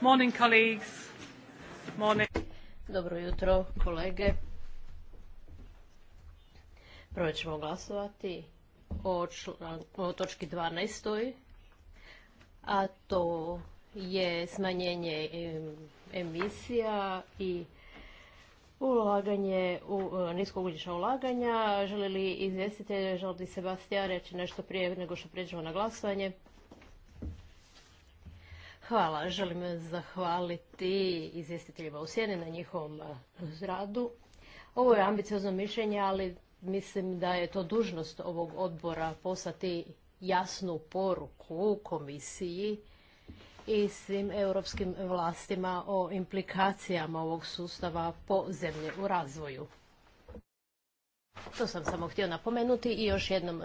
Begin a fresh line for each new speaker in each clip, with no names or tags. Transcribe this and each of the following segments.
Morning, colleagues. Dobro jutro,
kolege. Prvo ćemo glasovati o, točki 12. A to je smanjenje emisija i ulaganje u e, niskougljična ulaganja. Želi li izvjestitelj, želi li Sebastija reći nešto prije nego što prijeđemo na glasovanje? Hvala. Želim zahvaliti izvjestiteljima u Sjeni na njihovom zradu. Eh, Ovo je ambiciozno mišljenje, ali mislim da je to dužnost ovog odbora poslati jasnu poruku komisiji i svim europskim vlastima o implikacijama ovog sustava po zemlje u razvoju. To sam samo htio napomenuti i još jednom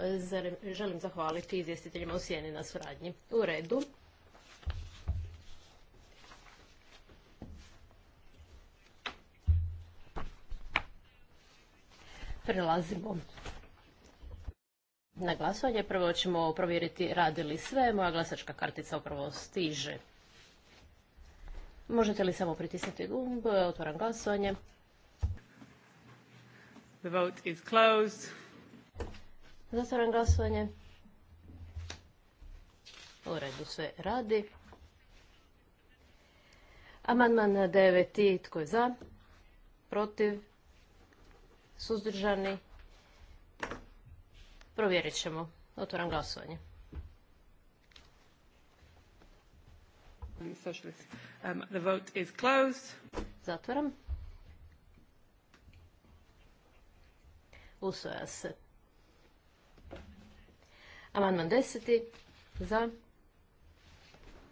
želim zahvaliti izvjestiteljima u Sjeni na suradnji. U redu.
Prelazimo
na glasovanje. Prvo ćemo provjeriti radi li sve. Moja glasačka kartica upravo stiže. Možete li samo pritisnuti gumb? Otvaram glasovanje.
The vote is closed.
Zatvaram glasovanje. U redu sve radi. Amandman 9. Tko je za? Protiv? suzdržani. Provjerit ćemo. Otvoram glasovanje.
Um, the vote Zatvoram. Usvoja se.
Amandman deseti. Za.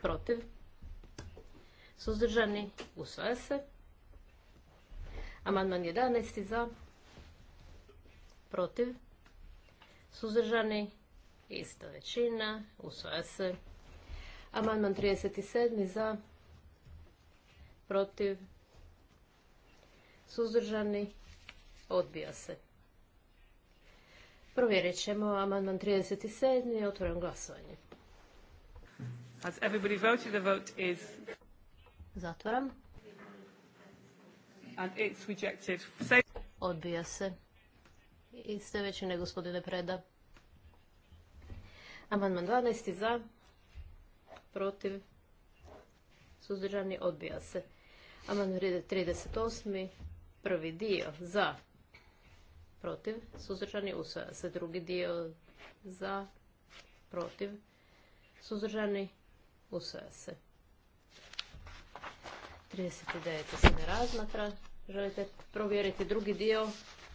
Protiv. Suzdržani. Usvoja se. Amandman 11. Za protiv, suzdržani, ista većina, usvaja se. Amandman 37. za, protiv, suzdržani,
odbija se.
Provjerit ćemo amandman 37. Otvorim glasovanje.
Has everybody voted? The
Zatvoram. Odbija se. Iste većine, gospodine Preda. Amandman 12. za, protiv, suzdržani, odbija se. Amandman 38. prvi dio za, protiv, suzdržani, usvaja se. Drugi dio za, protiv, suzdržani, usvaja se. 39. se ne razmatra. Želite provjeriti drugi dio?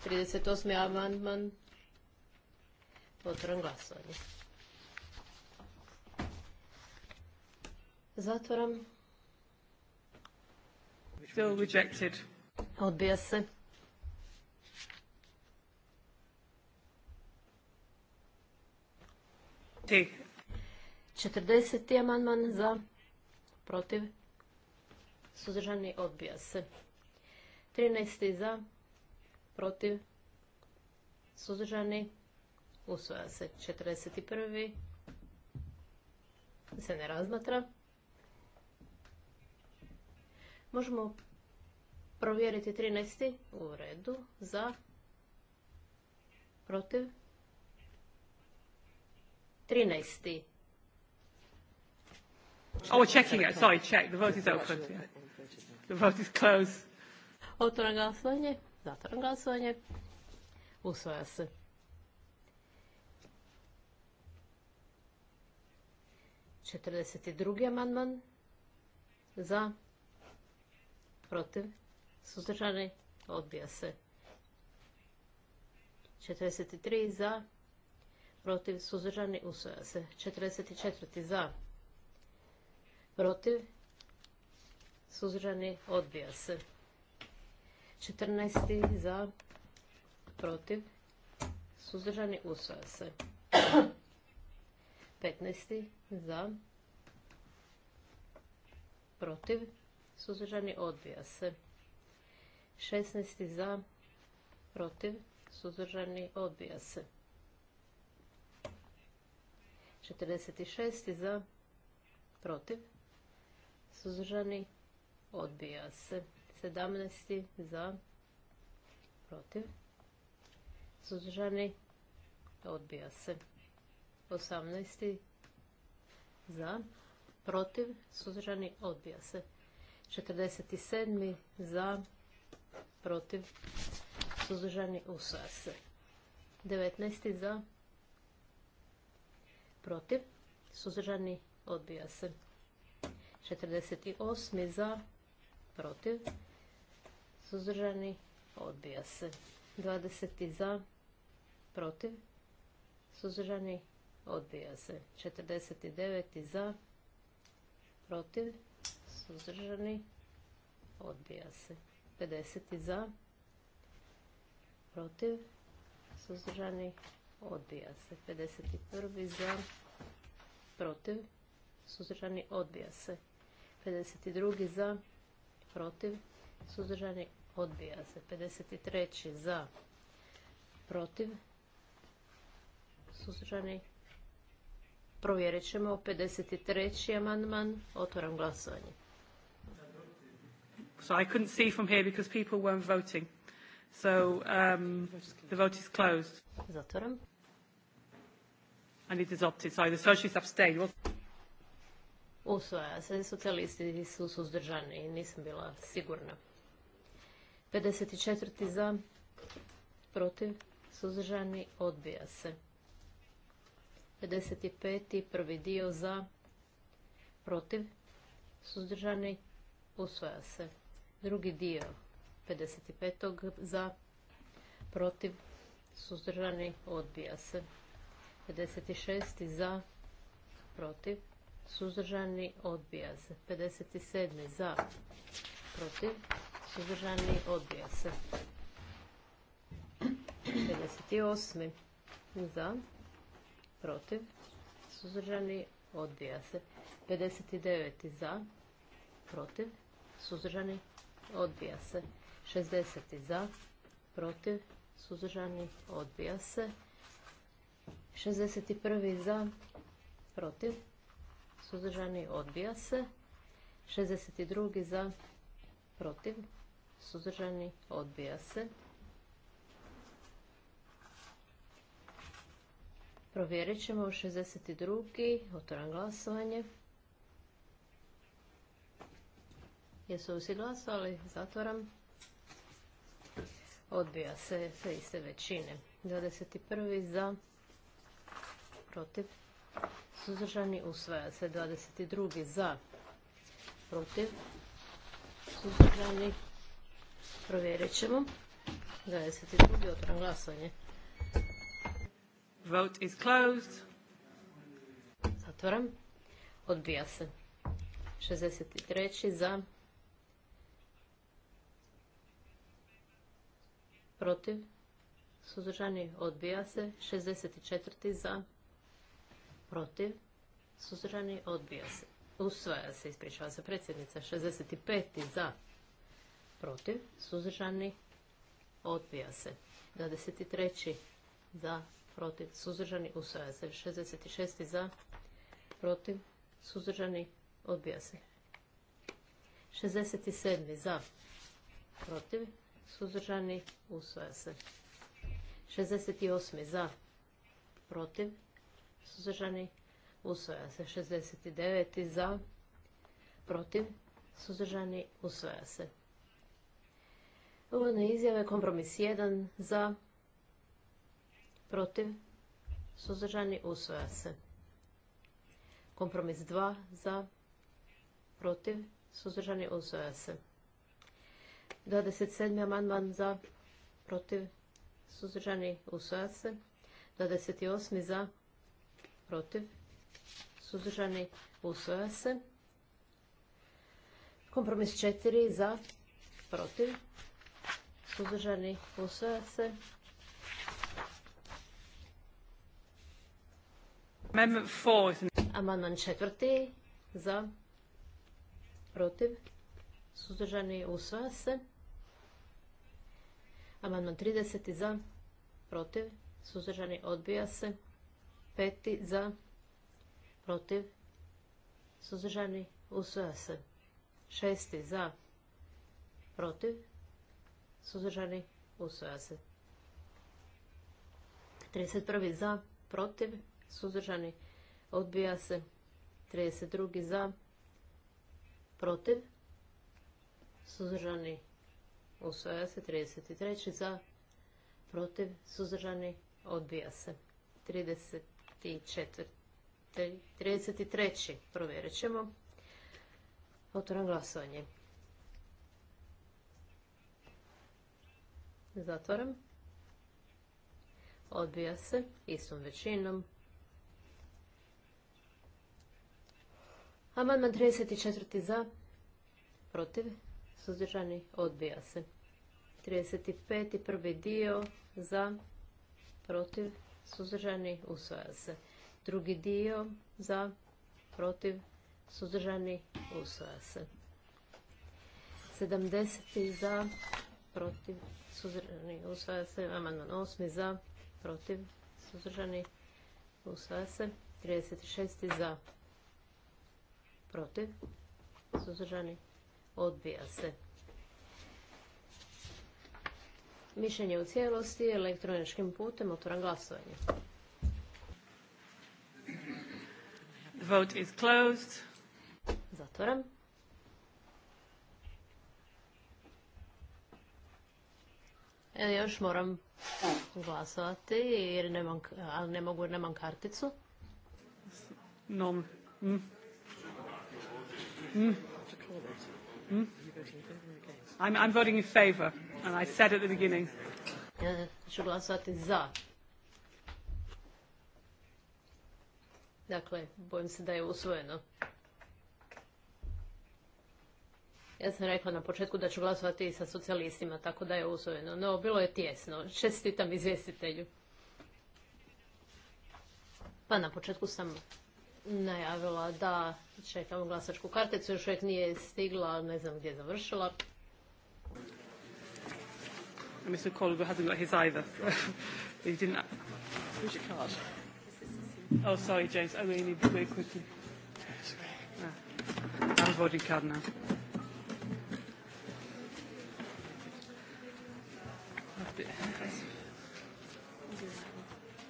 38. amandman. Otvoram
glasovanje. Zatvoram. rejected. Odbija se. Ti.
40. amandman za, protiv, Suzržani odbija se. 13. za, protiv, suzdržani, Usvoja se 41. se ne razmatra. Možemo provjeriti 13. u redu za, protiv, 13.
Oh, we're checking it. Sorry, check. The vote is open. The vote is closed.
Zatvaram glasovanje. Usvaja se. Četrdeset drugi amandman za protiv suzdržani odbija se. tri. za protiv suzdržani usvaja se. Četrdeset četvrti. za protiv suzdržani odbija se. 14. za, protiv, suzdržani, usvaja se. 15. za, protiv, suzdržani, odbija se. 16. za, protiv, suzdržani, odbija se. 46. za, protiv, suzdržani, odbija se. 17. za, protiv, suzdržani, odbija se. 18. za, protiv, suzdržani, odbija se. 47. za, protiv, suzdržani, usvaja se. 19. za, protiv, suzdržani, odbija se. 48. za, protiv, suzdržani, odbija se. 20 za, protiv, suzdržani, odbija se. 49 za, protiv, suzdržani, odbija se. 50 za, protiv, suzdržani, odbija se. 51 za, protiv, suzdržani, odbija se. 52 za, protiv, suzdržani, odbija se. 53. za, protiv, suzdržani, provjerit ćemo. 53. amandman, otvoram
glasovanje. So I couldn't see from here because people weren't voting. So um, the vote is closed. Zatvoram. And it is opted. Sorry, the socialists abstained.
Usvaja se, socijalisti su suzdržani, i nisam bila sigurna. 54. za, protiv, suzdržani, odbija se. 55. prvi dio za, protiv, suzdržani, usvaja se. Drugi dio 55. za, protiv, suzdržani, odbija se. 56. za, protiv, suzdržani, odbija se. 57. za, protiv, suzdržani, odbija se. 58. za, protiv, suzdržani, odbija se. 59. za, protiv, suzdržani, odbija se. 60. za, protiv, suzdržani, odbija se. 61. za, protiv, suzdržani, odbija se. 62. za, protiv, suzdržani, odbija se. Provjerit ćemo 62. Otvoram glasovanje. Jesu li svi glasovali? Zatvoram. Odbija se sve iste većine. 21. za, protiv, suzdržani, usvaja se. 22. za, protiv, suzdržani, Provjerit ćemo. 22. otvoram glasovanje. Vote is closed. Zatvoram. Odbija se. 63. za. Protiv. Suzdržani odbija se. 64. za. Protiv. Suzdržani odbija se. Usvaja se, ispričava se predsjednica. 65. za protiv, suzdržani, odbija se. 23. za, protiv, suzdržani, usvaja se. 66. za, protiv, suzdržani, odbija se. 67. za, protiv, suzdržani, usvaja se. 68. za, protiv, suzdržani, usvaja se. 69. za, protiv, suzdržani, usvaja se. Uvodne izjave, kompromis 1 za, protiv, suzdržani, usvoja se. Kompromis 2 za, protiv, suzdržani, usvoja se. 27. amandman za, protiv, suzdržani, usvoja se. 28. za, protiv, suzdržani, usvoja se. Kompromis 4 za, protiv, suzdržani, usvaja se. Amandman četvrti, za, protiv, suzdržani, usvaja se. Amandman 30. za, protiv, suzdržani, odbija se. Peti za, protiv, suzdržani, usvaja se. Šesti za, protiv, suzdržani, usvoja se. 31. za, protiv, suzdržani, odbija se. 32. za, protiv, suzdržani, usvoja se. 33. za, protiv, suzdržani, odbija se. 34. 33. provjerit ćemo. Otvoram glasovanje. Zatvaram. Odbija se istom većinom. Amandman 34. za, protiv, suzdržani, odbija se. 35. prvi dio za, protiv, suzdržani, usvaja se. Drugi dio za, protiv, suzdržani, usvaja se. 70. za, protiv, suzdržani, usvaja se. Amandman osmi, za, protiv, suzdržani, usvaja se. 36. za, protiv, suzdržani, odbija se. Mišljenje u cijelosti elektroničkim putem otvoran glasovanje.
The vote is closed. Zatvoram.
E, još moram glasovati jer nemam, ali ne mogu jer nemam karticu.
Nom. Mm. mm.
Mm. Mm. I'm, I'm voting in favor, and I said at the
beginning. Ja ću glasovati za.
Dakle, bojim se da je usvojeno. Ja sam rekla na početku da ću glasovati sa socijalistima, tako da je usvojeno. No, bilo je tjesno. Čestitam izvjestitelju. Pa na početku sam najavila da čekamo glasačku karticu. Još uvijek nije stigla, ne znam gdje je završila. Ah.
I'm card now.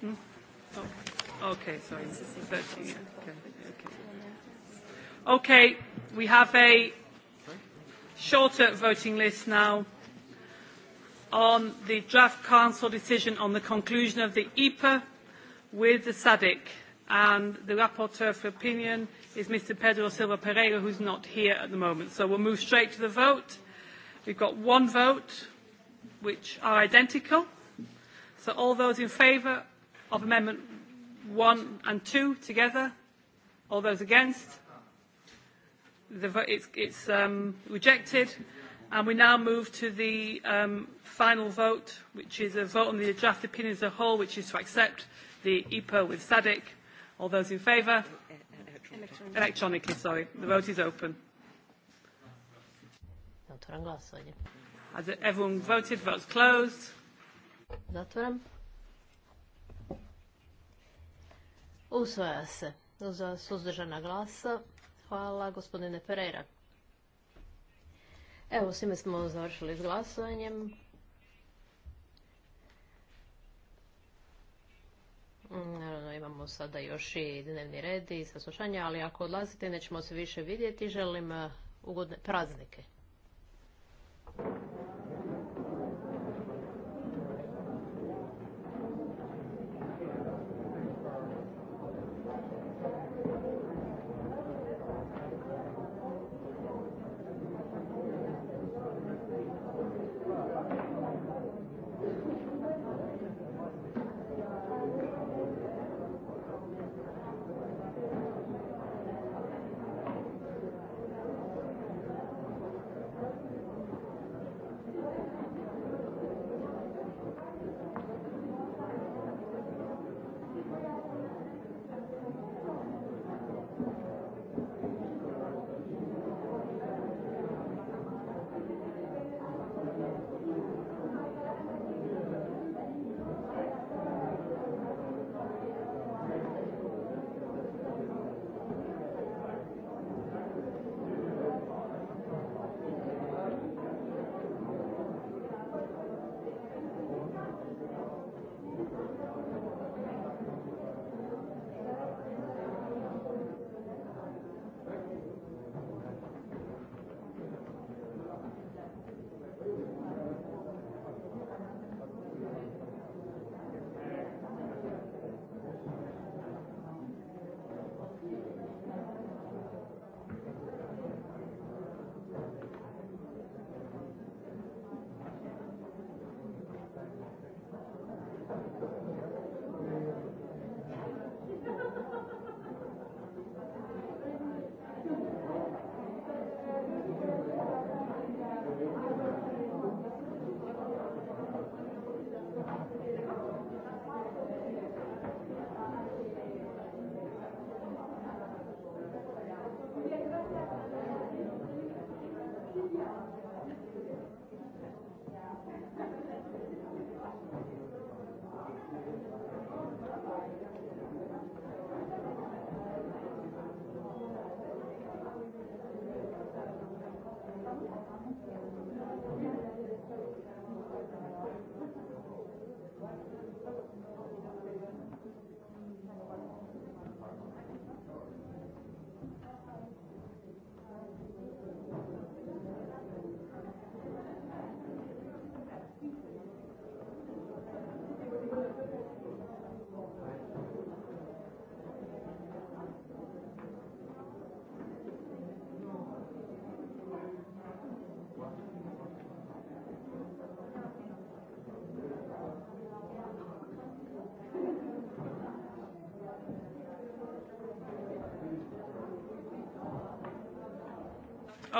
Oh, okay, Okay, okay. we have a shorter voting list now on the draft council decision on the conclusion of the EPA with the SADC. And the rapporteur for opinion is Mr. Pedro Silva Pereira, who's not here at the moment. So we'll move straight to the vote. We've got one vote, which are identical. So all those in favor of amendment one and two together. All those against? The vote, it's it's um, rejected. And we now move to the um, final vote, which is a vote on the draft opinion as a whole, which is to accept the EPO with SADC. All those in favour? Electronically. Electronically, sorry. The vote is open. Has everyone voted? Votes closed.
Usvaja se. Za suzdržana glasa. Hvala gospodine Pereira. Evo, svime smo završili s glasovanjem. Naravno, imamo sada još i dnevni red i saslušanje, ali ako odlazite nećemo se više vidjeti. Želim uh, ugodne praznike.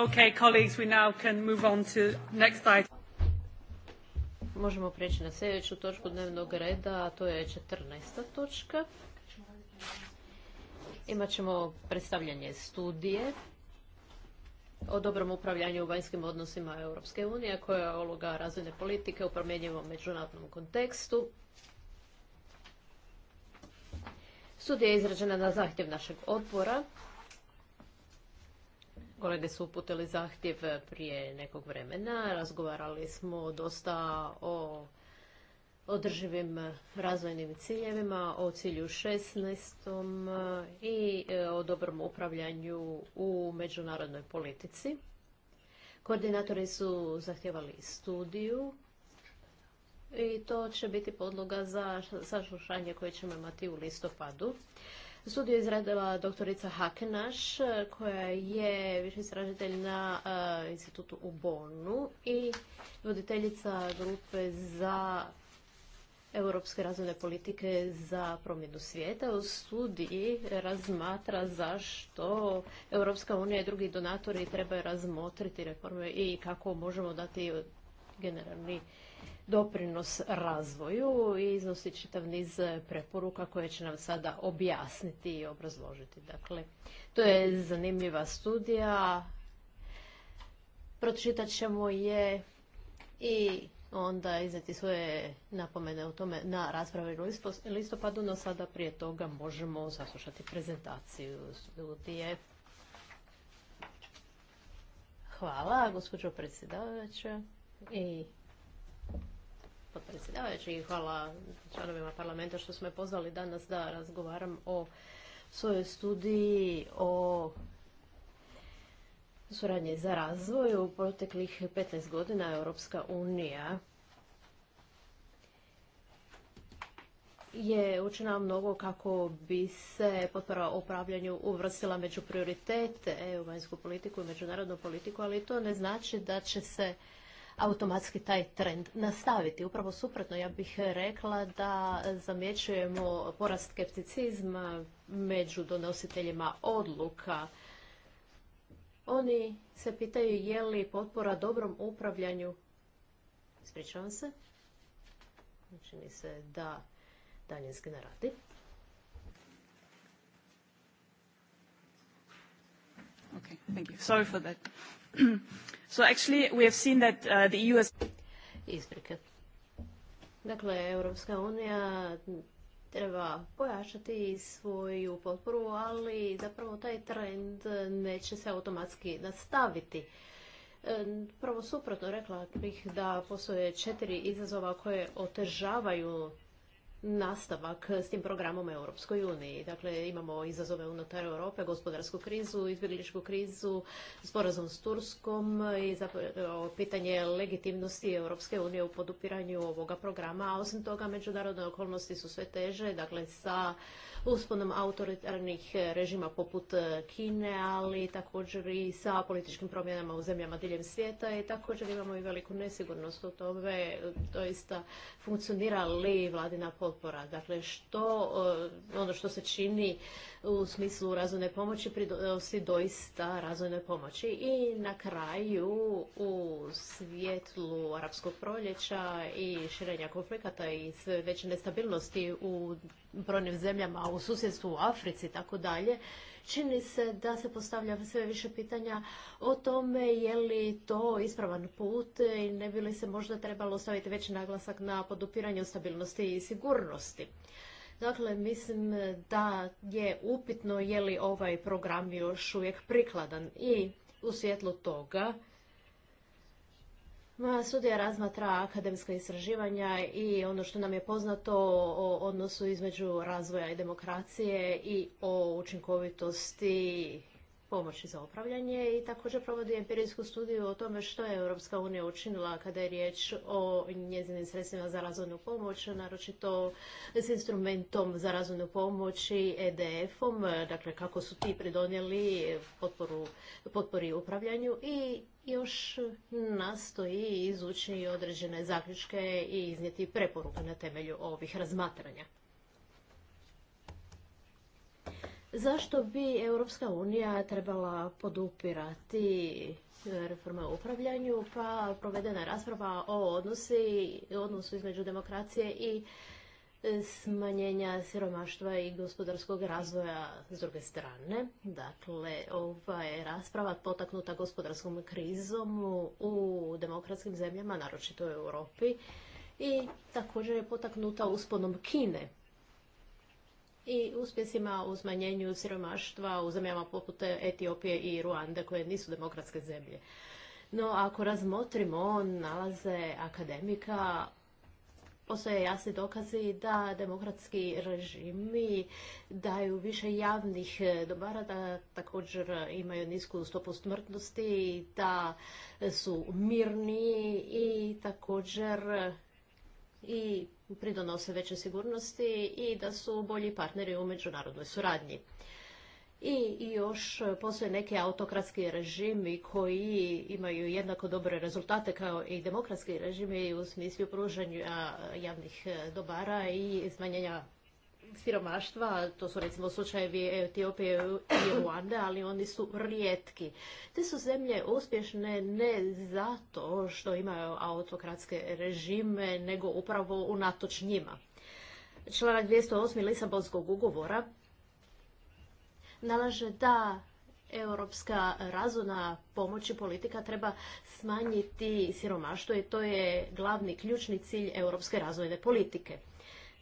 Okay, colleagues, we now can move on to next Možemo
prijeći na sljedeću točku dnevnog reda, a to je 14. točka. Imaćemo predstavljanje studije o dobrom upravljanju u vanjskim odnosima Europske unije, koja je uloga razvojne politike u promjenjivom međunarodnom kontekstu. Studija je izrađena na zahtjev našeg odbora Kolege su uputili zahtjev prije nekog vremena. Razgovarali smo dosta o održivim razvojnim ciljevima, o cilju 16. i e, o dobrom upravljanju u međunarodnoj politici. Koordinatori su zahtjevali studiju i to će biti podloga za saslušanje koje ćemo imati u listopadu studiju je izradila doktorica Hakenaš, koja je više istražitelj na e, institutu u Bonu i voditeljica grupe za europske razvojne politike za promjenu svijeta. U studiji razmatra zašto Europska unija i drugi donatori trebaju razmotriti reforme i kako možemo dati generalni doprinos razvoju i iznosi čitav niz preporuka koje će nam sada objasniti i obrazložiti. Dakle, to je zanimljiva studija. Pročitat ćemo je i onda izneti svoje napomene o tome na raspravi u listopadu, no sada prije toga možemo saslušati prezentaciju studije. Hvala, gospođo predsjedavajuća predsjedavajući i hvala članovima parlamenta što smo me pozvali danas da razgovaram o svojoj studiji o suradnji za razvoj u proteklih 15 godina Europska unija je učinila mnogo kako bi se potpora o upravljanju uvrstila među prioritete EU vanjsku politiku i međunarodnu politiku, ali to ne znači da će se automatski taj trend nastaviti. Upravo suprotno, ja bih rekla da zamjećujemo porast skepticizma među donositeljima odluka. Oni se pitaju je li potpora dobrom upravljanju... Ispričavam se. Čini se da daljinski ne radi.
thank you. Sorry for that.
Dakle, Europska unija treba pojačati svoju potporu, ali zapravo taj trend neće se automatski nastaviti. E, prvo suprotno rekla bih da postoje četiri izazova koje otežavaju nastavak s tim programom Europskoj uniji. Dakle, imamo izazove unutar Europe, gospodarsku krizu, izbjegličku krizu, sporazum s Turskom i pitanje legitimnosti Europske unije u podupiranju ovoga programa. A osim toga, međunarodne okolnosti su sve teže, dakle, sa usponom autoritarnih režima poput Kine, ali također i sa političkim promjenama u zemljama diljem svijeta i također imamo i veliku nesigurnost u tome doista funkcionira li vladina politika potpora. Dakle, što, e, ono što se čini u smislu razvojne pomoći pridonosi doista razvojnoj pomoći. I na kraju u svijetlu arapskog proljeća i širenja konflikata i sve veće nestabilnosti u brojnim zemljama u susjedstvu u Africi i tako dalje, čini se da se postavlja sve više pitanja o tome je li to ispravan put i ne bi li se možda trebalo staviti veći naglasak na podupiranje stabilnosti i sigurnosti. Dakle, mislim da je upitno je li ovaj program još uvijek prikladan i u svjetlu toga Ma, studija razmatra akademska istraživanja i ono što nam je poznato o odnosu između razvoja i demokracije i o učinkovitosti pomoći za upravljanje i također provodi empirijsku studiju o tome što je Europska unija učinila kada je riječ o njezinim sredstvima za razvojnu pomoć, naročito s instrumentom za razvojnu pomoć i EDF-om, dakle kako su ti pridonijeli potporu, potpori upravljanju i još nastoji izući određene zaključke i iznijeti preporuke na temelju ovih razmatranja. Zašto bi Europska unija trebala podupirati e, reforme u upravljanju, pa provedena rasprava o odnosi, odnosu između demokracije i e, smanjenja siromaštva i gospodarskog razvoja s druge strane. Dakle, ova je rasprava potaknuta gospodarskom krizom u demokratskim zemljama, naročito u Europi, i također je potaknuta usponom Kine i uspjesima u smanjenju siromaštva u zemljama poput Etiopije i Ruande koje nisu demokratske zemlje. No ako razmotrimo nalaze akademika, postoje jasni dokazi da demokratski režimi daju više javnih dobara, da također imaju nisku stopu smrtnosti, da su mirni i također i pridonose veće sigurnosti i da su bolji partneri u međunarodnoj suradnji. I, i još postoje neki autokratski režimi koji imaju jednako dobre rezultate kao i demokratski režimi u smislu pružanja javnih dobara i smanjenja siromaštva, to su recimo slučajevi Etiopije i Ruande, ali oni su rijetki. Te su zemlje uspješne ne zato što imaju autokratske režime, nego upravo unatoč njima. Članak 208. Lisabonskog ugovora nalaže da europska razvojna pomoći politika treba smanjiti siromaštvo i to je glavni ključni cilj europske razvojne politike.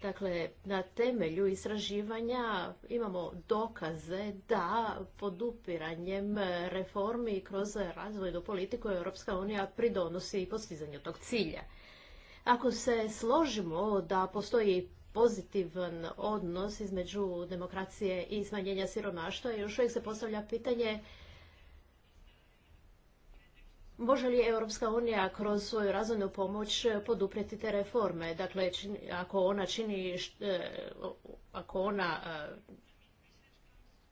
Dakle, na temelju istraživanja imamo dokaze da podupiranjem reformi kroz razvojnu politiku Europska unija pridonosi i postizanju tog cilja. Ako se složimo da postoji pozitivan odnos između demokracije i smanjenja siromaštva, još uvijek se postavlja pitanje Može li Europska unija kroz svoju razvojnu pomoć poduprijeti te reforme? Dakle, ako ona čini, e, ako ona e,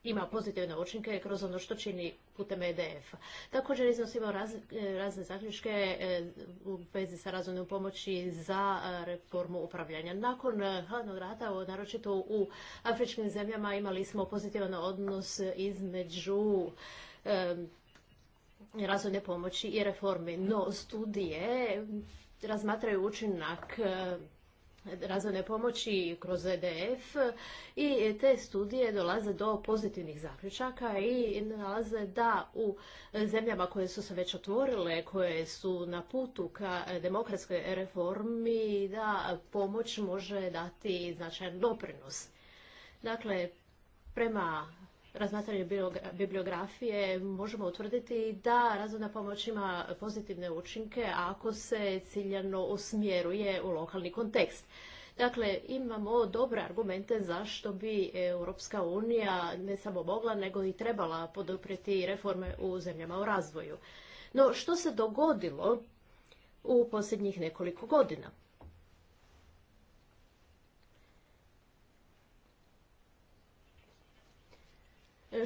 ima pozitivne učinke kroz ono što čini putem EDF-a. Također iznosimo e, razne zaključke u vezi sa razvojnom pomoći za reformu upravljanja. Nakon hladnog rata, naročito u afričkim zemljama, imali smo pozitivan odnos između razvojne pomoći i reformi. No, studije razmatraju učinak e, razvojne pomoći kroz EDF i te studije dolaze do pozitivnih zaključaka i nalaze da u zemljama koje su se već otvorile, koje su na putu ka demokratskoj reformi, da pomoć može dati značajan doprinos. Dakle, prema razmatranju bibliografije možemo utvrditi da razvojna pomoć ima pozitivne učinke ako se ciljano usmjeruje u lokalni kontekst. Dakle, imamo dobre argumente zašto bi Europska unija ne samo mogla, nego i trebala poduprijeti reforme u zemljama u razvoju. No, što se dogodilo u posljednjih nekoliko godina?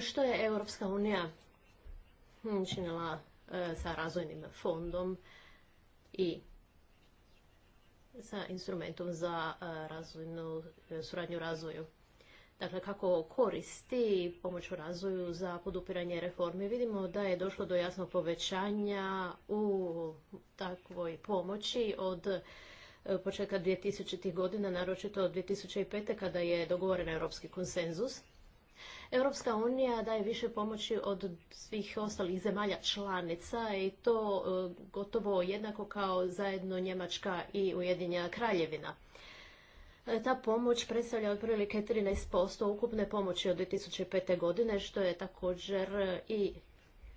Što je Europska unija činila e, sa razvojnim fondom i sa instrumentom za e, razvojnu, suradnju razvoju? dakle kako koristi pomoć u razvoju za podupiranje reformi. Vidimo da je došlo do jasnog povećanja u takvoj pomoći od e, početka 2000. godina, naročito od 2005. kada je dogovoren europski konsenzus. Europska unija daje više pomoći od svih ostalih zemalja članica i to e, gotovo jednako kao zajedno Njemačka i Ujedinjena kraljevina. E, ta pomoć predstavlja otprilike 13% ukupne pomoći od 2005. godine, što je također i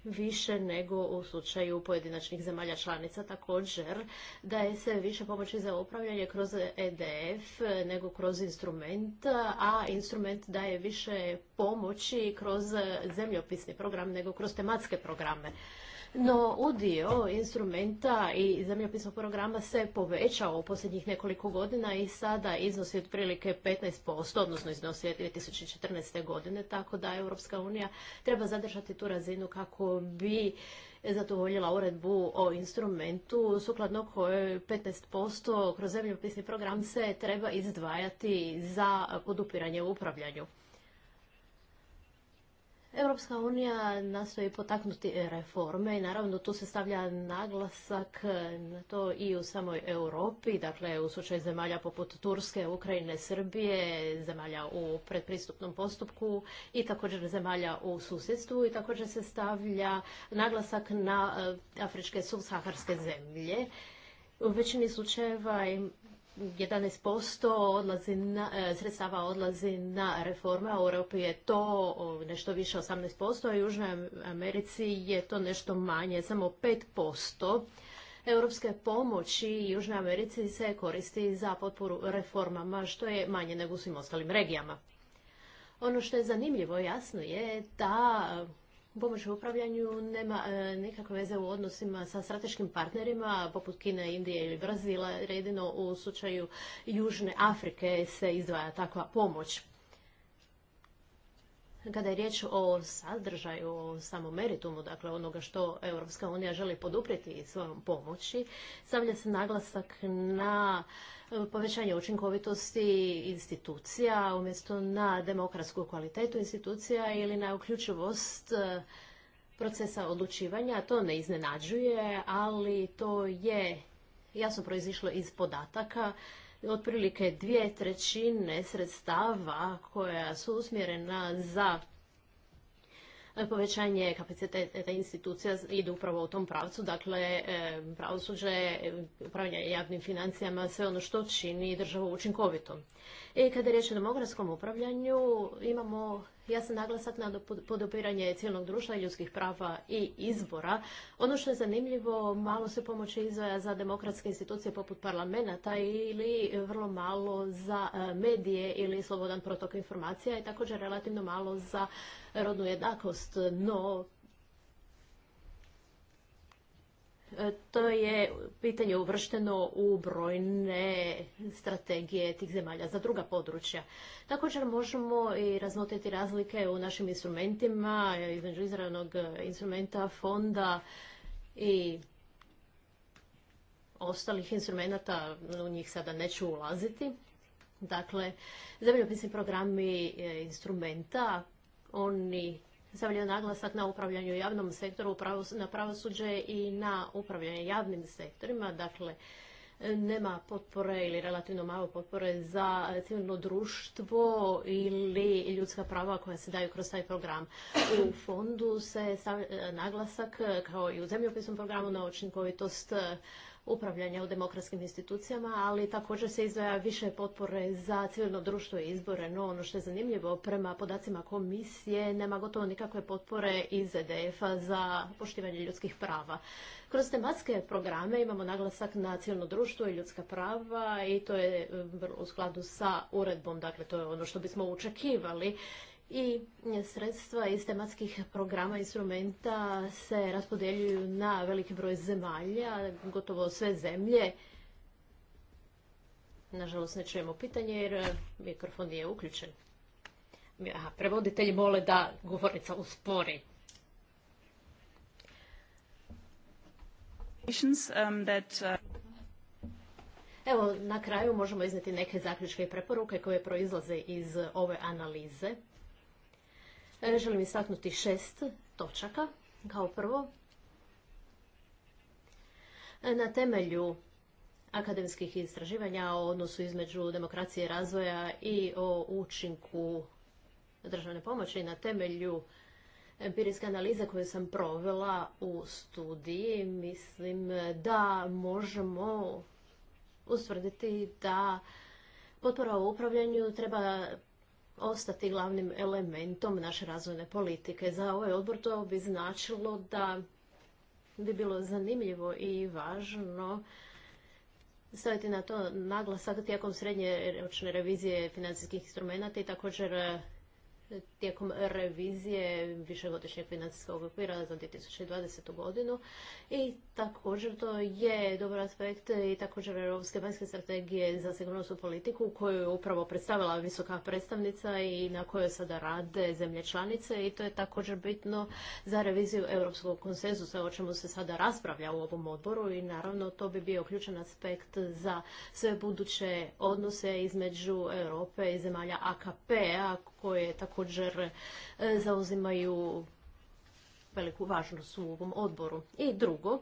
više nego u slučaju pojedinačnih zemalja članica. Također daje se više pomoći za upravljanje kroz EDF nego kroz instrument, a instrument daje više pomoći kroz zemljopisni program nego kroz tematske programe no udio instrumenta i zemljopisnog programa se povećao u posljednjih nekoliko godina i sada iznosi otprilike 15%, odnosno iznosi 2014. godine, tako da Europska unija treba zadržati tu razinu kako bi zadovoljila uredbu o instrumentu sukladno kojoj 15% kroz zemljopisni program se treba izdvajati za podupiranje u upravljanju. Europska unija nastoji potaknuti reforme i naravno tu se stavlja naglasak na to i u samoj Europi, dakle u slučaju zemalja poput Turske, Ukrajine, Srbije, zemalja u predpristupnom postupku i također zemalja u susjedstvu i također se stavlja naglasak na e, afričke subsaharske zemlje. U većini slučajeva 11% odlazi na, e, sredstava odlazi na reforme, a u Europi je to nešto više 18%, a u Južnoj Americi je to nešto manje, samo 5%. Europske pomoći Južnoj Americi se koristi za potporu reformama, što je manje nego u svim ostalim regijama. Ono što je zanimljivo jasno je da pomoć u upravljanju nema e, nikakve veze u odnosima sa strateškim partnerima, poput Kine, Indije ili Brazila, jedino u slučaju Južne Afrike se izdvaja takva pomoć. Kada je riječ o sadržaju, o samom meritumu, dakle onoga što Europska unija želi poduprijeti svojom pomoći, stavlja se naglasak na e, povećanje učinkovitosti institucija umjesto na demokratsku kvalitetu institucija ili na uključivost e, procesa odlučivanja. To ne iznenađuje, ali to je jasno proizišlo iz podataka otprilike dvije trećine sredstava koja su usmjerena za povećanje kapaciteta institucija idu upravo u tom pravcu. Dakle, e, pravosuđe, upravljanje javnim financijama, sve ono što čini državu učinkovitom. I kada je riječ o demografskom upravljanju, imamo ja sam naglasak na podopiranje cijelog društva i ljudskih prava i izbora. Ono što je zanimljivo, malo se pomoći izvaja za demokratske institucije poput parlamenta ili vrlo malo za e, medije ili slobodan protok informacija i također relativno malo za rodnu jednakost. No, E, to je pitanje uvršteno u brojne strategije tih zemalja za druga područja. Također možemo i razmotriti razlike u našim instrumentima, između izravnog instrumenta, fonda i ostalih instrumenta, u njih sada neću ulaziti. Dakle, zemljopisni programi e, instrumenta, oni stavljaju naglasak na upravljanju javnom sektoru, na pravosuđe i na upravljanje javnim sektorima. Dakle, nema potpore ili relativno malo potpore za civilno društvo ili ljudska prava koja se daju kroz taj program. U fondu se stavlja naglasak, kao i u zemljopisnom programu, na učinkovitost upravljanja u demokratskim institucijama, ali također se izdvaja više potpore za civilno društvo i izbore. No ono što je zanimljivo, prema podacima komisije nema gotovo nikakve potpore iz EDF-a za poštivanje ljudskih prava. Kroz tematske programe imamo naglasak na civilno društvo i ljudska prava i to je e, u skladu sa uredbom, dakle to je ono što bismo očekivali i sredstva iz tematskih programa instrumenta se raspodeljuju na veliki broj zemalja, gotovo sve zemlje. Nažalost, ne čujemo pitanje jer mikrofon nije uključen. Aha, prevoditelji mole da govornica uspori. Um, uh, Evo, na kraju možemo izneti neke zaključke i preporuke koje proizlaze iz ove analize. E, želim istaknuti šest točaka. Kao prvo, e, na temelju akademskih istraživanja o odnosu između demokracije i razvoja i o učinku državne pomoći na temelju empirijske analize koju sam provela u studiji, mislim da možemo ustvrditi da potpora u upravljanju treba ostati glavnim elementom naše razvojne politike. Za ovaj odbor to bi značilo da bi bilo zanimljivo i važno staviti na to naglasak tijekom srednje ročne revizije financijskih instrumenta i također tijekom revizije višegodišnjeg financijskog okvira za 2020. godinu i također to je dobar aspekt i također Europske vanjske strategije za sigurnosnu politiku koju je upravo predstavila visoka predstavnica i na kojoj sada rade zemlje članice i to je također bitno za reviziju europskog konsenzusa o čemu se sada raspravlja u ovom odboru i naravno to bi bio ključan aspekt za sve buduće odnose između Europe i zemalja AKP-a koje tako također e, zauzimaju veliku važnost u ovom odboru. I drugo,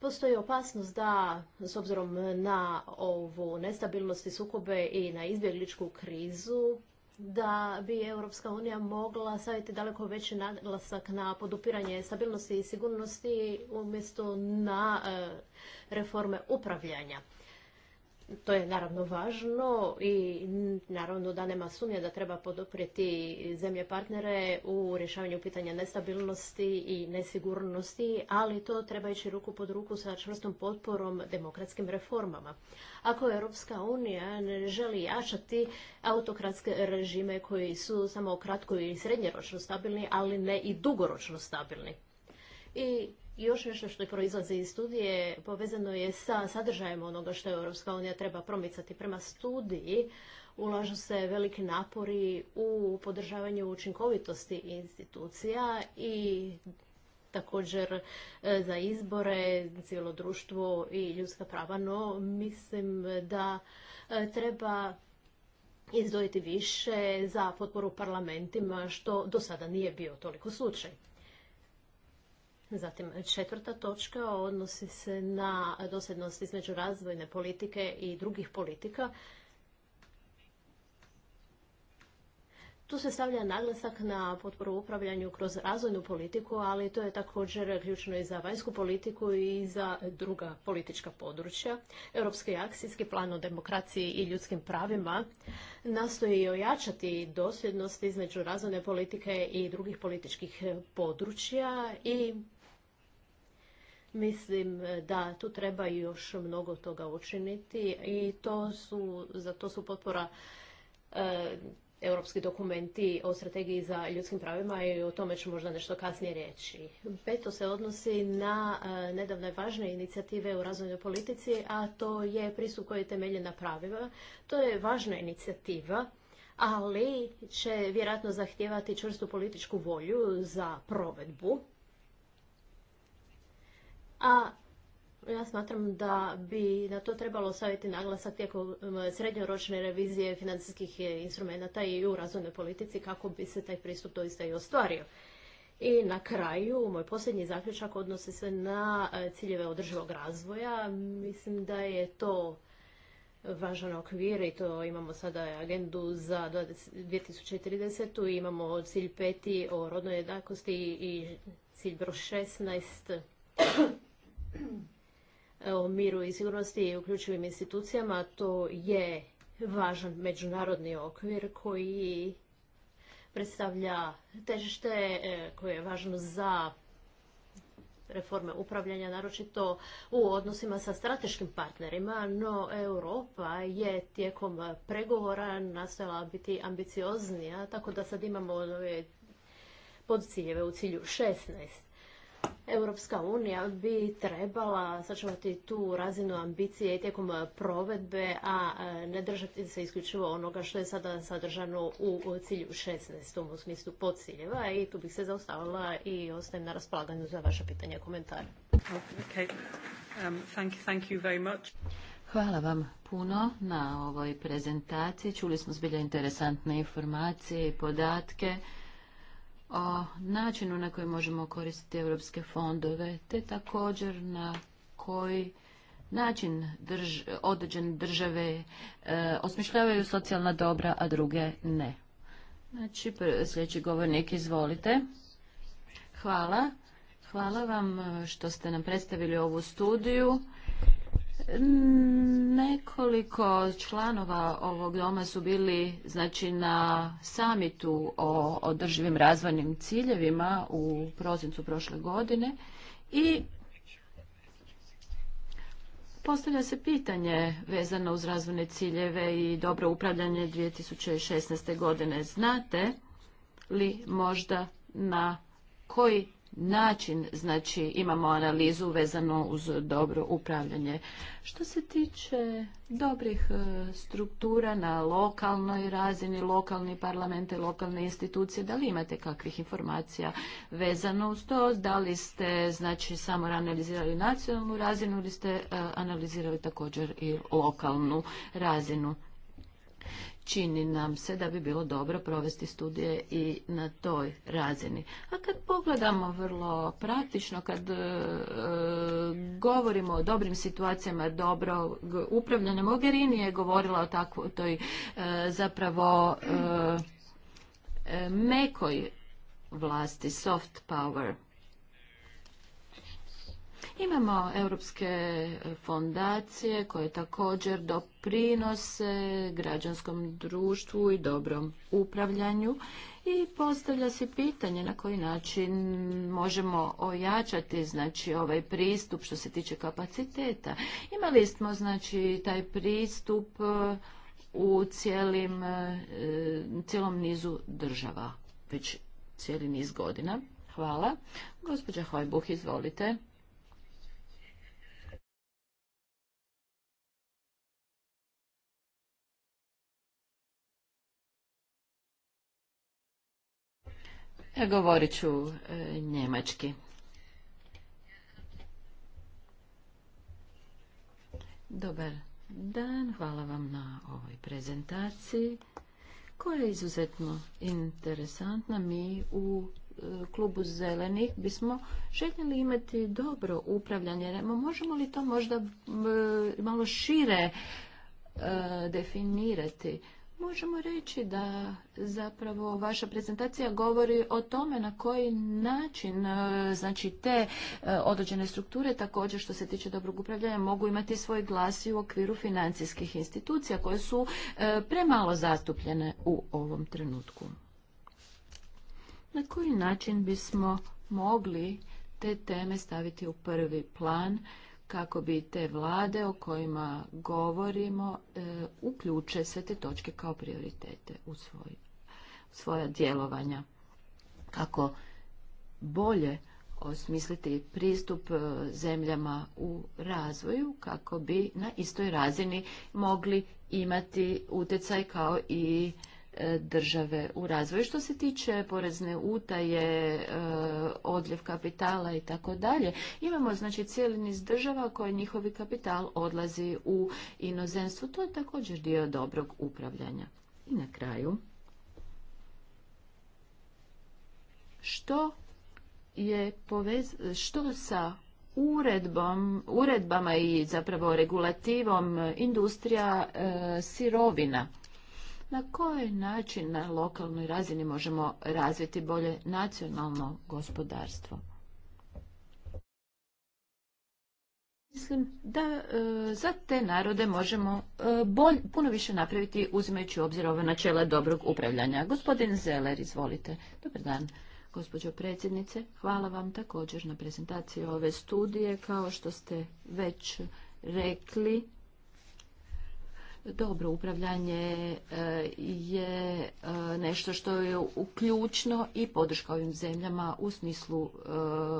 postoji opasnost da, s obzirom na ovu nestabilnost i sukobe i na izbjegličku krizu, da bi Europska unija mogla staviti daleko veći naglasak na podupiranje stabilnosti i sigurnosti umjesto na e, reforme upravljanja. To je naravno važno i naravno da nema sumnje da treba poduprijeti zemlje partnere u rješavanju pitanja nestabilnosti i nesigurnosti, ali to treba ići ruku pod ruku sa čvrstom potporom demokratskim reformama. Ako Europska unija ne želi jačati autokratske režime koji su samo kratko i srednjeročno stabilni, ali ne i dugoročno stabilni. I još nešto što proizlazi iz studije povezano je sa sadržajem onoga što Europska unija treba promicati. Prema studiji ulažu se veliki napori u podržavanju učinkovitosti institucija i također e, za izbore, cijelo društvo i ljudska prava, no mislim da e, treba izdvojiti više za potporu parlamentima, što do sada nije bio toliko slučaj. Zatim četvrta točka odnosi se na dosljednost između razvojne politike i drugih politika. Tu se stavlja naglasak na potporu upravljanju kroz razvojnu politiku, ali to je također ključno i za vanjsku politiku i za druga politička područja. Europski akcijski plan o demokraciji i ljudskim pravima nastoji ojačati dosljednost između razvojne politike i drugih političkih područja i Mislim e, da tu treba još mnogo toga učiniti i to su, za to su potpora e, europski dokumenti o strategiji za ljudskim pravima i o tome ću možda nešto kasnije reći. Peto se odnosi na e, nedavne važne inicijative u razvojnoj politici, a to je pristup koji je temeljen pravima. To je važna inicijativa, ali će vjerojatno zahtijevati čvrstu političku volju za provedbu a ja smatram da bi na to trebalo staviti naglasak tijekom um, srednjoročne revizije financijskih eh, instrumenata i u razvojnoj politici kako bi se taj pristup doista i ostvario. I na kraju, moj posljednji zaključak odnosi se na eh, ciljeve održivog razvoja. Mislim da je to važan okvir i to imamo sada agendu za 2030. I imamo cilj peti o rodnoj jednakosti i cilj broj 16 o miru i sigurnosti i uključivim institucijama, to je važan međunarodni okvir koji predstavlja težište e, koje je važno za reforme upravljanja, naročito u odnosima sa strateškim partnerima, no Europa je tijekom pregovora nastojala biti ambicioznija, tako da sad imamo podcijeve u cilju 16. Europska unija bi trebala sačuvati tu razinu ambicije tijekom provedbe, a e, ne držati se isključivo onoga što je sada sadržano u cilju 16. u smislu podciljeva i tu bih se zaostavila i ostajem na raspolaganju za vaše
pitanje i komentare. Um, Hvala vam puno na ovoj prezentaciji. Čuli smo zbilja interesantne informacije i podatke o načinu na koji možemo koristiti europske fondove, te također na koji način drž, određene države e, osmišljavaju socijalna dobra, a druge ne. Znači, sljedeći govornik, izvolite. Hvala. Hvala vam što ste nam predstavili ovu studiju. Nekoliko članova ovog doma su bili znači na samitu o održivim razvojnim ciljevima u prosincu prošle godine i Postavlja se pitanje vezano uz razvojne ciljeve i dobro upravljanje 2016. godine. Znate li možda na koji način, znači imamo analizu vezano uz dobro upravljanje. Što se tiče dobrih e, struktura na lokalnoj razini, lokalni parlamente, lokalne institucije, da li imate kakvih informacija vezano uz to? Da li ste znači samo analizirali nacionalnu razinu ili ste e, analizirali također i lokalnu razinu? čini nam se da bi bilo dobro provesti studije i na toj razini. A kad pogledamo vrlo praktično, kad e, govorimo o dobrim situacijama dobro upravljanje Mogherini je govorila o takvoj toj e, zapravo e, mekoj vlasti, soft power. Imamo europske fondacije koje također doprinose građanskom društvu i dobrom upravljanju i postavlja se pitanje na koji način možemo ojačati znači ovaj pristup što se tiče kapaciteta. Imali smo znači taj pristup eh, u cijelim, eh, cijelom nizu država već cijeli niz godina. Hvala. Gospođa Hojbuh, izvolite. Govorit ću e, njemački. Dobar dan, hvala vam na ovoj prezentaciji koja je izuzetno interesantna. Mi u e, klubu zelenih bismo željeli imati dobro upravljanje. Možemo li to možda e, malo šire definirati? Možemo reći da zapravo vaša prezentacija govori o tome na koji način e, znači te e, određene strukture također što se tiče dobrog upravljanja mogu imati svoj glas i u okviru financijskih institucija koje su e, premalo zastupljene u ovom trenutku. Na koji način bismo mogli te teme staviti u prvi plan kako bi te vlade o kojima govorimo e, uključe sve te točke kao prioritete u svoj, svoja djelovanja. Kako bolje osmisliti pristup e, zemljama u razvoju kako bi na istoj razini mogli imati utjecaj kao i E, države u razvoju. Što se tiče porezne utaje, e, odljev kapitala i tako dalje, imamo znači cijeli niz država koje njihovi kapital odlazi u inozemstvo. To je također dio dobrog upravljanja. I na kraju, što je povez... što sa uredbom, uredbama i zapravo regulativom industrija e, sirovina? na koji način na lokalnoj razini možemo razviti bolje nacionalno gospodarstvo? Mislim da e, za te narode možemo e, puno više napraviti uzimajući u obzir ove načela dobrog upravljanja. Gospodin Zeler, izvolite. Dobar dan, gospođo predsjednice. Hvala vam također na prezentaciji ove studije. Kao što ste već rekli, dobro upravljanje e, je e, nešto što je uključno i podrška ovim zemljama u smislu e,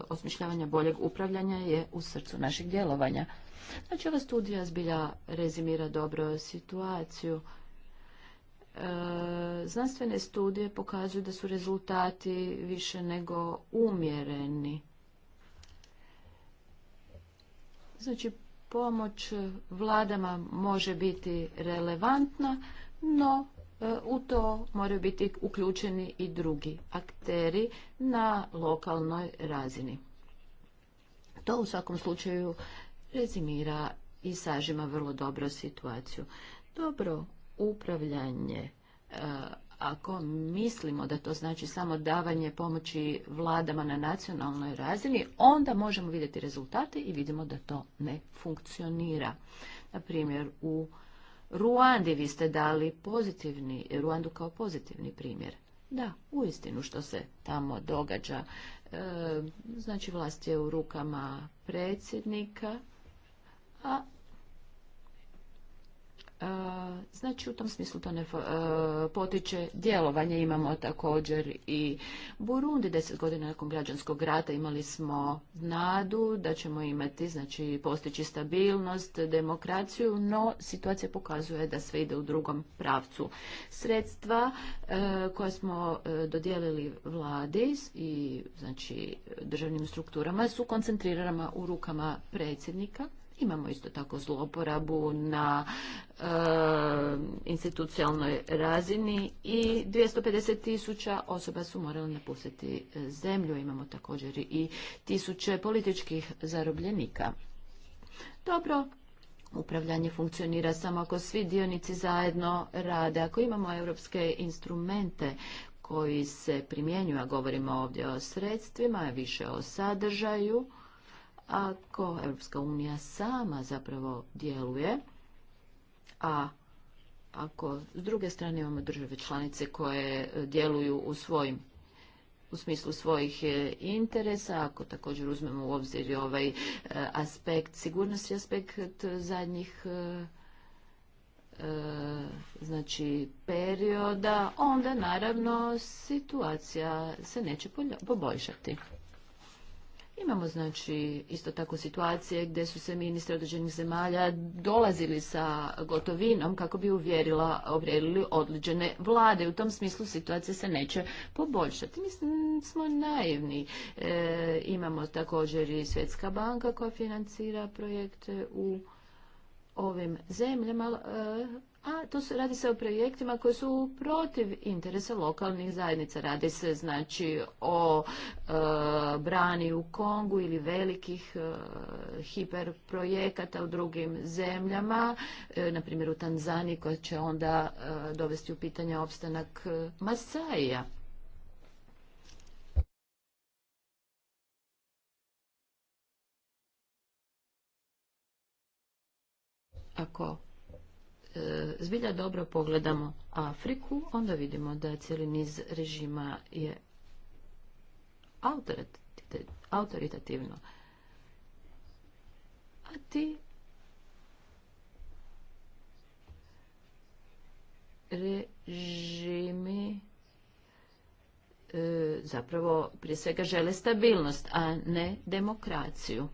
osmišljavanja boljeg upravljanja je u srcu našeg djelovanja. Znači ova studija zbilja rezimira dobro situaciju. Znanstvene studije pokazuju da su rezultati više nego umjereni. Znači, pomoć vladama može biti relevantna, no e, u to moraju biti uključeni i drugi akteri na lokalnoj razini. To u svakom slučaju rezimira i sažima vrlo dobro situaciju. Dobro upravljanje e, ako mislimo da to znači samo davanje pomoći vladama na nacionalnoj razini, onda možemo vidjeti rezultate i vidimo da to ne funkcionira. Na primjer, u Ruandi vi ste dali pozitivni, Ruandu kao pozitivni primjer. Da, uistinu što se tamo događa. E, znači vlast je u rukama predsjednika, a Znači u tom smislu to ne potiče djelovanje. Imamo također i Burundi. Deset godina nakon građanskog rata imali smo nadu da ćemo imati, znači postići stabilnost, demokraciju, no situacija pokazuje da sve ide u drugom pravcu. Sredstva koje koja smo dodijelili vladi i znači državnim strukturama su koncentrirana u rukama predsjednika Imamo isto tako zloporabu na e, institucionalnoj razini i 250 tisuća osoba su morali napustiti zemlju. Imamo također i tisuće političkih zarobljenika. Dobro, upravljanje funkcionira samo ako svi dionici zajedno rade. Ako imamo europske instrumente koji se primjenjuju, a govorimo ovdje o sredstvima, više o sadržaju, ako Europska unija sama zapravo djeluje, a ako s druge strane imamo države članice koje djeluju u svojim u smislu svojih e, interesa, ako također uzmemo u obzir ovaj e, aspekt, sigurnosti aspekt zadnjih e, znači perioda, onda naravno situacija se neće poboljšati. Imamo znači isto tako situacije gdje su se ministri određenih zemalja dolazili sa gotovinom kako bi uvjerila, uvjerili odliđene vlade. U tom smislu situacija se neće poboljšati. Mislim, smo naivni. E, imamo također i Svjetska banka koja financira projekte u ovim zemljama, e, a to se radi se o projektima koji su protiv interesa lokalnih zajednica. Radi se znači o e, brani u Kongu ili velikih e, hiperprojekata u drugim zemljama, e, na primjer u Tanzaniji koja će onda e, dovesti u pitanje opstanak e, Masaija. Ako E, zbilja dobro pogledamo Afriku, onda vidimo da cijeli niz režima je autoritativno. A ti režimi e, zapravo prije svega žele stabilnost, a ne demokraciju.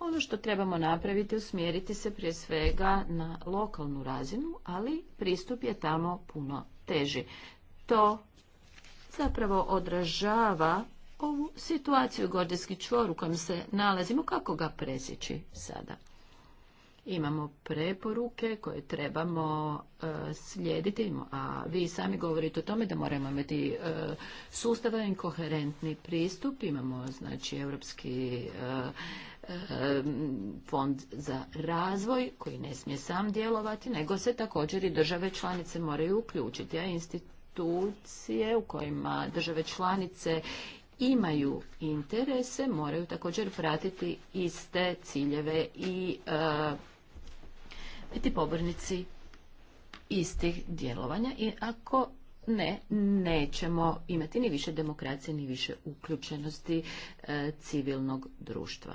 Ono što trebamo napraviti je usmjeriti se prije svega na lokalnu razinu, ali pristup je tamo puno teži. To zapravo odražava ovu situaciju gordijski čvor u kojem se nalazimo, kako ga presjeći sada. Imamo preporuke koje trebamo e, slijediti, a vi sami govorite o tome da moramo imati e, sustavan i koherentni pristup. Imamo znači europski e, fond za razvoj koji ne smije sam djelovati, nego se također i države članice moraju uključiti, a institucije u kojima države članice imaju interese moraju također pratiti iste ciljeve i e, biti pobornici istih djelovanja i ako ne, nećemo imati ni više demokracije, ni više uključenosti e, civilnog društva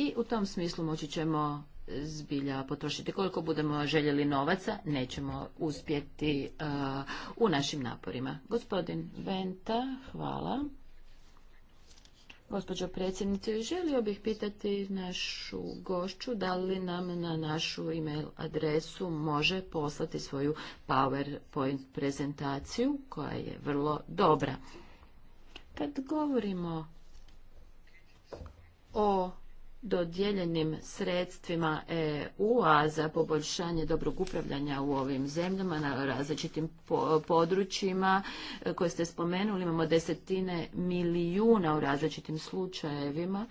i u tom smislu moći ćemo zbilja potrošiti koliko budemo željeli novaca, nećemo uspjeti uh, u našim naporima. Gospodin Venta, hvala. Gospođo predsjednice, želio bih pitati našu gošću da li nam na našu e-mail adresu može poslati svoju PowerPoint prezentaciju koja je vrlo dobra. Kad govorimo o dodijeljenim sredstvima EU-a za poboljšanje dobrog upravljanja u ovim zemljama na različitim područjima e, koje ste spomenuli. Imamo desetine milijuna u različitim slučajevima.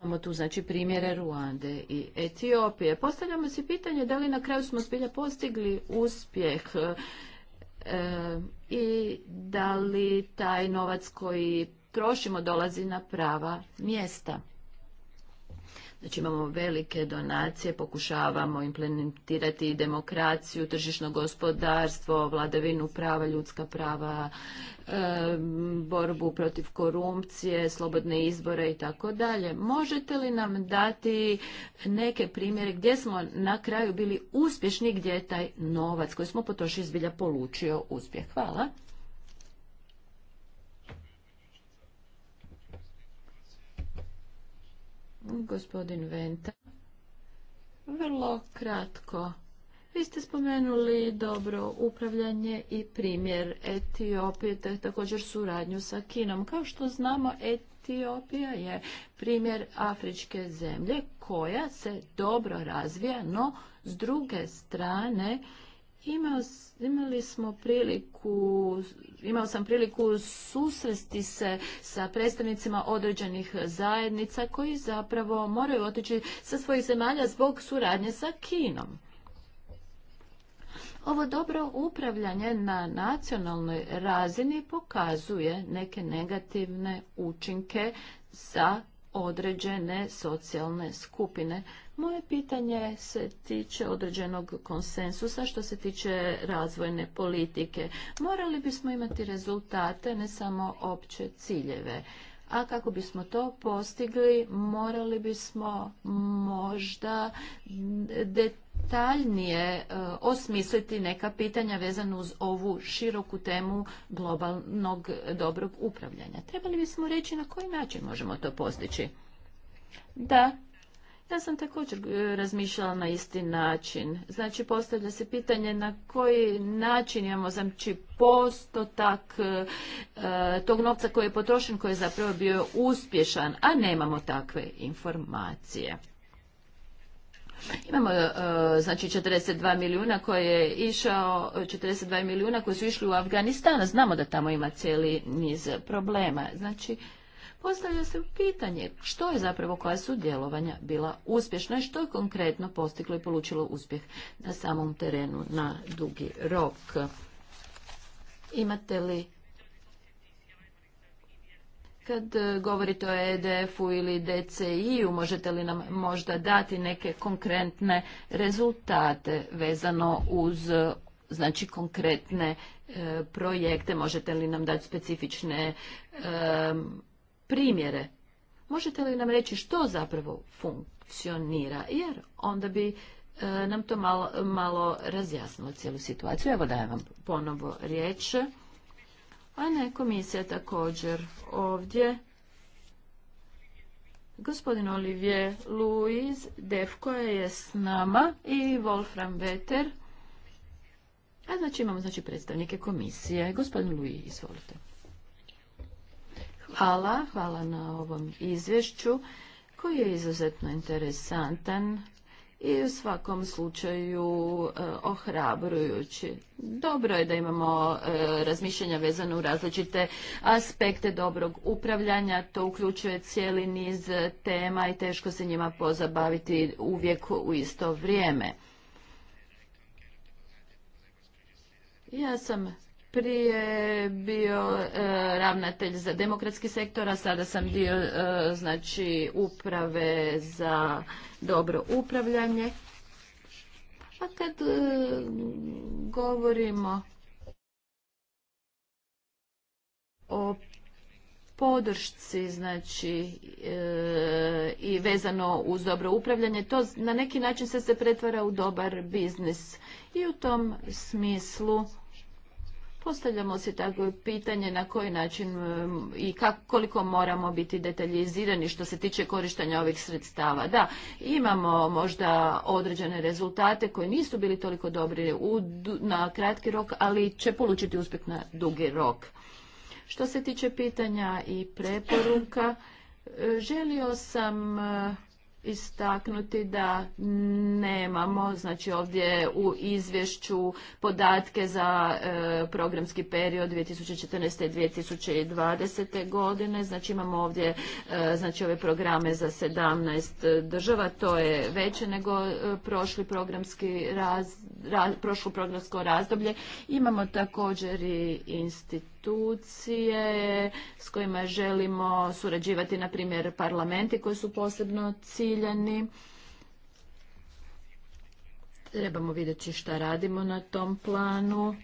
Imamo tu znači primjere Ruande i Etiopije. Postavljamo si pitanje da li na kraju smo zbilja postigli uspjeh e, i da li taj novac koji trošimo dolazi na prava mjesta. Znači imamo velike donacije, pokušavamo implementirati demokraciju, tržišno gospodarstvo, vladavinu prava, ljudska prava, borbu protiv korupcije, slobodne izbore i tako dalje. Možete li nam dati neke primjere gdje smo na kraju bili uspješni, gdje je taj novac koji smo potrošili zbilja polučio uspjeh? Hvala. Gospodin Venta. Vrlo kratko. Vi ste spomenuli dobro upravljanje i primjer Etiopije, također suradnju sa Kinom. Kao što znamo, Etiopija je primjer afričke zemlje koja se dobro razvija, no s druge strane Imao, imali smo priliku, imao sam priliku susresti se sa predstavnicima određenih zajednica koji zapravo moraju otići sa svojih zemalja zbog suradnje sa Kinom. Ovo dobro upravljanje na nacionalnoj razini pokazuje neke negativne učinke za određene socijalne skupine. Moje pitanje se tiče određenog konsensusa što se tiče razvojne politike. Morali bismo imati rezultate, ne samo opće ciljeve. A kako bismo to postigli, morali bismo možda detaljno detaljnije e, osmisliti neka pitanja vezano uz ovu široku temu globalnog dobrog upravljanja. Trebali bismo reći na koji način možemo to postići. Da, ja sam također e, razmišljala na isti način. Znači, postavlja se pitanje na koji način imamo znači, postotak e, tog novca koji je potrošen, koji je zapravo bio uspješan, a nemamo takve informacije. Imamo e, znači 42 milijuna koje je išao, 42 milijuna koji su išli u Afganistan, znamo da tamo ima cijeli niz problema. Znači, postavlja se pitanje što je zapravo koja su djelovanja bila uspješna i što je konkretno postiglo i polučilo uspjeh na samom terenu na dugi rok. Imate li kad e, govorite o EDF-u ili DCI-u, možete li nam možda dati neke konkretne rezultate vezano uz e, znači konkretne e, projekte, možete li nam dati specifične primjere? Možete li nam reći što zapravo funkcionira? Jer onda bi nam to malo, malo razjasnilo cijelu situaciju. Evo dajem vam ponovo riječ a ne komisija također ovdje. Gospodin Olivier Louis Defko je s nama i Wolfram Veter. A znači imamo znači predstavnike komisije. Gospodin Louis, izvolite. Hvala, hvala na ovom izvješću koji je izuzetno interesantan i u svakom slučaju e, ohrabrujući. Dobro je da imamo e, razmišljanja vezano u različite aspekte dobrog upravljanja, to uključuje cijeli niz tema i teško se njima pozabaviti uvijek u isto vrijeme. Ja sam prije bio e, ravnatelj za demokratski sektor, a sada sam dio e, znači uprave za dobro upravljanje. A kad e, govorimo o podršci znači i vezano uz dobro upravljanje, to na neki način se se pretvara u dobar biznis. I u tom smislu Postavljamo se tako pitanje na koji način e, i koliko moramo biti detaljizirani što se tiče korištenja ovih sredstava. Da, imamo možda određene rezultate koji nisu bili toliko dobri na kratki rok, ali će polučiti uspjeh na dugi rok. Što se tiče pitanja i preporuka, e, želio sam e, istaknuti da nemamo, znači ovdje u izvješću podatke za e, programski period 2014. i 2020. godine, znači imamo ovdje e, znači ove programe za 17 država, to je veće nego e, prošli programski raz, prošlo programsko razdoblje. Imamo također i institut institucije s kojima želimo surađivati, na primjer parlamenti koji su posebno ciljani. Trebamo vidjeti šta radimo na tom planu.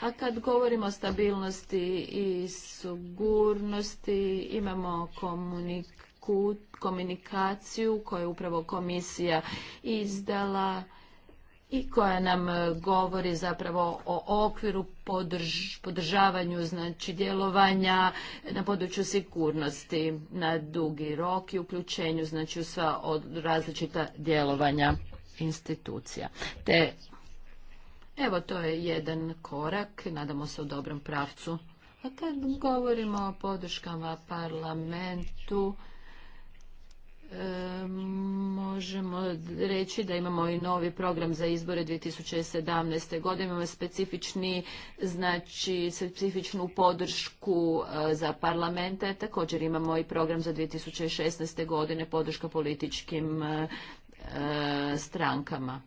A kad govorimo o stabilnosti i sigurnosti, imamo komunikaciju komunikaciju koju je upravo komisija izdala i koja nam e, govori zapravo o okviru podrž, podržavanju znači djelovanja na području sigurnosti na dugi rok i uključenju znači u sva od različita djelovanja institucija. Te evo to je jedan korak, nadamo se u dobrom pravcu. A kad govorimo o podrškama parlamentu, možemo reći da imamo i novi program za izbore 2017. godine. Imamo specifični, znači specifičnu podršku e, za parlamente. Također imamo i program za 2016. godine podrška političkim e, e, strankama.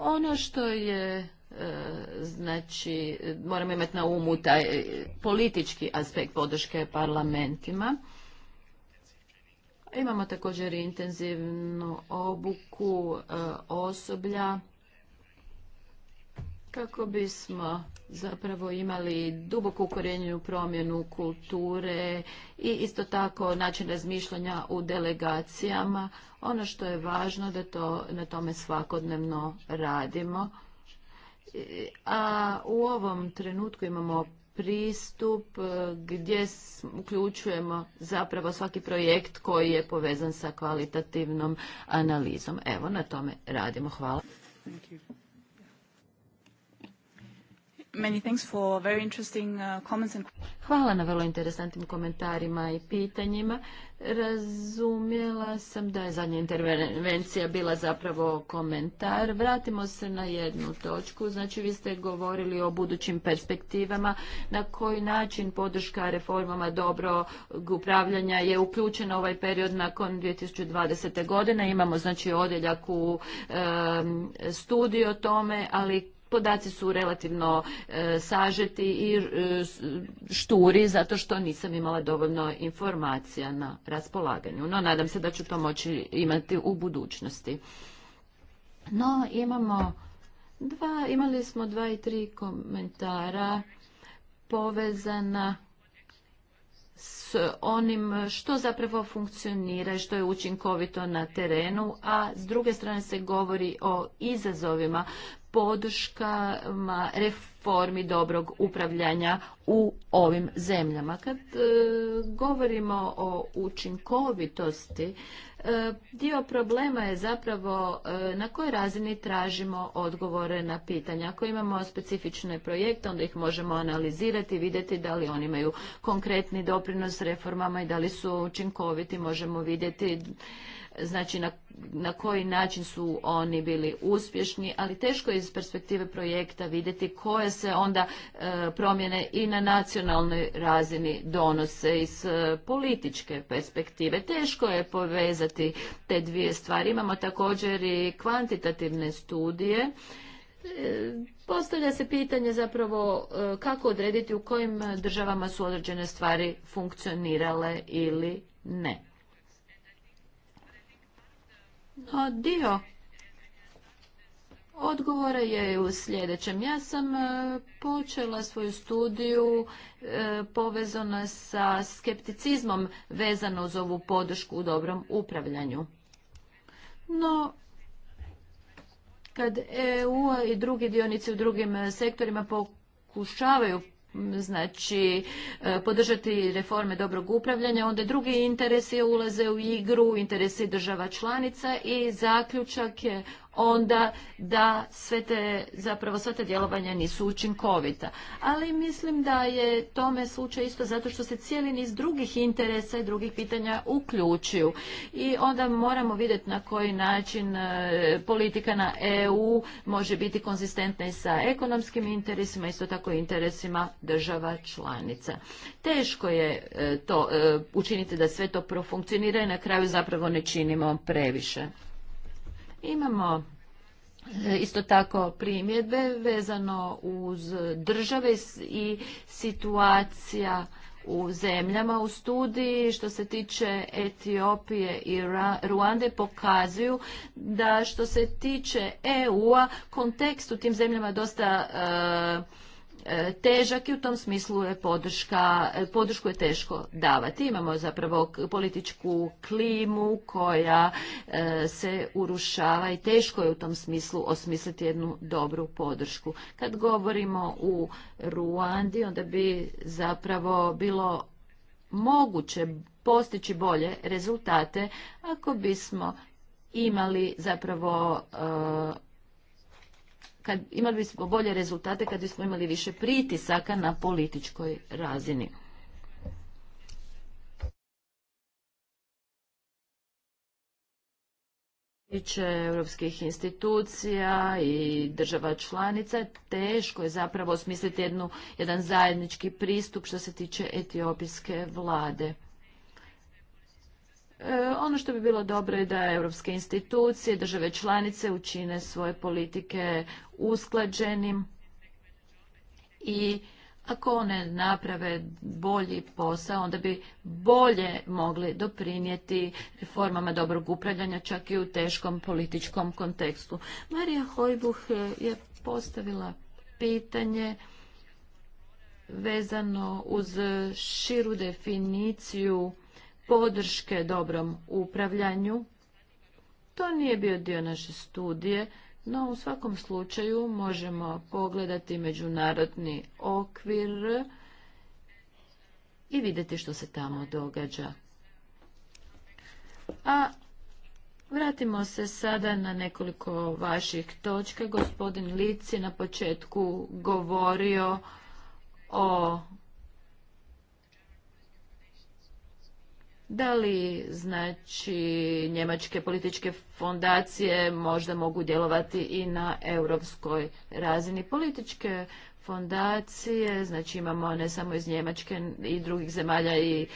Ono što je e, znači moramo imati na umu taj politički aspekt podrške parlamentima. Imamo također intenzivnu obuku e, osoblja kako bismo zapravo imali duboku ukorenjenu promjenu kulture i isto tako način razmišljanja u delegacijama ono što je važno da to, na tome svakodnevno radimo. A u ovom trenutku imamo pristup e, gdje uključujemo zapravo svaki projekt koji je povezan sa kvalitativnom analizom. Evo, na tome radimo. Hvala. Uh, Hvala na vrlo interesantnim komentarima i pitanjima. Razumjela sam da je zadnja intervencija bila zapravo komentar. Vratimo se na jednu točku. Znači, vi ste govorili o budućim perspektivama, na koji način podrška reformama dobrog upravljanja je uključena u ovaj period nakon 2020. godine. Imamo, znači, odjeljak u studiju o tome, ali Podaci su relativno e, sažeti i e, šturi zato što nisam imala dovoljno informacija na raspolaganju. No, nadam se da ću to moći imati u budućnosti. No, imamo dva, imali smo dva i tri komentara povezana s onim što zapravo funkcionira i što je učinkovito na terenu, a s druge strane se govori o izazovima podrškama reformi dobrog upravljanja u ovim zemljama. Kad e, govorimo o učinkovitosti, e, dio problema je zapravo e, na kojoj razini tražimo odgovore na pitanja. Ako imamo specifične projekte, onda ih možemo analizirati, vidjeti da li oni imaju konkretni doprinos reformama i da li su učinkoviti. Možemo vidjeti znači na, na koji način su oni bili uspješni, ali teško je iz perspektive projekta vidjeti koje se onda e, promjene i na nacionalnoj razini donose iz e, političke perspektive. Teško je povezati te dvije stvari. Imamo također i kvantitativne studije e, Postavlja se pitanje zapravo kako odrediti u kojim državama su određene stvari funkcionirale ili ne. No, dio Odgovora je u sljedećem. Ja sam e, počela svoju studiju e, povezana sa skepticizmom vezano uz ovu podršku u dobrom upravljanju. No, kad EU i drugi dionici u drugim e, sektorima pokušavaju znači e, podržati reforme dobrog upravljanja, onda drugi interesi ulaze u igru, interesi država članica i zaključak je onda da sve te, zapravo sva ta djelovanja nisu učinkovita. Ali mislim da je tome slučaj isto zato što se cijeli niz drugih interesa i drugih pitanja uključuju. I onda moramo vidjeti na koji način e, politika na EU može biti konzistentna i sa ekonomskim interesima, isto tako i interesima država članica. Teško je e, to e, učiniti da sve to profunkcionira i na kraju zapravo ne činimo previše. Imamo e, isto tako primjedbe vezano uz države i situacija u zemljama u studiji što se tiče Etiopije i Ruande pokazuju da što se tiče EU-a kontekst u tim zemljama dosta e, težak i u tom smislu je podrška, podršku je teško davati. Imamo zapravo političku klimu koja e, se urušava i teško je u tom smislu osmisliti jednu dobru podršku. Kad govorimo u Ruandi, onda bi zapravo bilo moguće postići bolje rezultate ako bismo imali zapravo e, kad imali bismo bolje rezultate kad bismo imali više pritisaka na političkoj razini. tiče europskih institucija i država članica, teško je zapravo osmisliti jedan zajednički pristup što se tiče etiopijske vlade. E, ono što bi bilo dobro je da europske institucije, države članice učine svoje politike usklađenim i ako one naprave bolji posao, onda bi bolje mogli doprinijeti reformama dobrog upravljanja čak i u teškom političkom kontekstu. Marija Hojbuh je postavila pitanje vezano uz širu definiciju podrške dobrom upravljanju. To nije bio dio naše studije, no u svakom slučaju možemo pogledati međunarodni okvir i vidjeti što se tamo događa. A vratimo se sada na nekoliko vaših točka. Gospodin Lici na početku govorio o Da li znači njemačke političke fondacije možda mogu djelovati i na europskoj razini političke fondacije, znači imamo ne samo iz Njemačke i drugih zemalja i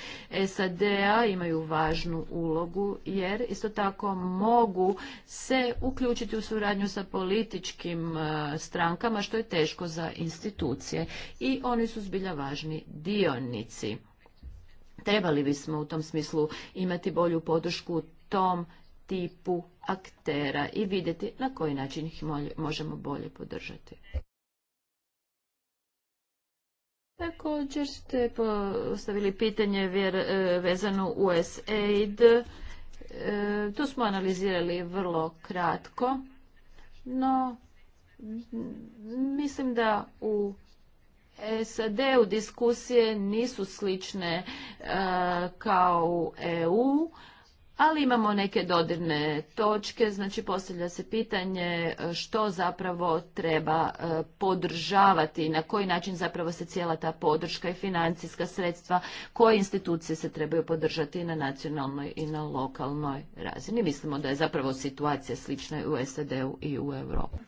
SAD-a, imaju važnu ulogu jer isto tako mogu se uključiti u suradnju sa političkim e, strankama što je teško za institucije i oni su zbilja važni dionici. Trebali bismo u tom smislu imati bolju podršku tom tipu aktera i vidjeti na koji način ih možemo bolje podržati. Također ste postavili pitanje e, vezano USAID. E, tu smo analizirali vrlo kratko, no mislim da u SAD-u diskusije nisu slične e, kao u EU, ali imamo neke dodirne točke, znači postavlja se pitanje e, što zapravo treba e, podržavati, na koji način zapravo se cijela ta podrška i financijska sredstva, koje institucije se trebaju podržati na nacionalnoj i na lokalnoj razini. Mislimo da je zapravo situacija slična i u SAD-u i u Europi.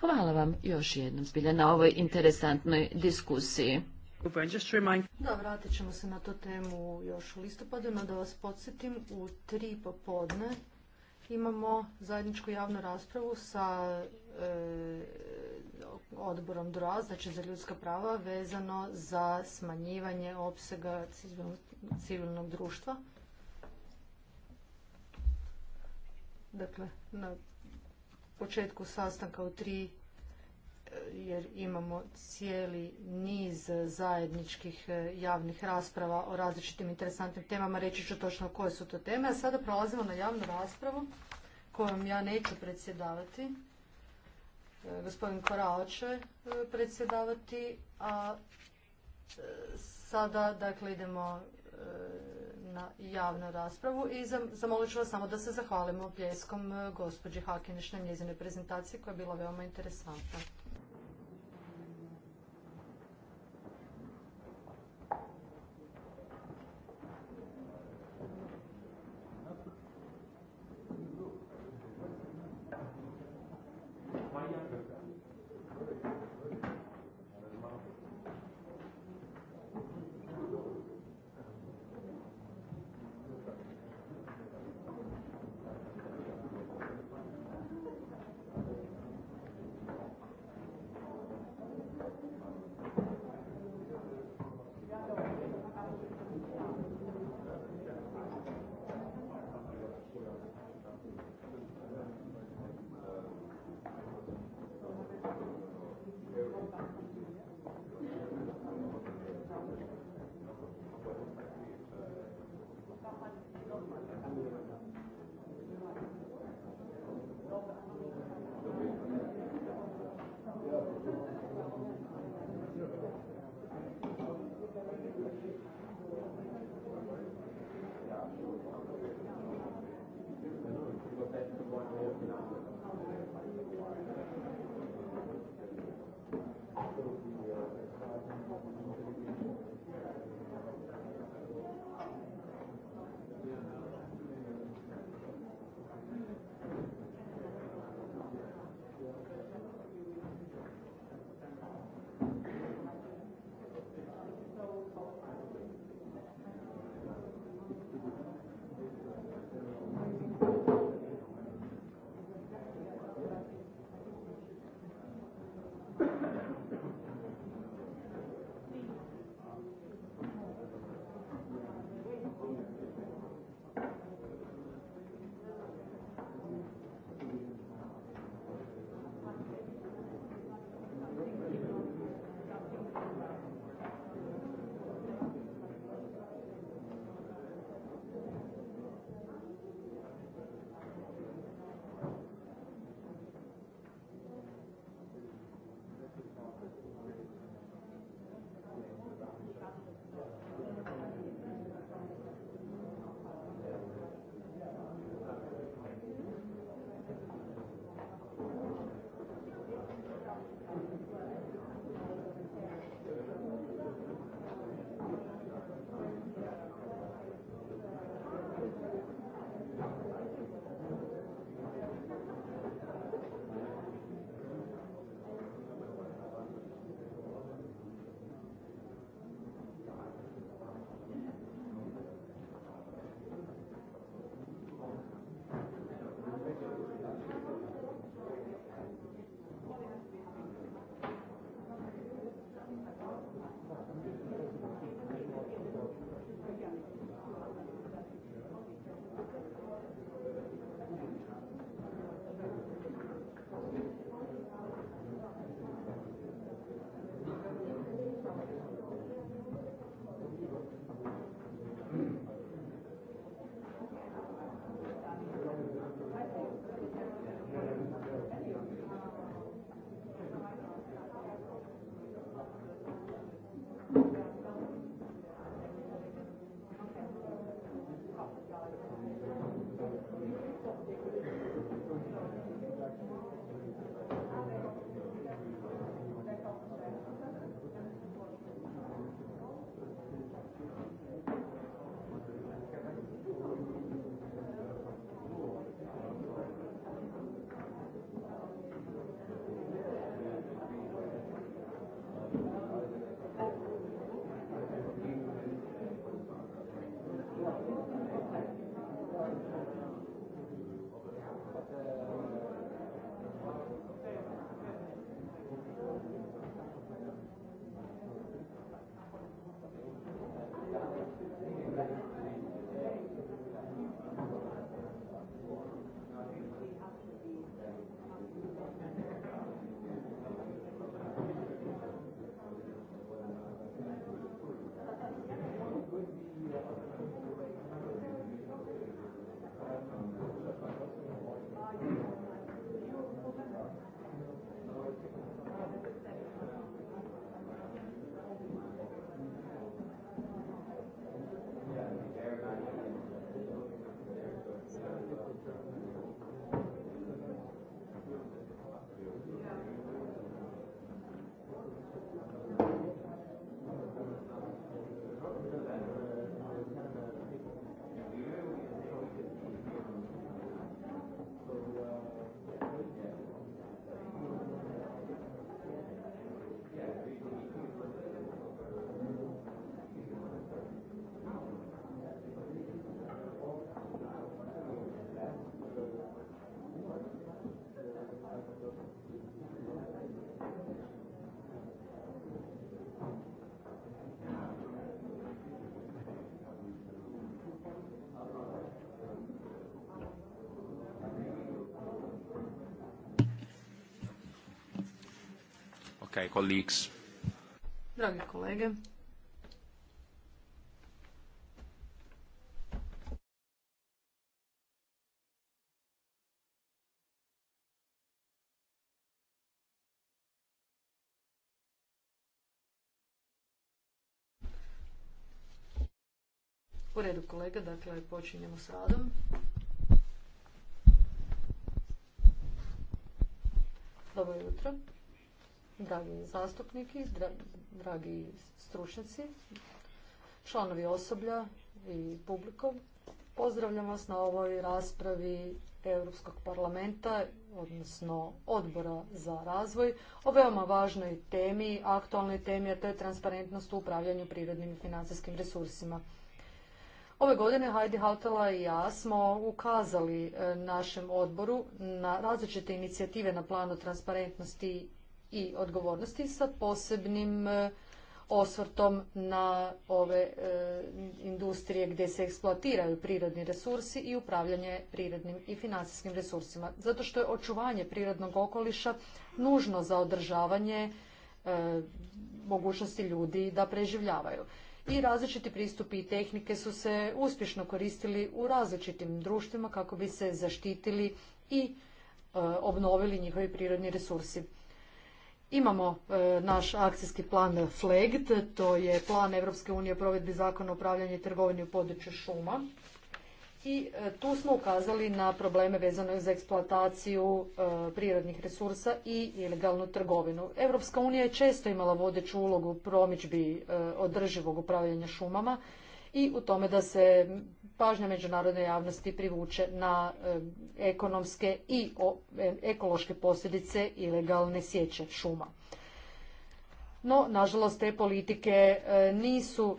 Hvala vam još jednom zbilja na ovoj interesantnoj diskusiji.
Da, vratit ćemo se na tu temu još u listopadu, no da vas podsjetim, u tri popodne imamo zajedničku javnu raspravu sa e, odborom DROA, znači za ljudska prava, vezano za smanjivanje opsega civilnog društva. Dakle, na početku sastanka u tri e, jer imamo cijeli niz zajedničkih e, javnih rasprava o različitim interesantnim temama. Reći ću točno koje su to teme. A sada prolazimo na javnu raspravu kojom ja neću predsjedavati. E, gospodin Korao će predsjedavati, a sada dakle idemo na javnu raspravu i zamolit ću vas samo da se zahvalimo pljeskom e, gospođi Hakiniš na njezinoj prezentaciji koja je bila veoma interesantna.
Okay, colleagues.
Dragi kolege. U redu kolega, dakle počinjemo s radom. Dobro jutro dragi zastupniki, dragi stručnjaci, članovi osoblja i publiko Pozdravljam vas na ovoj raspravi Europskog parlamenta, odnosno odbora za razvoj, o veoma važnoj temi, aktualnoj temi, a to je transparentnost u upravljanju prirodnim i financijskim resursima. Ove godine Heidi Hautala i ja smo ukazali e, našem odboru na različite inicijative na planu transparentnosti i odgovornosti sa posebnim e, osvrtom na ove e, industrije gdje se eksploatiraju prirodni resursi i upravljanje prirodnim i financijskim resursima. Zato što je očuvanje prirodnog okoliša nužno za održavanje e, mogućnosti ljudi da preživljavaju i različiti pristupi i tehnike su se uspješno koristili u različitim društvima kako bi se zaštitili i obnovili njihovi prirodni resursi. Imamo e, naš akcijski plan FLEGT, to je plan Europske unije o provedbi zakona o upravljanju i trgovini u području šuma. I e, tu smo ukazali na probleme vezane za eksploataciju e, prirodnih resursa i ilegalnu trgovinu. Europska unija je često imala vodeću ulogu u promičbi održivog upravljanja šumama i u tome da se pažnja međunarodne javnosti privuče na eh, ekonomske i eh, ekološke posljedice ilegalne sječe šuma. No, nažalost, te politike eh, nisu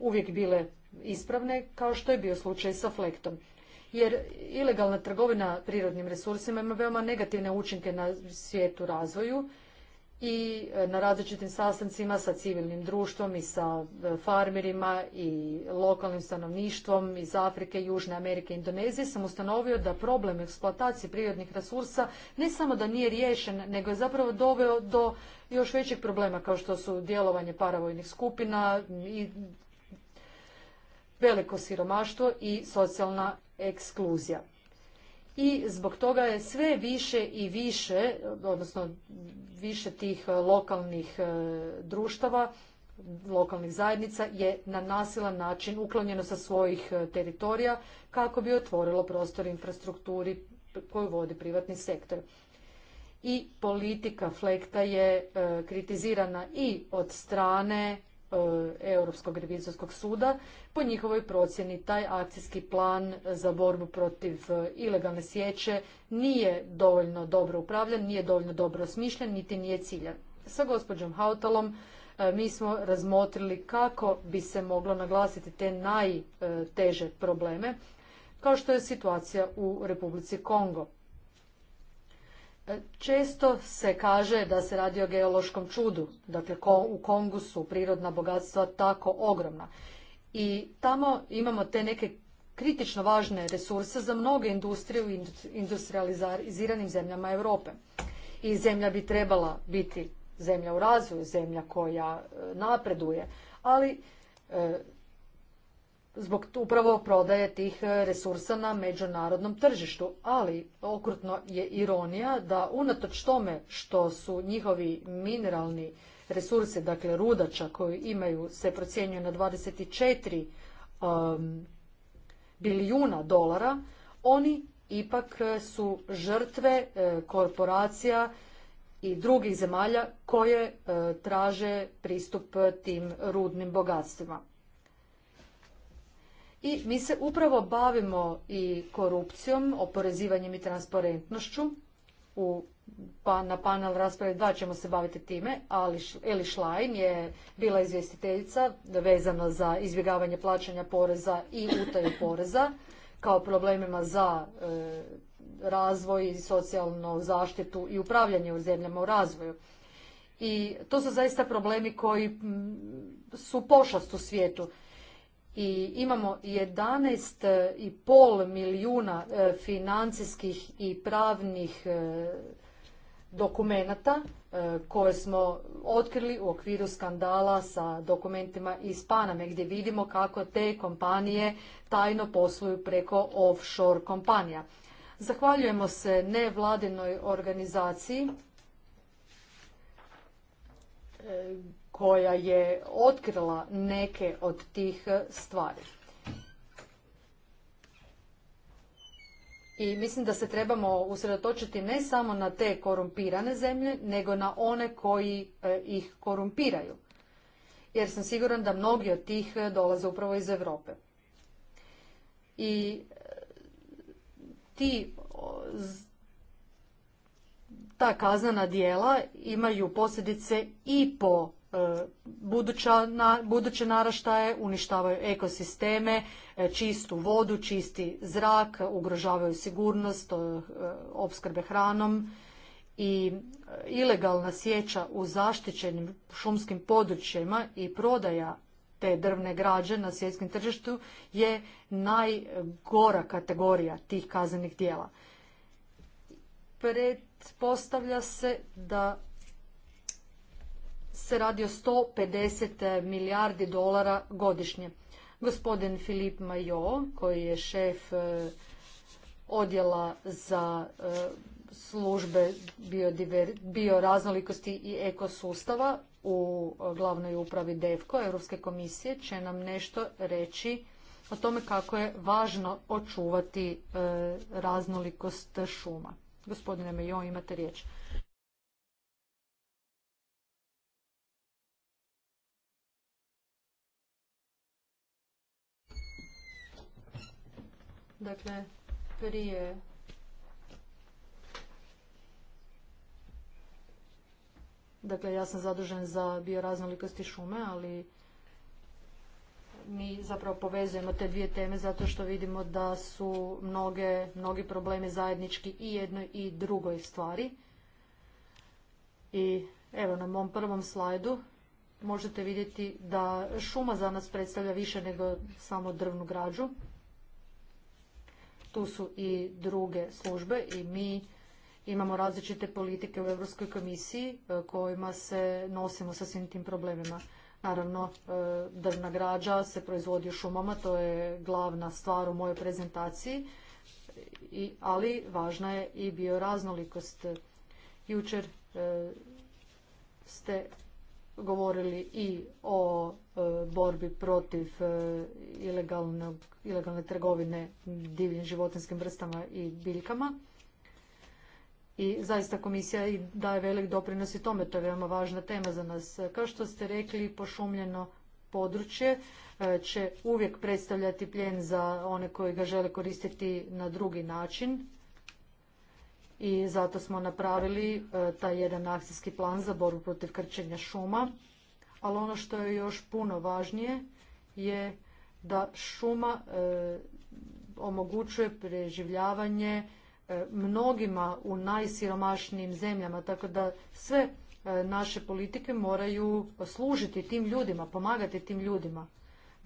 uvijek bile ispravne, kao što je bio slučaj sa flektom. Jer ilegalna trgovina prirodnim resursima ima veoma negativne učinke na svijetu razvoju i e, na različitim sastancima sa civilnim društvom i sa e, farmerima i lokalnim stanovništvom iz Afrike, Južne Amerike, Indonezije sam ustanovio da problem eksploatacije prirodnih resursa ne samo da nije riješen, nego je zapravo doveo do još većih problema kao što su djelovanje paravojnih skupina i veliko siromaštvo i socijalna ekskluzija i zbog toga je sve više i više, odnosno više tih e, lokalnih e, društava, lokalnih zajednica je na nasilan način uklonjeno sa svojih e, teritorija kako bi otvorilo prostor infrastrukturi koju vodi privatni sektor. I politika flekta je kritizirana i od strane E, Europskog revizorskog suda. Po njihovoj procjeni taj akcijski plan za borbu protiv e, ilegalne sječe nije dovoljno dobro upravljan, nije dovoljno dobro osmišljen, niti nije ciljan. Sa gospođom Hautalom e, mi smo razmotrili kako bi se moglo naglasiti te najteže probleme, kao što je situacija u Republici Kongo. Često se kaže da se radi o geološkom čudu, dakle u Kongu su prirodna bogatstva tako ogromna. I tamo imamo te neke kritično važne resurse za mnoge industrije u industrializiranim zemljama Europe. I zemlja bi trebala biti zemlja u razvoju, zemlja koja e, napreduje, ali e, zbog upravo prodaje tih e, resursa na međunarodnom tržištu. Ali okrutno je ironija da unatoč tome što su njihovi mineralni resurse, dakle rudača koju imaju, se procjenjuje na 24 um, bilijuna dolara, oni ipak e, su žrtve e, korporacija i drugih zemalja koje traže pristup tim rudnim bogatstvima. I mi se upravo bavimo i korupcijom, oporezivanjem i transparentnošću. U, pa, na panel rasprave dva ćemo se baviti time, ali Eli Schlein je bila izvjestiteljica vezana za izbjegavanje plaćanja poreza i utaju poreza kao problemima za e, razvoj i socijalnu zaštitu i upravljanje u zemljama u razvoju. I to su zaista problemi koji su pošast u svijetu i imamo 11,5 milijuna e, financijskih i pravnih e, dokumenata e, koje smo otkrili u okviru skandala sa dokumentima iz Paname gdje vidimo kako te kompanije tajno posluju preko offshore kompanija. Zahvaljujemo se nevladinoj organizaciji koja je otkrila neke od tih stvari. I mislim da se trebamo usredotočiti ne samo na te korumpirane zemlje, nego na one koji e, ih korumpiraju. Jer sam siguran da mnogi od tih e, dolaze upravo iz Europe. I e, ti ta kaznena dijela imaju posljedice i po E, na, buduće naraštaje, uništavaju ekosisteme, e, čistu vodu, čisti zrak, ugrožavaju sigurnost e, opskrbe hranom i ilegalna sjeća u zaštićenim šumskim područjima i prodaja te drvne građe na svjetskim tržištu je najgora kategorija tih kaznenih djela. Pretpostavlja se da se radi o 150 milijardi dolara godišnje. Gospodin Filip Majo, koji je šef e, odjela za e, službe bioraznolikosti i ekosustava u glavnoj upravi DEFKO, Europske komisije će nam nešto reći o tome kako je važno očuvati e, raznolikost šuma. Gospodine Majo, imate riječ. Dakle, prije Dakle, ja sam zadužen za bioraznolikosti šume, ali mi zapravo povezujemo te dvije teme zato što vidimo da su mnoge, mnogi problemi zajednički i jednoj i drugoj stvari. I evo na mom prvom slajdu možete vidjeti da šuma za nas predstavlja više nego samo drvnu građu tu su i druge službe i mi imamo različite politike u Europskoj komisiji e, kojima se nosimo sa svim tim problemima. Naravno, e, drvna građa se proizvodi u šumama, to je glavna stvar u mojoj prezentaciji, ali važna je i bioraznolikost. Jučer e, ste govorili i o e, borbi protiv e, ilegalne trgovine divljim životinskim vrstama i biljkama. I zaista komisija i daje velik doprinos i tome, to je veoma važna tema za nas. Kao što ste rekli, pošumljeno područje e, će uvijek predstavljati plijen za one koji ga žele koristiti na drugi način i zato smo napravili e, taj jedan akcijski plan za borbu protiv krčenja šuma. Ali ono što je još puno važnije je da šuma e, omogućuje preživljavanje e, mnogima u najsiromašnijim zemljama, tako da sve naše politike moraju služiti tim ljudima, pomagati tim ljudima.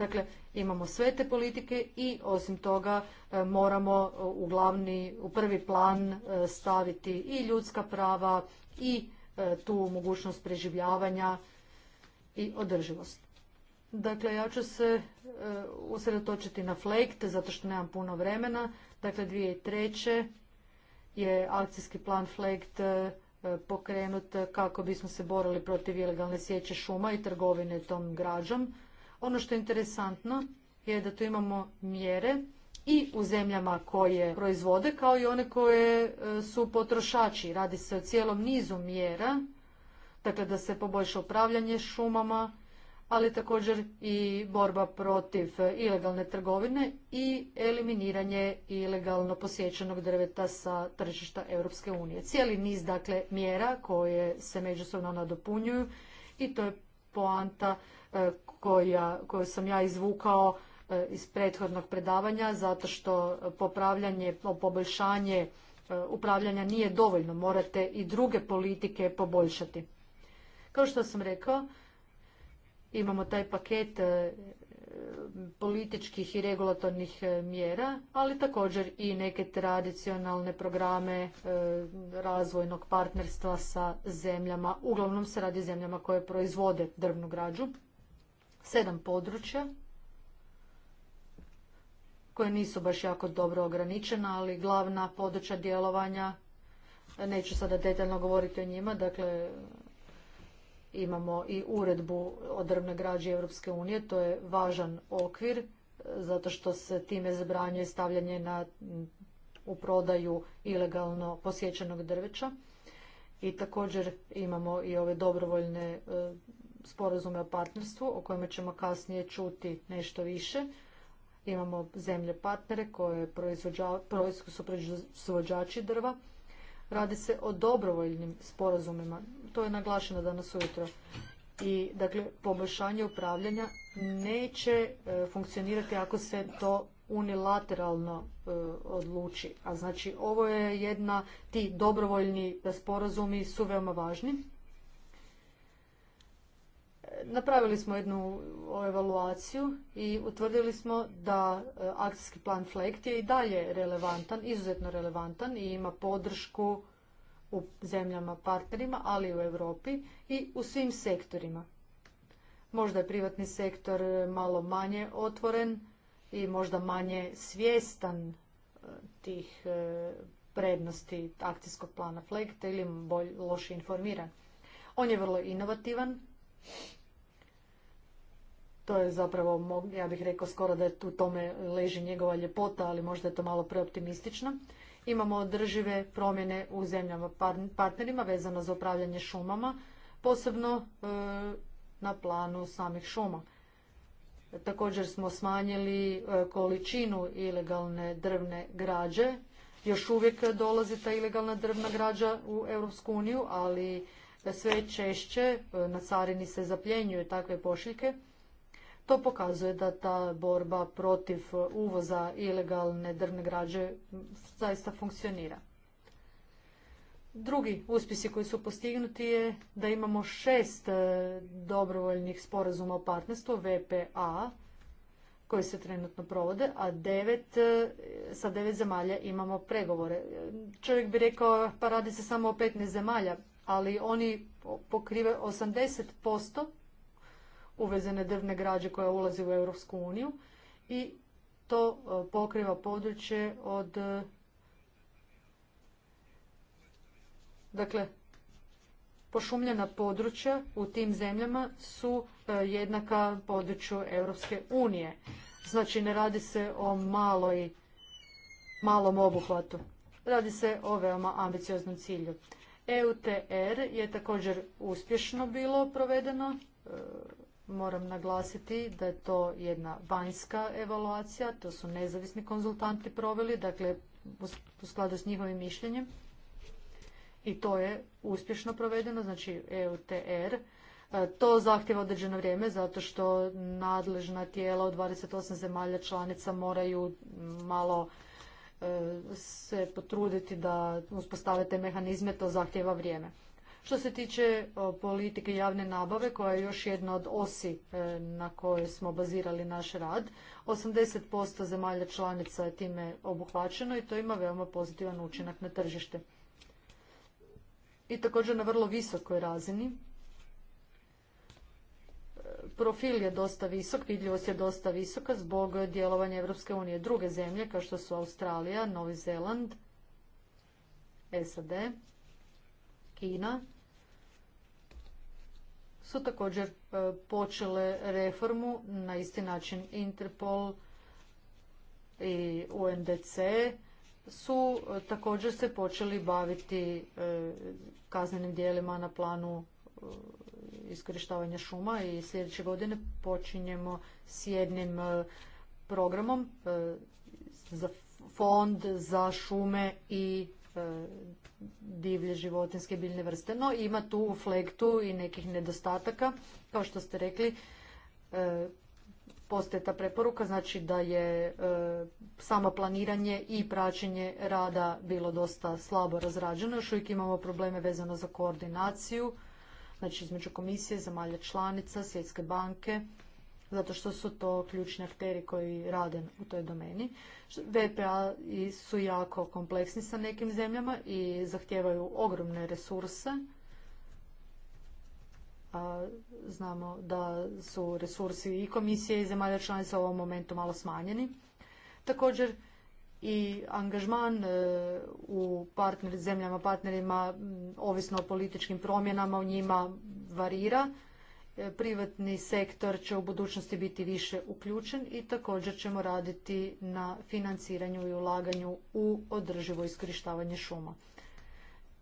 Dakle, imamo sve te politike i osim toga e, moramo e, u glavni, u prvi plan e, staviti i ljudska prava i tu mogućnost preživljavanja i održivost. Dakle, ja ću se usredotočiti na FLEKT, zato što nemam puno vremena. Dakle, 2003. je akcijski plan FLEKT pokrenut kako bismo se borili protiv ilegalne sjeće šuma i trgovine tom građom. Ono što je interesantno je da tu imamo mjere i u zemljama koje proizvode kao i one koje e, su potrošači. Radi se o cijelom nizu mjera, dakle da se poboljša upravljanje šumama, ali također i borba protiv ilegalne trgovine i eliminiranje ilegalno posjećenog drveta sa tržišta Europske unije. Cijeli niz dakle mjera koje se međusobno nadopunjuju i to je poanta e, koju sam ja izvukao e, iz prethodnog predavanja zato što popravljanje, poboljšanje e, upravljanja nije dovoljno, morate i druge politike poboljšati. Kao što sam rekao, imamo taj paket e, političkih i regulatornih mjera, ali također i neke tradicionalne programe razvojnog partnerstva sa zemljama, uglavnom se radi zemljama koje proizvode drvnu građu sedam područja koje nisu baš jako dobro ograničena, ali glavna područja djelovanja, neću sada detaljno govoriti o njima, dakle imamo i uredbu o drvnoj građi Europske unije, to je važan okvir zato što se time zabranjuje stavljanje na, u prodaju ilegalno posjećenog drveća. I također imamo i ove dobrovoljne e, sporazume o partnerstvu o kojima ćemo kasnije čuti nešto više. Imamo zemlje partnere koje su proizvođači drva. Radi se o dobrovoljnim sporazumima. To je naglašeno danas ujutro. I dakle, poboljšanje upravljanja neće e, funkcionirati ako se to unilateralno e, odluči. A znači ovo je jedna, ti dobrovoljni sporazumi su veoma važni Napravili smo jednu evaluaciju i utvrdili smo da e, akcijski plan flekt je i dalje relevantan, izuzetno relevantan i ima podršku u zemljama partnerima, ali i u Europi i u svim sektorima. Možda je privatni sektor e, malo manje otvoren i možda manje svjestan e, tih prednosti akcijskog plana FLEGT ili bolj loše informiran. On je vrlo inovativan to je zapravo, ja bih rekao skoro da je u tome leži njegova ljepota, ali možda je to malo preoptimistično. Imamo održive promjene u zemljama partnerima vezano za upravljanje šumama, posebno e, na planu samih šuma. Također smo smanjili e, količinu ilegalne drvne građe. Još uvijek dolazi ta ilegalna drvna građa u Europsku uniju, ali sve češće e, na carini se zapljenjuju takve pošiljke to pokazuje da ta borba protiv uvoza ilegalne drvne građe zaista funkcionira. Drugi uspjesi koji su postignuti je da imamo šest e, dobrovoljnih sporazuma o partnerstvu, VPA, koji se trenutno provode, a devet, e, sa devet zemalja imamo pregovore. Čovjek bi rekao pa radi se samo o 15 zemalja, ali oni pokrive 80% uvezene drvne građe koja ulazi u Europsku uniju i to e, pokriva područje od e, dakle pošumljena područja u tim zemljama su e, jednaka području Europske unije. Znači ne radi se o maloj, malom obuhvatu. Radi se o veoma ambicioznom cilju. EUTR je također uspješno bilo provedeno Moram naglasiti da je to jedna vanjska evaluacija, to su nezavisni konzultanti proveli, dakle u skladu s njihovim mišljenjem. I to je uspješno provedeno, znači EUTR. E, to zahtjeva određeno vrijeme zato što nadležna tijela od 28 zemalja članica moraju malo e, se potruditi da uspostave te mehanizme, to zahtjeva vrijeme. Što se tiče politike javne nabave, koja je još jedna od osi e, na kojoj smo bazirali naš rad, 80% zemalja članica je time obuhvaćeno i to ima veoma pozitivan učinak na tržište. I također na vrlo visokoj razini. E, profil je dosta visok, vidljivost je dosta visoka zbog djelovanja Europske unije. Druge zemlje kao što su Australija, Novi Zeland, SAD, Kina su također e, počele reformu na isti način Interpol i UNDC su e, također se počeli baviti e, kaznenim dijelima na planu iskorištavanja šuma i sljedeće godine počinjemo s jednim programom za fond za šume i E, divlje životinske biljne vrste. No ima tu u flektu i nekih nedostataka. Kao što ste rekli, e, postoje ta preporuka, znači da je e, samo planiranje i praćenje rada bilo dosta slabo razrađeno. Još uvijek imamo probleme vezano za koordinaciju, znači između komisije, zemalja članica, svjetske banke zato što su to ključni akteri koji rade u toj domeni. VPA su jako kompleksni sa nekim zemljama i zahtijevaju ogromne resurse. A znamo da su resursi i komisije i zemalja članica u ovom momentu malo smanjeni. Također, i angažman e, u partner, zemljama partnerima, ovisno o političkim promjenama u njima, varira. E, privatni sektor će u budućnosti biti više uključen i također ćemo raditi na financiranju i ulaganju u održivo iskorištavanje šuma.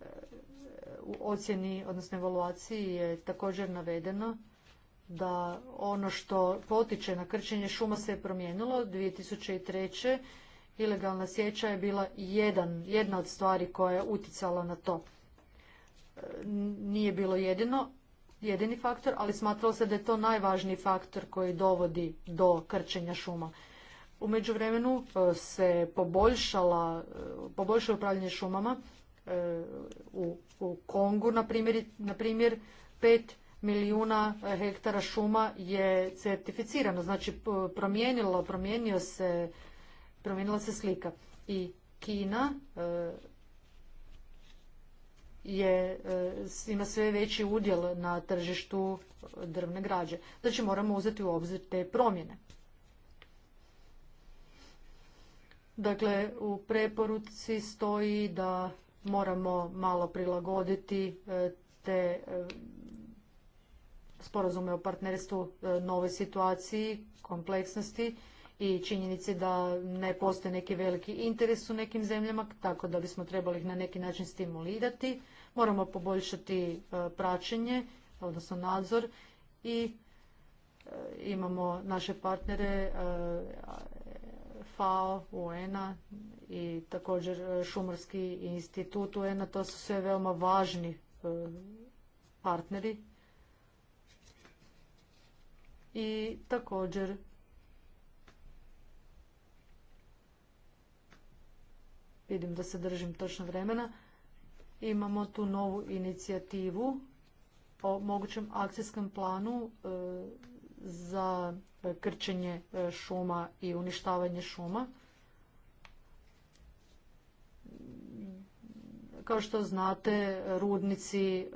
E, u ocjeni, odnosno evaluaciji je također navedeno da ono što potiče na krčenje šuma se je promijenilo. 2003. ilegalna sjeća je bila jedan, jedna od stvari koja je uticala na to. E, nije bilo jedino, jedini faktor, ali smatralo se da je to najvažniji faktor koji dovodi do krčenja šuma. U međuvremenu e, se poboljšala, e, poboljšalo upravljanje šumama e, u, Kongu, na primjer, pet milijuna hektara šuma je certificirano, znači promijenilo, promijenio se, promijenila se slika. I Kina je, e, ima sve veći udjel na tržištu drvne građe. Znači moramo uzeti u obzir te promjene. Dakle, u preporuci stoji da moramo malo prilagoditi e, te e, sporazume o partnerstvu nove situaciji, kompleksnosti i činjenici da ne postoje neki veliki interes u nekim zemljama, tako da bismo trebali ih na neki način stimulirati. Moramo poboljšati e, praćenje, odnosno nadzor i e, imamo naše partnere e, FAO, UNA i također Šumarski institut un To su sve veoma važni partneri i također vidim da se držim točno vremena. Imamo tu novu inicijativu o mogućem akcijskom planu e, za krčenje e, šuma i uništavanje šuma. Kao što znate, rudnici e,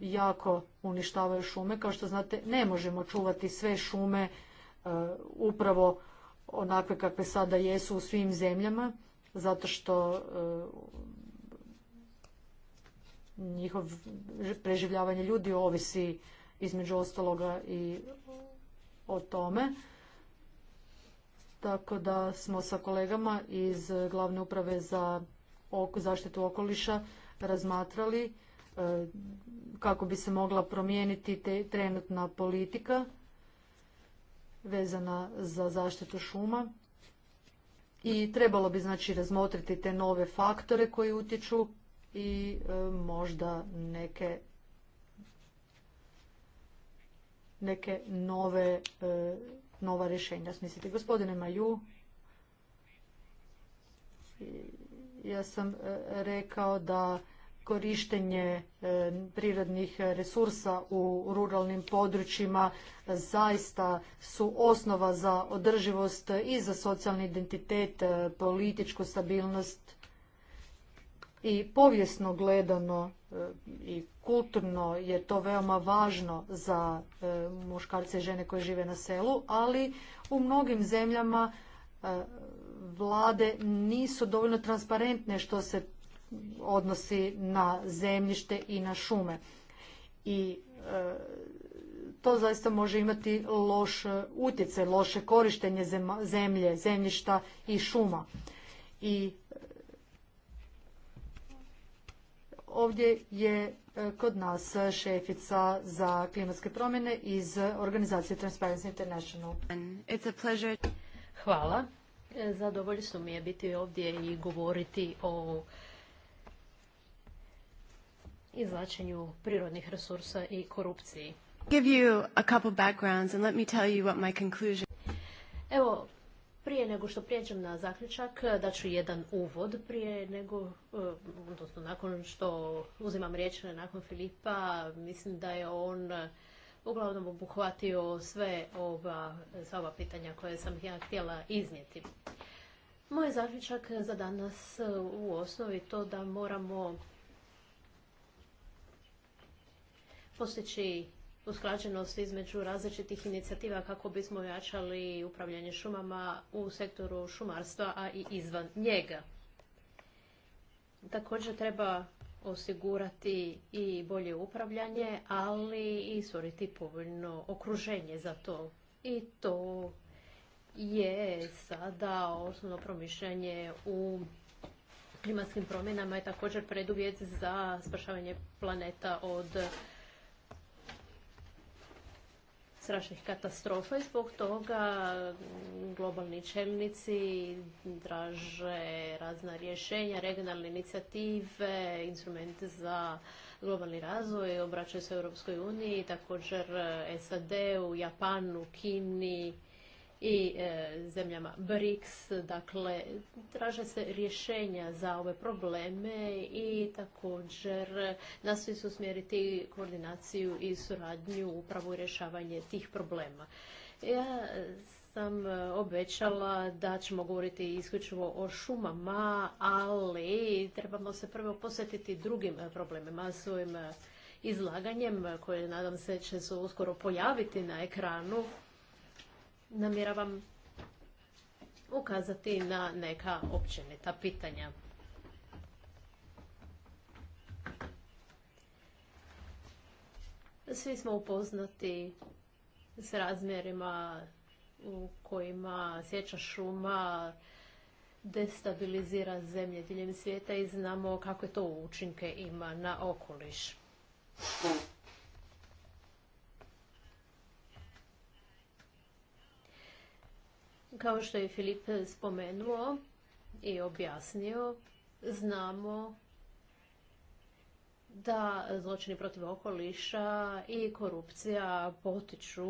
jako uništavaju šume. Kao što znate, ne možemo čuvati sve šume upravo onakve kakve sada jesu u svim zemljama, zato što njihov preživljavanje ljudi ovisi između ostaloga i o tome. Tako da smo sa kolegama iz glavne uprave za zaštitu okoliša razmatrali e, kako bi se mogla promijeniti te trenutna politika vezana za zaštitu šuma i trebalo bi znači razmotriti te nove faktore koji utječu i e, možda neke neke nove e, nova rješenja Smislite, Gospodine Maju, ja sam e, rekao da korištenje prirodnih resursa u ruralnim područjima zaista su osnova za održivost i za socijalni identitet, političku stabilnost i povijesno gledano e, i kulturno je to veoma važno za e, muškarce i žene koje žive na selu, ali u mnogim zemljama e, vlade nisu dovoljno transparentne što se odnosi na zemljište i na šume. I to zaista može imati loš utjecaj, loše korištenje zemlje, zemljišta i šuma. I Ovdje je e, kod nas šefica za klimatske promjene iz organizacije Transparency International.
It's a pleasure. Hvala. E, zadovoljstvo mi je biti ovdje i govoriti o izlačenju prirodnih resursa i korupciji. Give you a couple backgrounds and let me tell you what my conclusion. Evo, prije nego što prijeđem na zaključak, e, ću jedan uvod prije nego, e, odnosno nakon što uzimam riječ nakon Filipa, mislim da je on e, uglavnom obuhvatio sve ova, sva ova pitanja koje sam ja htjela iznijeti. Moj zaključak za danas u osnovi to da moramo postići usklađenost između različitih inicijativa kako bismo ojačali upravljanje šumama u sektoru šumarstva, a i izvan njega. Također treba osigurati i bolje upravljanje, ali i stvoriti povoljno okruženje za to. I to je sada osnovno promišljanje u klimatskim promjenama i također preduvjet za spašavanje planeta od strašnih katastrofa i zbog toga globalni čelnici traže razna rješenja, regionalne inicijative, instrumente za globalni razvoj, obraćaju se Europskoj uniji, također SAD-u, Japanu, Kini, i e, zemljama BRICS. Dakle, traže se rješenja za ove probleme i također nastoji se usmjeriti koordinaciju i suradnju upravo u rješavanje tih problema. Ja sam e, obećala da ćemo govoriti isključivo o šumama, ali trebamo se prvo posjetiti drugim problemima svojim izlaganjem koje nadam se će se uskoro pojaviti na ekranu namjeravam ukazati na neka općenita pitanja. Svi smo upoznati s razmjerima u kojima sjeća šuma destabilizira zemlje diljem svijeta i znamo kakve to učinke ima na okoliš. Kao što je Filip spomenuo i objasnio, znamo da zločini protiv okoliša i korupcija potiču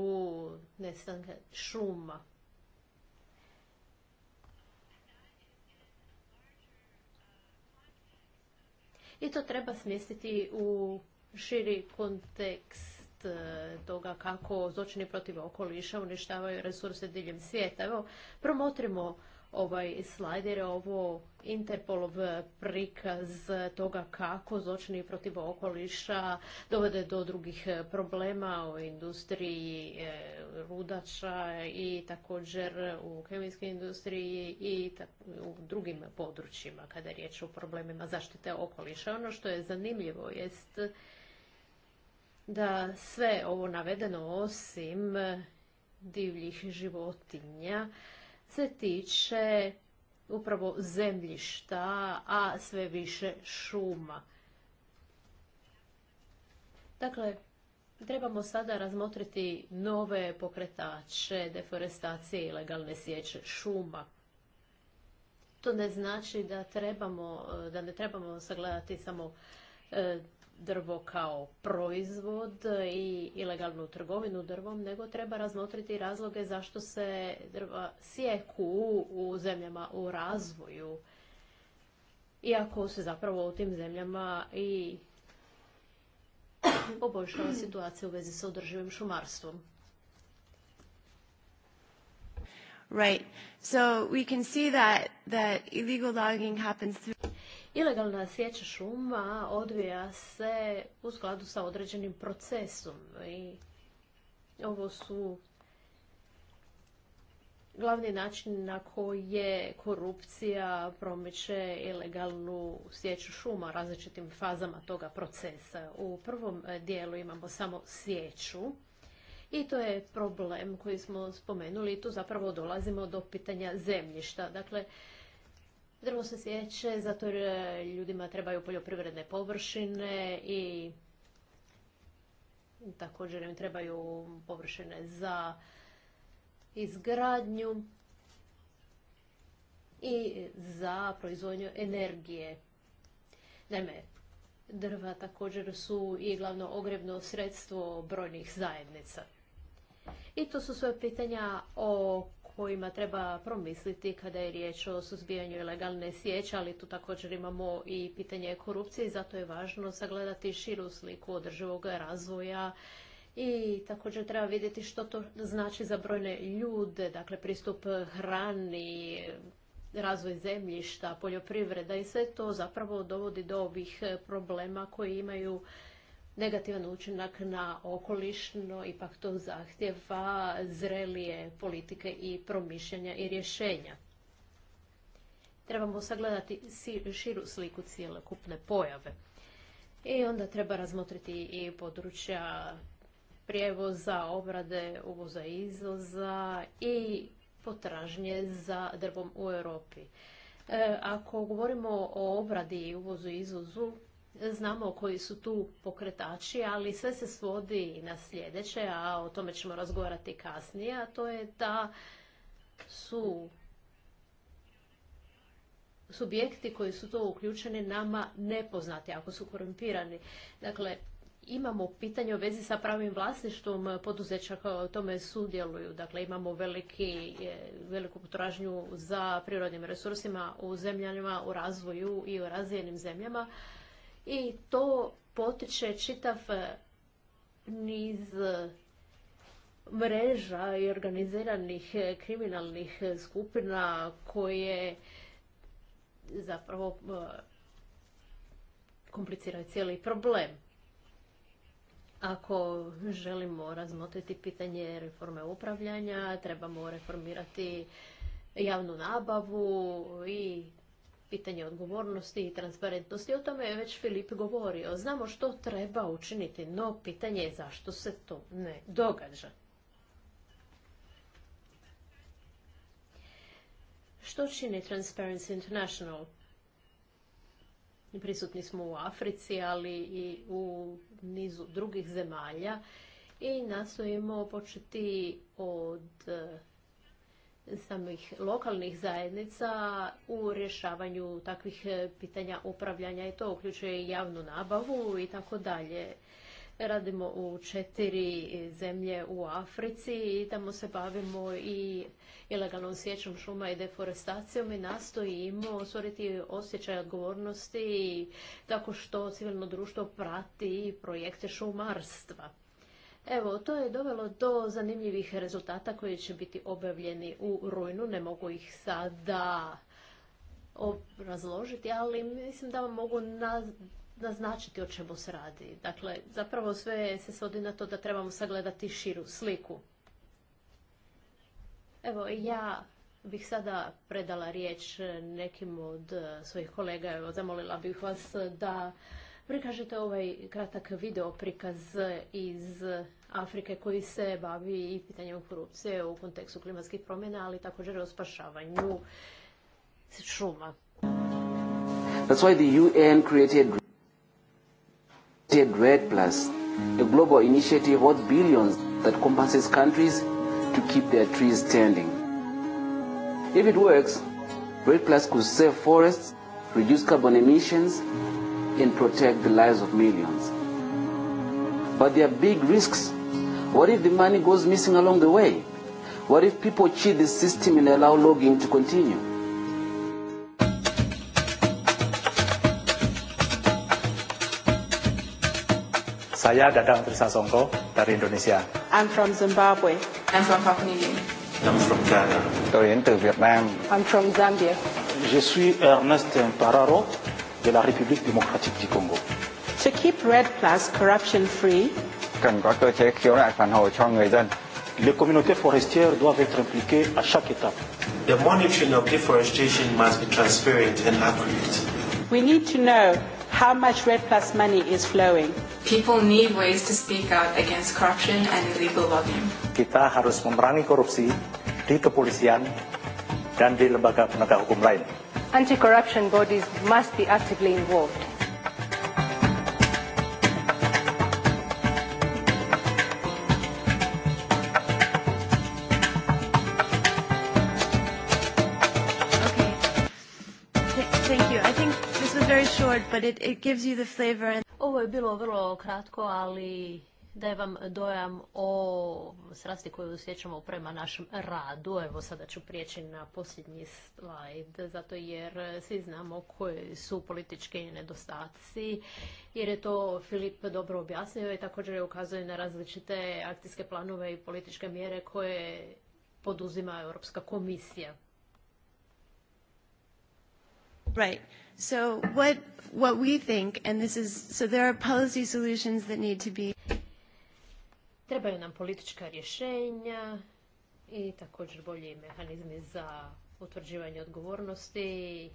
nestanke šuma. I to treba smjestiti u širi kontekst E, toga kako zločini protiv okoliša uništavaju resurse diljem svijeta. Evo, promotrimo ovaj slajd ovo Interpolov prikaz toga kako zločini protiv okoliša dovode do drugih problema u industriji e, rudača i također u kemijskoj industriji i u drugim područjima kada je riječ o problemima zaštite okoliša. Ono što je zanimljivo jest da sve ovo navedeno osim e, divljih životinja se tiče upravo zemljišta, a sve više šuma. Dakle, trebamo sada razmotriti nove pokretače deforestacije i legalne sječe šuma. To ne znači da trebamo, e, da ne trebamo sagledati samo e, drvo kao proizvod i ilegalnu trgovinu drvom, nego treba razmotriti razloge zašto se drva sjeku u zemljama u razvoju. Iako se zapravo u tim zemljama i poboljšava situacija u vezi sa održivim šumarstvom.
Right. So we can see that, that illegal
logging happens Ilegalna sjeća šuma odvija se u skladu sa određenim procesom i ovo su glavni način na koje korupcija promiče ilegalnu sjeću šuma različitim fazama toga procesa. U prvom dijelu imamo samo sjeću i to je problem koji smo spomenuli i tu zapravo dolazimo do pitanja zemljišta. Dakle, Drvo se sjeće zato jer e, ljudima trebaju poljoprivredne površine i također im trebaju površine za izgradnju i za proizvodnju energije. Naime, drva također su i glavno ogrebno sredstvo brojnih zajednica. I to su sve pitanja o kojima treba promisliti kada je riječ o suzbijanju ilegalne sjeće, ali tu također imamo i pitanje korupcije i zato je važno sagledati širu sliku održivog razvoja i također treba vidjeti što to znači za brojne ljude, dakle pristup hrani, razvoj zemljišta, poljoprivreda i sve to zapravo dovodi do ovih problema koji imaju negativan učinak na okolišno, ipak to zahtjeva zrelije politike i promišljanja i rješenja. Trebamo sagledati širu sliku kupne pojave. I onda treba razmotriti i područja prijevoza, obrade, uvoza i izvoza i potražnje za drvom u Europi. E, ako govorimo o obradi i uvozu i izvozu, Znamo koji su tu pokretači, ali sve se svodi na sljedeće, a o tome ćemo razgovarati kasnije, a to je da su subjekti koji su to uključeni nama nepoznati ako su korumpirani. Dakle, imamo pitanje u vezi sa pravim vlasništvom poduzeća koja o tome sudjeluju. Dakle, imamo veliki, e, veliku potražnju za prirodnim resursima u zemljama, u razvoju i u razvijenim zemljama i to potiče čitav e, niz e, mreža i organiziranih e, kriminalnih skupina koje zapravo kompliciraju cijeli problem. Ako želimo razmotriti pitanje reforme upravljanja, trebamo reformirati javnu nabavu i pitanje odgovornosti i transparentnosti. O tome je već Filip govorio. Znamo što treba učiniti, no pitanje je zašto se to ne događa. Što čini Transparency International? Prisutni smo u Africi, ali i u nizu drugih zemalja i nastojimo početi od samih lokalnih zajednica u rješavanju takvih e, pitanja upravljanja i to uključuje i javnu nabavu i tako dalje. Radimo u četiri zemlje u Africi i tamo se bavimo i ilegalnom sjećom šuma i deforestacijom i nastojimo osvoriti osjećaj odgovornosti tako što civilno društvo prati projekte šumarstva. Evo, to je dovelo do zanimljivih rezultata koji će biti objavljeni u rujnu. Ne mogu ih sada razložiti, ali mislim da vam mogu naznačiti o čemu se radi. Dakle, zapravo sve se svodi na to da trebamo sagledati širu sliku. Evo, ja bih sada predala riječ nekim od svojih kolega. Evo, zamolila bih vas da prikažete ovaj kratak video prikaz iz Afrike koji se bavi i pitanjem korupcije u kontekstu klimatskih promjena, ali također o spašavanju šuma.
That's why the UN created Red Plus, a global initiative worth billions that compensates countries to keep
their trees standing. If it works, Red Plus could save forests,
reduce carbon emissions, and protect the lives of millions. But there are big risks. What if the money goes missing along the way?
What if people cheat the system and allow logging to continue?
Saya Dadang Trisasongko dari Indonesia.
I'm from Zimbabwe. I'm from Papua New Guinea.
I'm from Ghana. Tôi đến từ Việt Nam. I'm from Zambia. Je suis Ernest Pararo de la République démocratique du Congo. To keep Red Plus corruption free, cần có cơ chế khiếu nại phản hồi cho người dân. Les communautés forestières doivent être impliquées à chaque étape. The monitoring of deforestation must be transparent and accurate.
We need to know how much Red Plus money is flowing. People
need ways to speak out against corruption and illegal logging. Kita harus memerangi korupsi di kepolisian dan di lembaga penegak hukum lain
anti-corruption bodies must be actively involved.
Okay.
thank you. I think this was very short, but it, it gives you the flavor. And... Ovo je bilo vrlo kratko, ali je vam dojam o srasti koju osjećamo prema našem radu. Evo sada ću prijeći na posljednji slajd, zato jer svi znamo koje su političke nedostaci, jer je to Filip dobro objasnio i također je ukazuje na različite akcijske planove i političke mjere koje poduzima Europska komisija.
Right. So what, what we think, and this is, so there are policy solutions that need to be
Trebaju nam politička rješenja i također bolji mehanizmi za utvrđivanje odgovornosti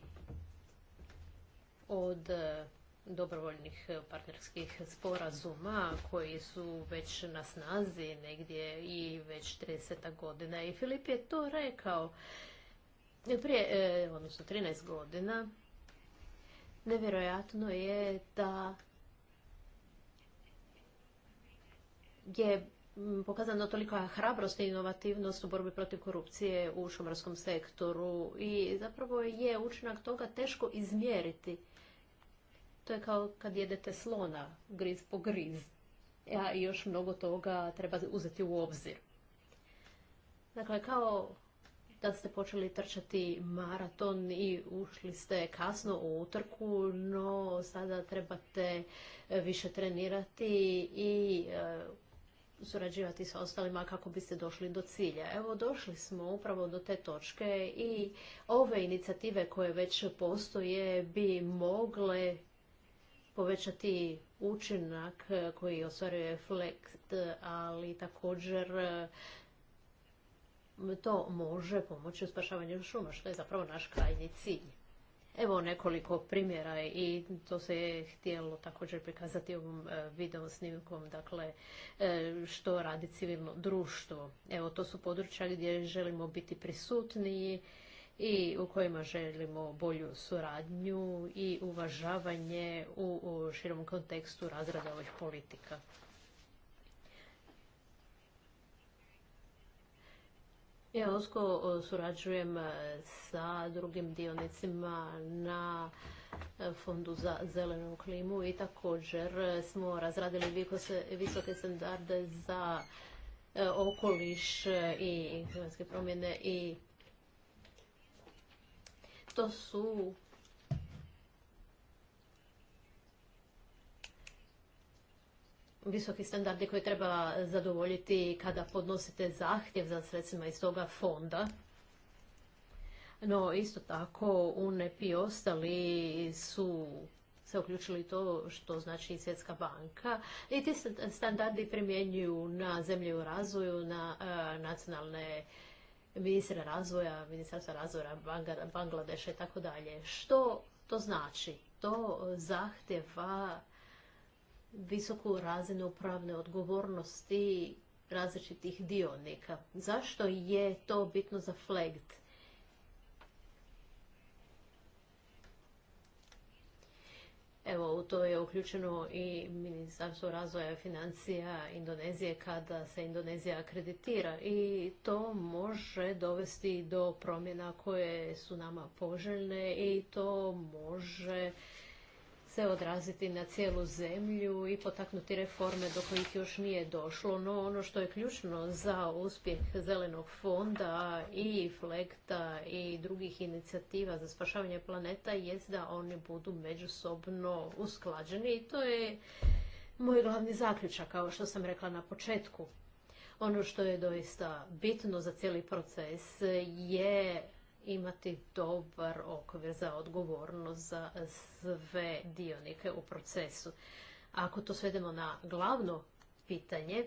od e, dobrovoljnih partnerskih sporazuma koji su već na snazi negdje i već 30 godina. I Filip je to rekao prije, e, odnosno 13 godina. Nevjerojatno je da je mm, pokazano toliko hrabrost i inovativnost u borbi protiv korupcije u šumarskom sektoru i zapravo je učinak toga teško izmjeriti. To je kao kad jedete slona, griz po griz. Ja i još mnogo toga treba uzeti u obzir. Dakle, kao da ste počeli trčati maraton i ušli ste kasno u utrku, no sada trebate više trenirati i e, surađivati sa ostalima kako biste došli do cilja. Evo došli smo upravo do te točke i ove inicijative koje već postoje bi mogle povećati učinak koji ostvaruje FLECT, ali također to može pomoći u spašavanju šuma, što je zapravo naš krajnji cilj. Evo nekoliko primjera i to se je htjelo također prikazati ovom e, video snimkom, dakle e, što radi civilno društvo. Evo to su područja gdje želimo biti prisutniji i u kojima želimo bolju suradnju i uvažavanje u širom kontekstu razrada ovih politika. Ja usko e, surađujem e, sa drugim dionicima na e, Fondu za zelenu klimu i također smo razradili visoke standarde za okoliš i klimatske promjene i to su visoki standardi koje treba zadovoljiti kada podnosite zahtjev za sredstvima iz toga fonda. No, isto tako, UNEP i ostali su se uključili to što znači i Svjetska banka. I ti standardi primjenjuju na zemlje u razvoju, na e, nacionalne ministre razvoja, ministarstva razvoja Bangladeša i tako dalje. Što to znači? To zahtjeva visoku razinu pravne odgovornosti različitih dionika. Zašto je to bitno za FLEGT? Evo, u to je uključeno i Ministarstvo razvoja financija Indonezije kada se Indonezija akreditira i to može dovesti do promjena koje su nama poželjne i to može se odraziti na cijelu zemlju i potaknuti reforme do kojih još nije došlo. No ono što je ključno za uspjeh Zelenog fonda i Flekta i drugih inicijativa za spašavanje planeta je da oni budu međusobno usklađeni i to je moj glavni zaključak, kao što sam rekla na početku. Ono što je doista bitno za cijeli proces je imati dobar okvir za odgovornost za sve dionike u procesu. Ako to svedemo na glavno pitanje,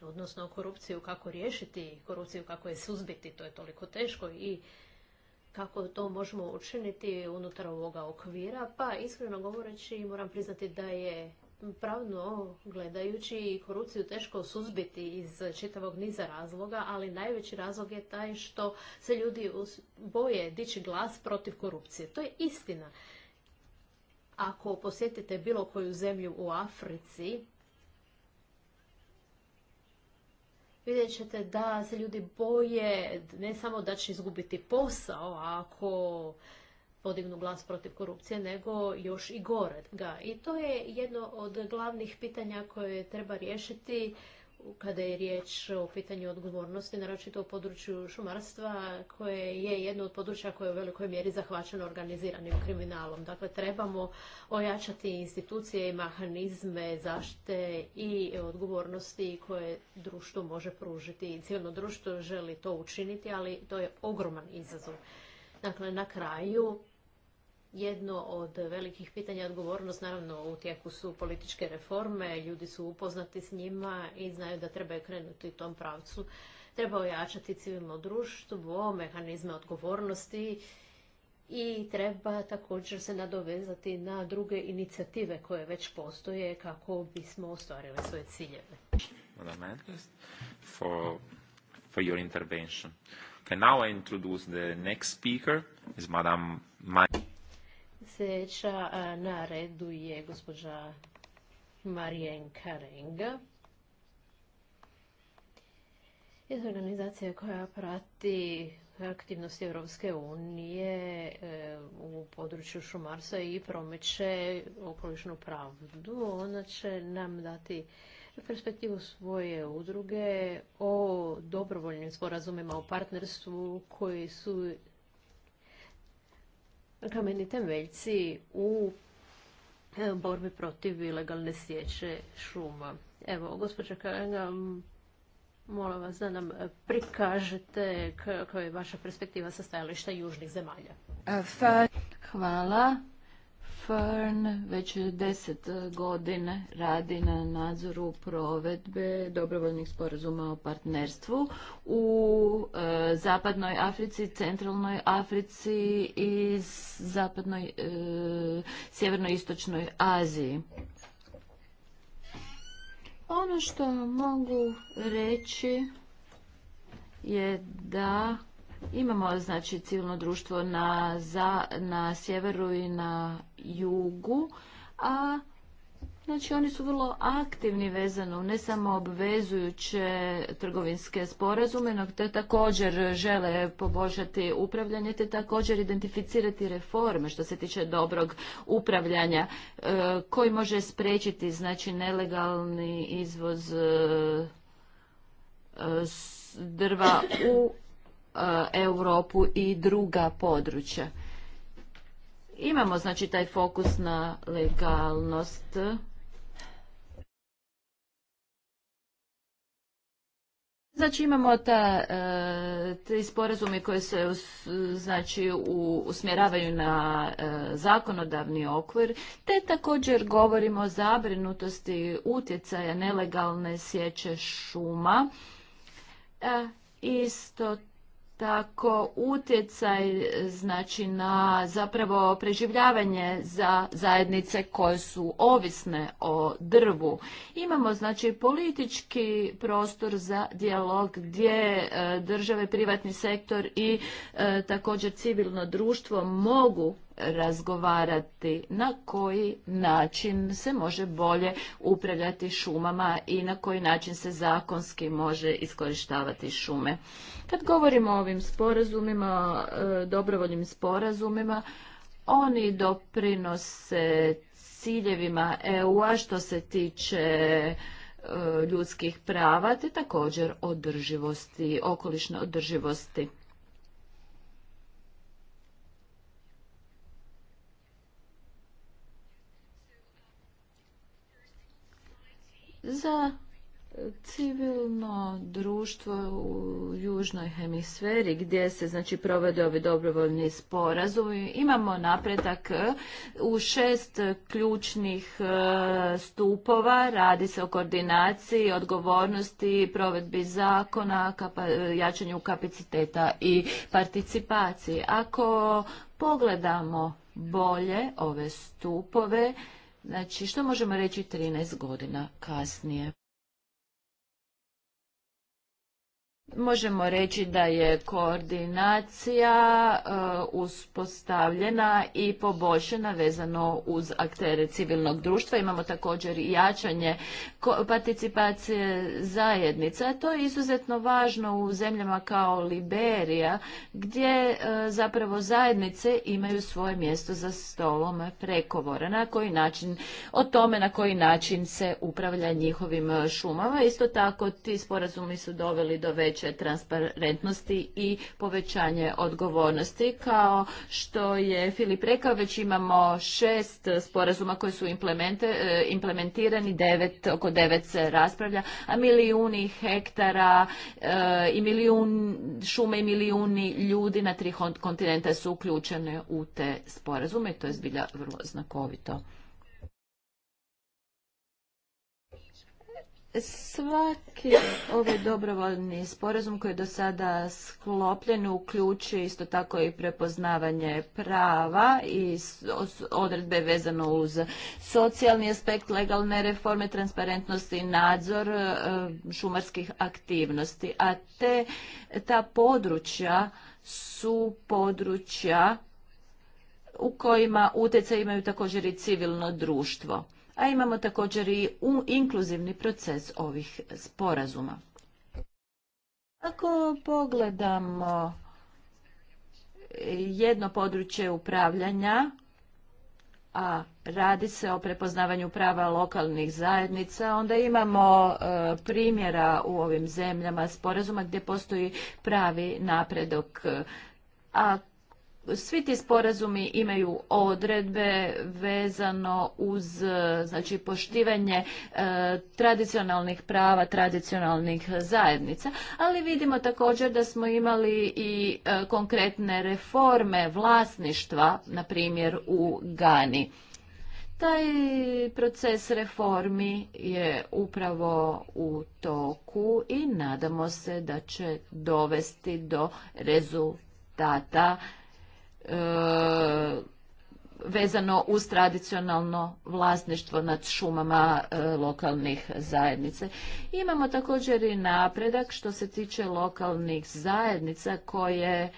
odnosno korupciju kako riješiti, korupciju kako je suzbiti, to je toliko teško i kako to možemo učiniti unutar ovoga okvira, pa iskreno govoreći moram priznati da je pravno gledajući korupciju teško suzbiti iz čitavog niza razloga, ali najveći razlog je taj što se ljudi boje dići glas protiv korupcije. To je istina. Ako posjetite bilo koju zemlju u Africi, vidjet ćete da se ljudi boje ne samo da će izgubiti posao, ako podignu glas protiv korupcije, nego još i gore ga. I to je jedno od glavnih pitanja koje treba riješiti kada je riječ o pitanju odgovornosti, naročito u području šumarstva, koje je jedno od područja koje je u velikoj mjeri zahvaćeno organiziranim kriminalom. Dakle, trebamo ojačati institucije i mehanizme zaštite i odgovornosti koje društvo može pružiti. I civilno društvo želi to učiniti, ali to je ogroman izazov. Dakle, na kraju jedno od velikih pitanja odgovornost. Naravno, u tijeku su političke reforme, ljudi su upoznati s njima i znaju da trebaju krenuti u tom pravcu. Treba ojačati civilno društvo, mehanizme odgovornosti i treba također se nadovezati na druge inicijative koje već postoje kako bismo ostvarili svoje ciljeve.
For, your intervention. Okay, now I introduce the next speaker, is Madame
Mani. Sljedeća na redu je gospođa Marijenka Renga iz organizacije koja prati aktivnosti Europske unije e, u području šumarstva i promiče okolišnu pravdu. Ona će nam dati perspektivu svoje udruge o dobrovoljnim sporazumima o partnerstvu koji su kameni temeljci u e, borbi protiv ilegalne sječe šuma. Evo, gospođa Karenga, molim vas da nam prikažete kakva je vaša perspektiva sa stajališta južnih zemalja.
Hvala. Fern već deset godine radi na nadzoru provedbe dobrovoljnih sporazuma o partnerstvu u e, Zapadnoj Africi, Centralnoj Africi i Zapadnoj, e, istočnoj Aziji. Ono što mogu reći je da Imamo znači civilno društvo na, za, na sjeveru i na jugu, a Znači oni su vrlo aktivni vezano, ne samo obvezujuće trgovinske sporazume, no te također žele poboljšati upravljanje, te također identificirati reforme što se tiče dobrog upravljanja e, koji može spriječiti znači nelegalni izvoz e, drva u Europu i druga područja. Imamo znači taj fokus na legalnost. Znači imamo ta, e, te sporazume koje se znači, usmjeravaju na e, zakonodavni okvir, te također govorimo o zabrinutosti utjecaja nelegalne sječe šuma. E, isto tako utjecaj znači na zapravo preživljavanje za zajednice koje su ovisne o drvu. Imamo znači politički prostor za dijalog gdje e, države, privatni sektor i e, također civilno društvo mogu razgovarati na koji način se može bolje upravljati šumama i na koji način se zakonski može iskorištavati šume. Kad govorimo o ovim sporazumima, e, dobrovoljnim sporazumima, oni doprinose ciljevima EU-a što se tiče e, ljudskih prava te također održivosti, okolišne održivosti. za civilno društvo u južnoj hemisferi gdje se znači provode ovi dobrovoljni sporazumi. Imamo napredak e, u šest ključnih e, stupova. Radi se o koordinaciji, odgovornosti, provedbi zakona, jačanju kapaciteta i participaciji. Ako pogledamo bolje ove stupove, Znači, što možemo reći 13 godina kasnije? Možemo reći da je koordinacija e, uspostavljena i poboljšana vezano uz aktere civilnog društva. Imamo također i jačanje participacije zajednica. To je izuzetno važno u zemljama kao Liberija gdje e, zapravo zajednice imaju svoje mjesto za stolom prekovora. Na koji način, o tome na koji način se upravlja njihovim šumama. Isto tako ti sporazumi su doveli do veće transparentnosti i povećanje odgovornosti. Kao što je Filip rekao, već imamo šest sporazuma koji su e, implementirani, devet, oko devet se raspravlja, a milijuni hektara e, i milijun šume i milijuni ljudi na tri kontinenta su uključene u te sporazume i to je zbilja vrlo znakovito. Svaki ovaj dobrovoljni sporazum koji je do sada sklopljen uključuje isto tako i prepoznavanje prava i odredbe vezano uz socijalni aspekt legalne reforme, transparentnosti i nadzor e, šumarskih aktivnosti. A te, ta područja su područja u kojima utjecaj imaju također i civilno društvo a imamo također i inkluzivni proces ovih sporazuma. Ako pogledamo jedno područje upravljanja, a radi se o prepoznavanju prava lokalnih zajednica, onda imamo e, primjera u ovim zemljama sporazuma gdje postoji pravi napredok. A svi ti sporazumi imaju odredbe vezano uz znači poštivanje e, tradicionalnih prava tradicionalnih zajednica ali vidimo također da smo imali i e, konkretne reforme vlasništva na primjer u Gani taj proces reformi je upravo u toku i nadamo se da će dovesti do rezultata E, vezano uz tradicionalno vlasništvo nad šumama e, lokalnih zajednice. Imamo također i napredak što se tiče lokalnih zajednica koje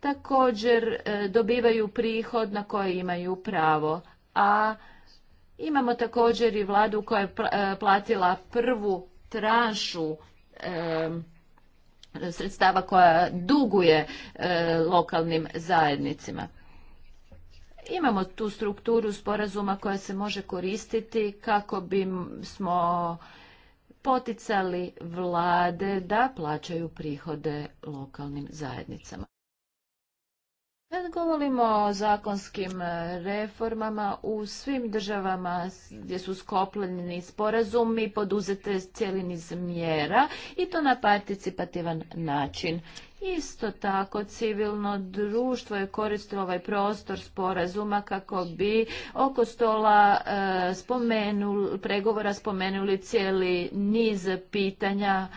također e, dobivaju prihod na koje imaju pravo, a imamo također i vladu koja je platila prvu tranšu sredstava koja duguje e, lokalnim zajednicima. Imamo tu strukturu sporazuma koja se može koristiti kako bi smo poticali vlade da plaćaju prihode lokalnim zajednicama. Kad govorimo o zakonskim e, reformama u svim državama gdje su skopljeni sporazumi poduzete cijeli niz mjera i to na participativan način. Isto tako civilno društvo je koristilo ovaj prostor sporazuma kako bi oko stola e, pregovora spomenuli cijeli niz pitanja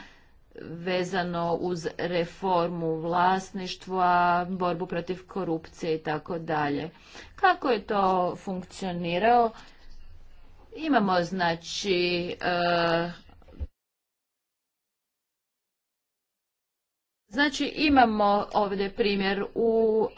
vezano uz reformu vlasništva, borbu protiv korupcije i tako dalje. Kako je to funkcionirao? Imamo znači e, Znači imamo ovdje primjer u e,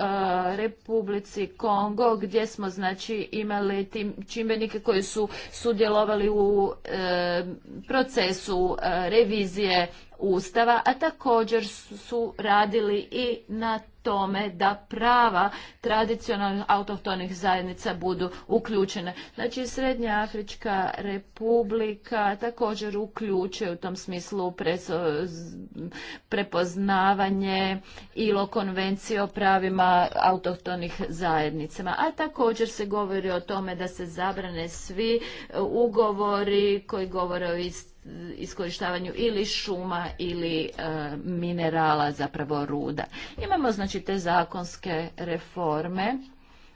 Republici Kongo gdje smo znači imali tim čimbenike koji su sudjelovali u e, procesu revizije Ustava, a također su radili i na tome da prava tradicionalnih autohtonih zajednica budu uključene. Znači Srednja Afrička republika također uključuje u tom smislu prepoznavanje ILO konvencije o pravima autohtonih zajednicama. A također se govori o tome da se zabrane svi e, ugovori koji govore o iskorištavanju ili šuma ili e, minerala, zapravo ruda. Imamo znači te zakonske reforme,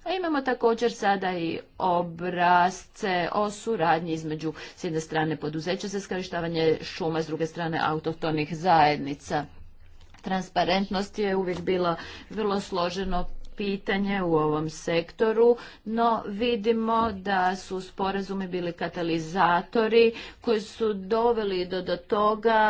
a imamo također sada i obrazce o suradnji između s jedne strane poduzeća za iskorištavanje šuma, s druge strane autohtonih zajednica transparentnost je uvijek bilo vrlo složeno pitanje u ovom sektoru, no vidimo da su sporazumi bili katalizatori koji su doveli do, do toga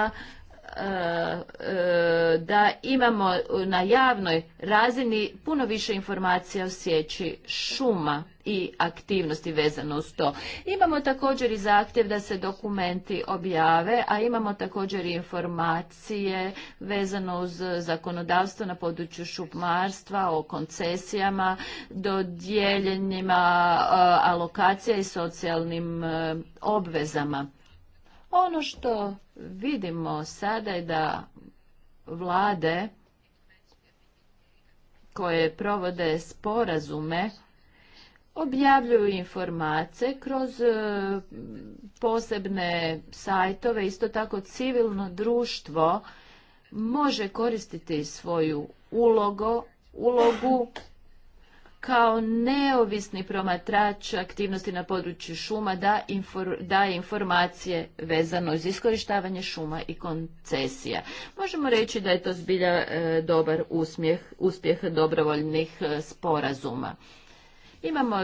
E, da imamo na javnoj razini puno više informacija o sjeći šuma i aktivnosti vezano uz to. Imamo također i zahtjev da se dokumenti objave, a imamo također i informacije vezano uz zakonodavstvo na području šumarstva, o koncesijama, dodjeljenjima e, alokacija i socijalnim e, obvezama. Ono što Vidimo sada da vlade koje provode sporazume objavljuju informacije kroz e, posebne sajtove, isto tako civilno društvo može koristiti svoju ulogu kao neovisni promatrač aktivnosti na području šuma daje informacije vezano uz iskorištavanje šuma i koncesija. Možemo reći da je to zbilja e, dobar usmjeh, uspjeh dobrovoljnih e, sporazuma. Imamo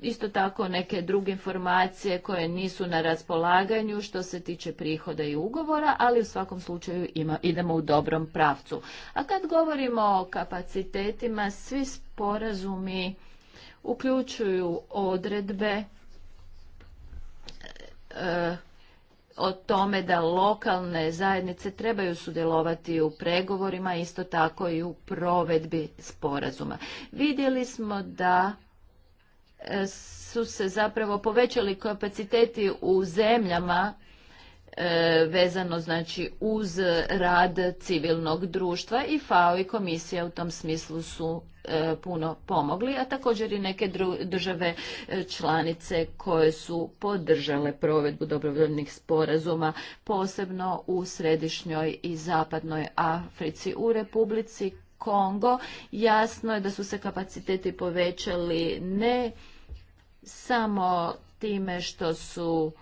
isto tako neke druge informacije koje nisu na raspolaganju što se tiče prihoda i ugovora, ali u svakom slučaju ima, idemo u dobrom pravcu. A kad govorimo o kapacitetima, svi sporazumi uključuju odredbe e, o tome da lokalne zajednice trebaju sudjelovati u pregovorima, isto tako i u provedbi sporazuma. Vidjeli smo da su se zapravo povećali kapaciteti u zemljama e, vezano znači uz rad civilnog društva i FAO i komisija u tom smislu su e, puno pomogli, a također i neke države e, članice koje su podržale provedbu dobrovoljnih sporazuma, posebno u središnjoj i zapadnoj Africi u Republici Kongo. Jasno je da su se kapaciteti povećali ne samo time što su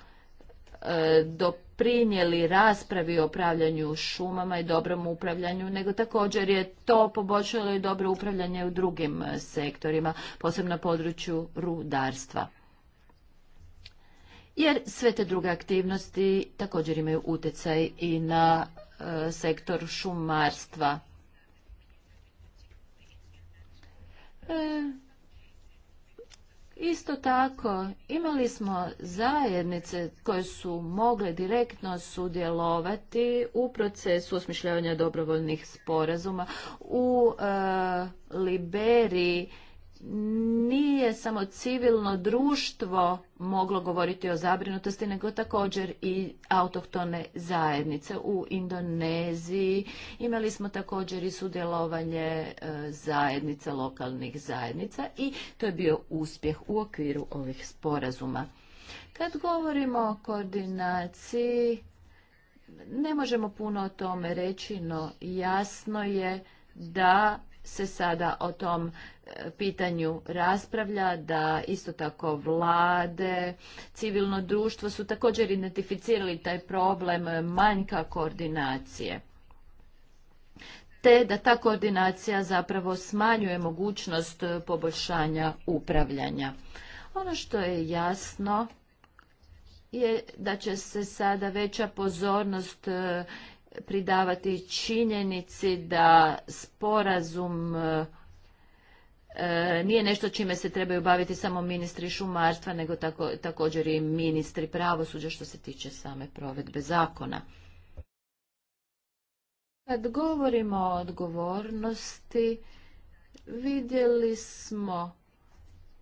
e, doprinijeli raspravi o upravljanju šumama i dobrom upravljanju, nego također je to poboljšalo i dobro upravljanje u drugim e, sektorima, posebno na području rudarstva. Jer sve te druge aktivnosti također imaju utjecaj i na e, sektor šumarstva. Isto tako, imali smo zajednice koje su mogle direktno sudjelovati u procesu osmišljavanja dobrovoljnih sporazuma u e, Liberiji nije samo civilno društvo moglo govoriti o zabrinutosti, nego također i autohtone zajednice u Indoneziji. Imali smo također i sudjelovanje e, zajednica, lokalnih zajednica i to je bio uspjeh u okviru ovih sporazuma. Kad govorimo o koordinaciji, ne možemo puno o tome reći, no jasno je da se sada o tom e, pitanju raspravlja, da isto tako vlade, civilno društvo su također identificirali taj problem manjka koordinacije te da ta koordinacija zapravo smanjuje mogućnost poboljšanja upravljanja. Ono što je jasno je da će se sada veća pozornost e, pridavati činjenici da sporazum e, e, nije nešto čime se trebaju baviti samo ministri šumarstva, nego također i ministri pravosuđa što se tiče same provedbe zakona. Kad govorimo o odgovornosti, vidjeli smo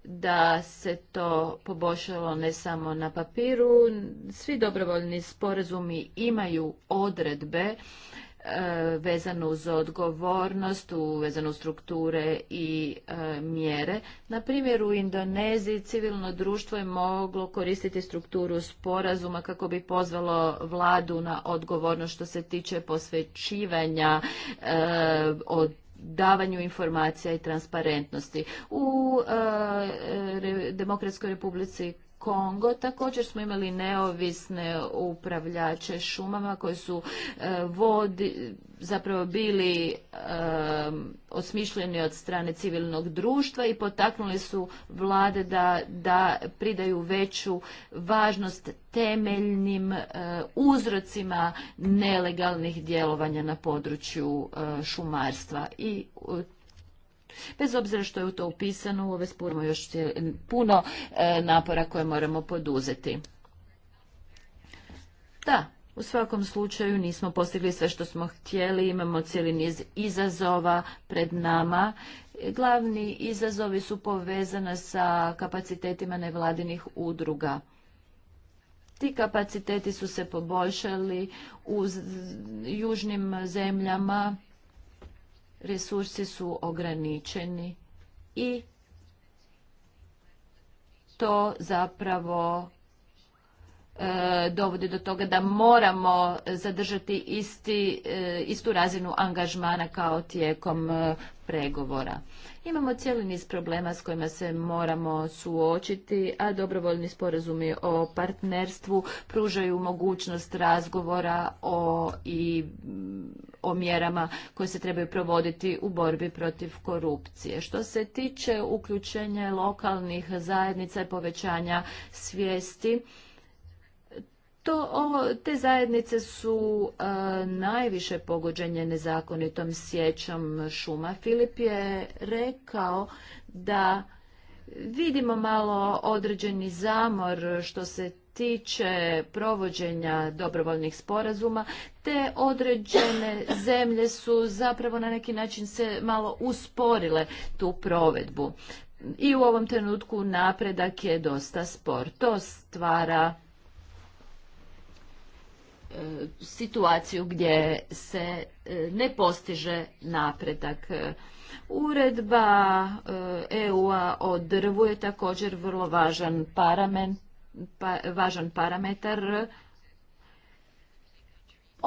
da se to poboljšalo ne samo na papiru. Svi dobrovoljni sporazumi imaju odredbe e, vezano uz odgovornost, vezano uz strukture i e, mjere. Na primjer, u Indoneziji civilno društvo je moglo koristiti strukturu sporazuma kako bi pozvalo vladu na odgovornost što se tiče posvećivanja e, od davanju informacija i transparentnosti. U e, e, Demokratskoj republici Kongo. Također smo imali neovisne upravljače šumama koji su e, vodi, zapravo bili e, osmišljeni od strane civilnog društva i potaknuli su vlade da, da pridaju veću važnost temeljnim e, uzrocima nelegalnih djelovanja na području šumarstva i Bez obzira što je u to upisano, u ove spurimo još puno e, napora koje moramo poduzeti. Da, u svakom slučaju nismo postigli sve što smo htjeli, imamo cijeli niz izazova pred nama. Glavni izazovi su povezani sa kapacitetima nevladinih udruga. Ti kapaciteti su se poboljšali u južnim zemljama, resursi su ograničeni i to zapravo E, dovodi do toga da moramo zadržati isti, e, istu razinu angažmana kao tijekom e, pregovora. Imamo cijeli niz problema s kojima se moramo suočiti, a dobrovoljni sporazumi o partnerstvu pružaju mogućnost razgovora o, i, o mjerama koje se trebaju provoditi u borbi protiv korupcije. Što se tiče uključenja lokalnih zajednica i povećanja svijesti, to, te zajednice su e, najviše pogođenje nezakonitom sjećom šuma. Filip je rekao da vidimo malo određeni zamor što se tiče provođenja dobrovoljnih sporazuma, te određene zemlje su zapravo na neki način se malo usporile tu provedbu. I u ovom trenutku napredak je dosta spor. To stvara situaciju gdje se e, ne postiže napredak. Uredba EU-a e o drvu je također vrlo važan parametar, pa, važan parametar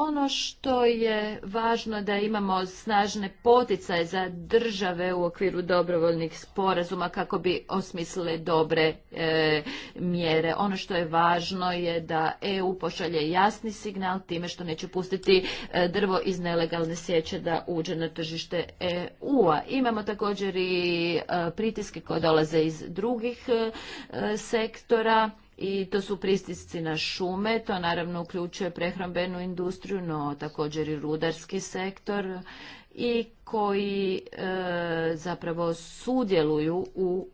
ono što je važno da imamo snažne poticaje za države u okviru dobrovoljnih sporazuma kako bi osmislile dobre e, mjere. Ono što je važno je da EU pošalje jasni signal time što neće pustiti e, drvo iz nelegalne sjeće da uđe na tržište EU-a. Imamo također i e, pritiske koje dolaze iz drugih sektora i to su pristisci na šume, to naravno uključuje prehrambenu industriju, no također i rudarski sektor i koji e, zapravo sudjeluju u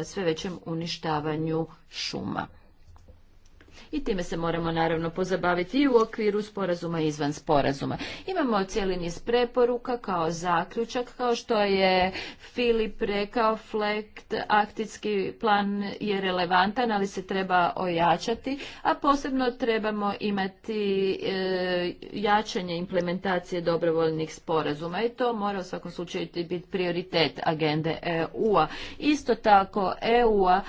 e, sve većem uništavanju šuma i time se moramo naravno pozabaviti i u okviru sporazuma i izvan sporazuma. Imamo cijeli niz preporuka kao zaključak, kao što je Filip rekao, FLEKT, akcijski plan je relevantan, ali se treba ojačati, a posebno trebamo imati e, jačanje implementacije dobrovoljnih sporazuma i to mora u svakom slučaju biti prioritet agende EU-a. Isto tako eu e,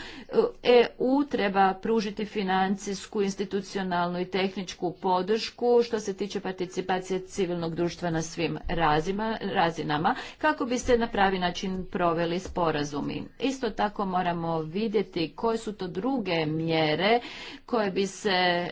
e EU treba pružiti financijsku institucionalnu i tehničku podršku što se tiče participacije civilnog društva na svim razima, razinama kako bi se na pravi način proveli sporazumi. Isto tako moramo vidjeti koje su to druge mjere koje bi se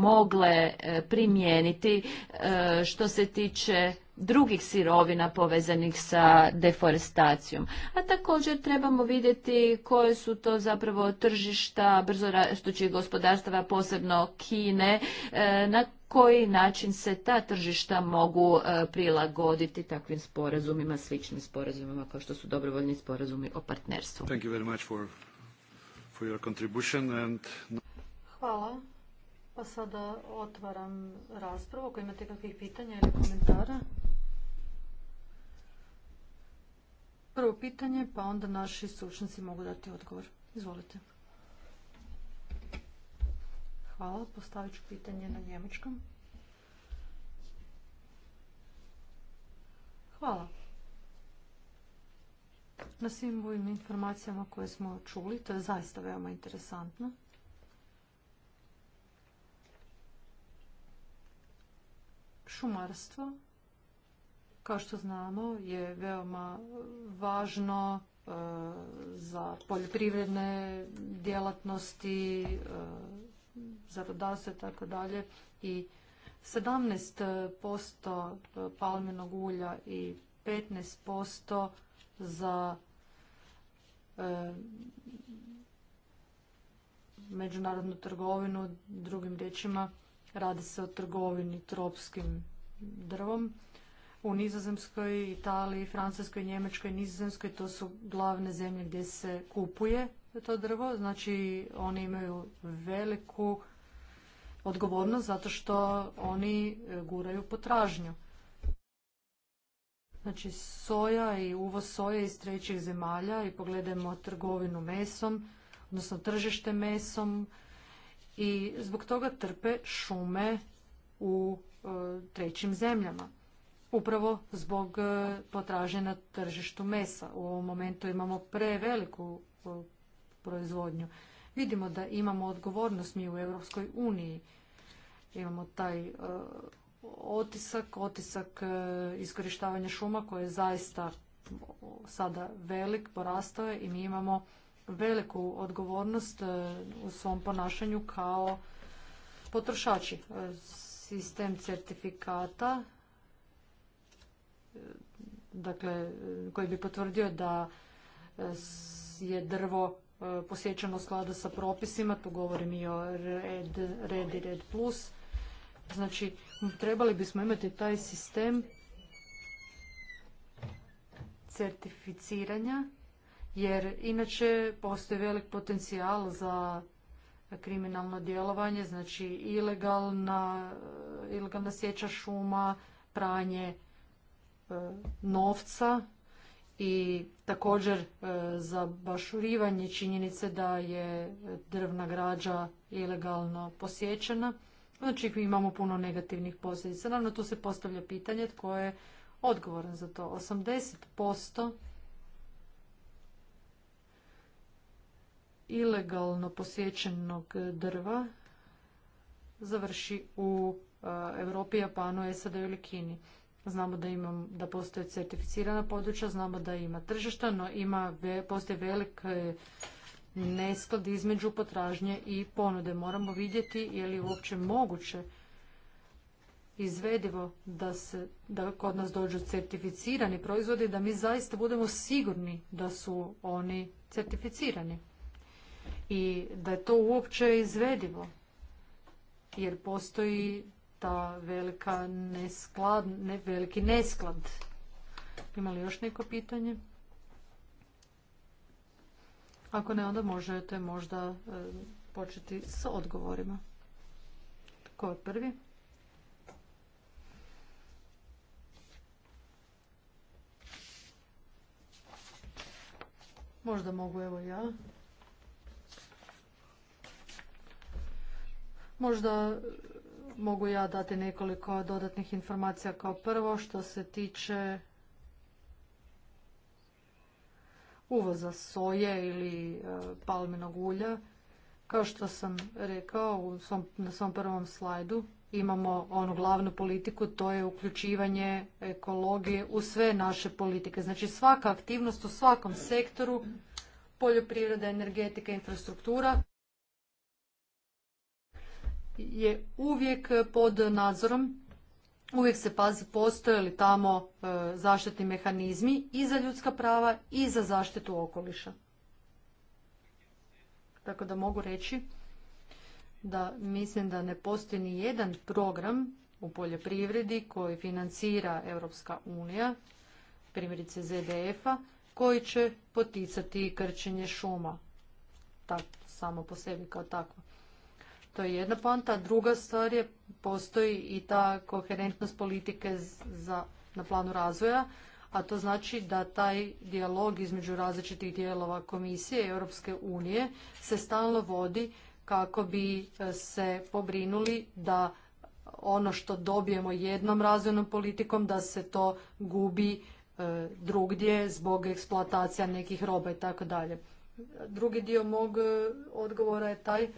mogle e, primijeniti e, što se tiče drugih sirovina povezanih sa deforestacijom. A također trebamo vidjeti koje su to zapravo tržišta brzo rastućih gospodarstava, posebno Kine, e, na koji način se ta tržišta mogu e, prilagoditi takvim sporazumima, sličnim sporazumima kao što su dobrovoljni sporazumi o
partnerstvu. Thank
you very much for, your contribution
Hvala. Pa sada otvaram raspravu. Ako imate kakvih pitanja ili komentara? prvo pitanje, pa onda naši stručnici mogu dati odgovor. Izvolite. Hvala, postavit ću pitanje na njemačkom. Hvala. Na svim ovim informacijama koje smo čuli, to je zaista veoma interesantno. Šumarstvo kao što znamo je veoma važno e, za poljoprivredne djelatnosti, e, za rodase i tako dalje i 17% palminog ulja i 15% za e, međunarodnu trgovinu, drugim riječima radi se o trgovini tropskim drvom u Nizozemskoj, Italiji, Francuskoj, Njemačkoj, Nizozemskoj, to su glavne zemlje gdje se kupuje to drvo, znači oni imaju veliku odgovornost zato što oni e, guraju potražnju. Znači soja i uvoz soje iz trećih zemalja i pogledajmo trgovinu mesom, odnosno tržište mesom i zbog toga trpe šume u e, trećim zemljama upravo zbog e, potražnje na tržištu mesa. U ovom momentu imamo preveliku e, proizvodnju. Vidimo da imamo odgovornost mi u Europskoj uniji. Imamo taj e, otisak, otisak iskorištavanja šuma koji je zaista sada velik, porastao je i mi imamo veliku odgovornost u svom ponašanju kao potrošači. Sistem certifikata dakle, koji bi potvrdio da e, je drvo e, posjećano u skladu sa propisima, tu govorim i o red, red i red plus. Znači, trebali bismo imati taj sistem certificiranja, jer inače postoji velik potencijal za kriminalno djelovanje, znači ilegalna, e, ilegalna sjeća šuma, pranje E, novca i također za e, zabašurivanje činjenice da je drvna građa ilegalno posjećena. Znači imamo puno negativnih posljedica. Naravno tu se postavlja pitanje tko je odgovoran za to. 80% ilegalno posjećenog drva završi u e, Europi, Japanu, SAD ili Kini. Znamo da, imam, da postoje certificirana područja, znamo da ima tržišta, no ima, postoji velik nesklad između potražnje i ponude. Moramo vidjeti je li uopće moguće izvedivo da, se, da kod nas dođu certificirani proizvodi, da mi zaista budemo sigurni da su oni certificirani i da je to uopće izvedivo jer postoji ta velika nesklad, ne, veliki nesklad. Ima još neko pitanje? Ako ne, onda možete možda e, početi s odgovorima. Ko je prvi? Možda mogu evo ja. Možda mogu ja dati nekoliko dodatnih informacija kao prvo što se tiče uvoza soje ili e, palminog ulja. Kao što sam rekao na svom prvom slajdu, imamo onu glavnu politiku, to je uključivanje ekologije u sve naše politike. Znači svaka aktivnost u svakom sektoru, poljoprivreda, energetika, infrastruktura, je uvijek pod nadzorom, uvijek se pazi postoje li tamo e, zaštitni mehanizmi i za ljudska prava i za zaštitu okoliša. Tako da mogu reći da mislim da ne postoji ni jedan program u poljoprivredi koji financira Europska unija, primjerice ZDF-a, koji će poticati krčenje šuma. Tak, samo po sebi kao takvo. To je jedna poanta. Druga stvar je, postoji i ta koherentnost politike za, na planu razvoja, a to znači da taj dijalog između različitih dijelova komisije i Europske unije se stalno vodi kako bi e, se pobrinuli da ono što dobijemo jednom razvojnom politikom da se to gubi e, drugdje zbog eksploatacija nekih roba i tako dalje. Drugi dio mog e, odgovora je taj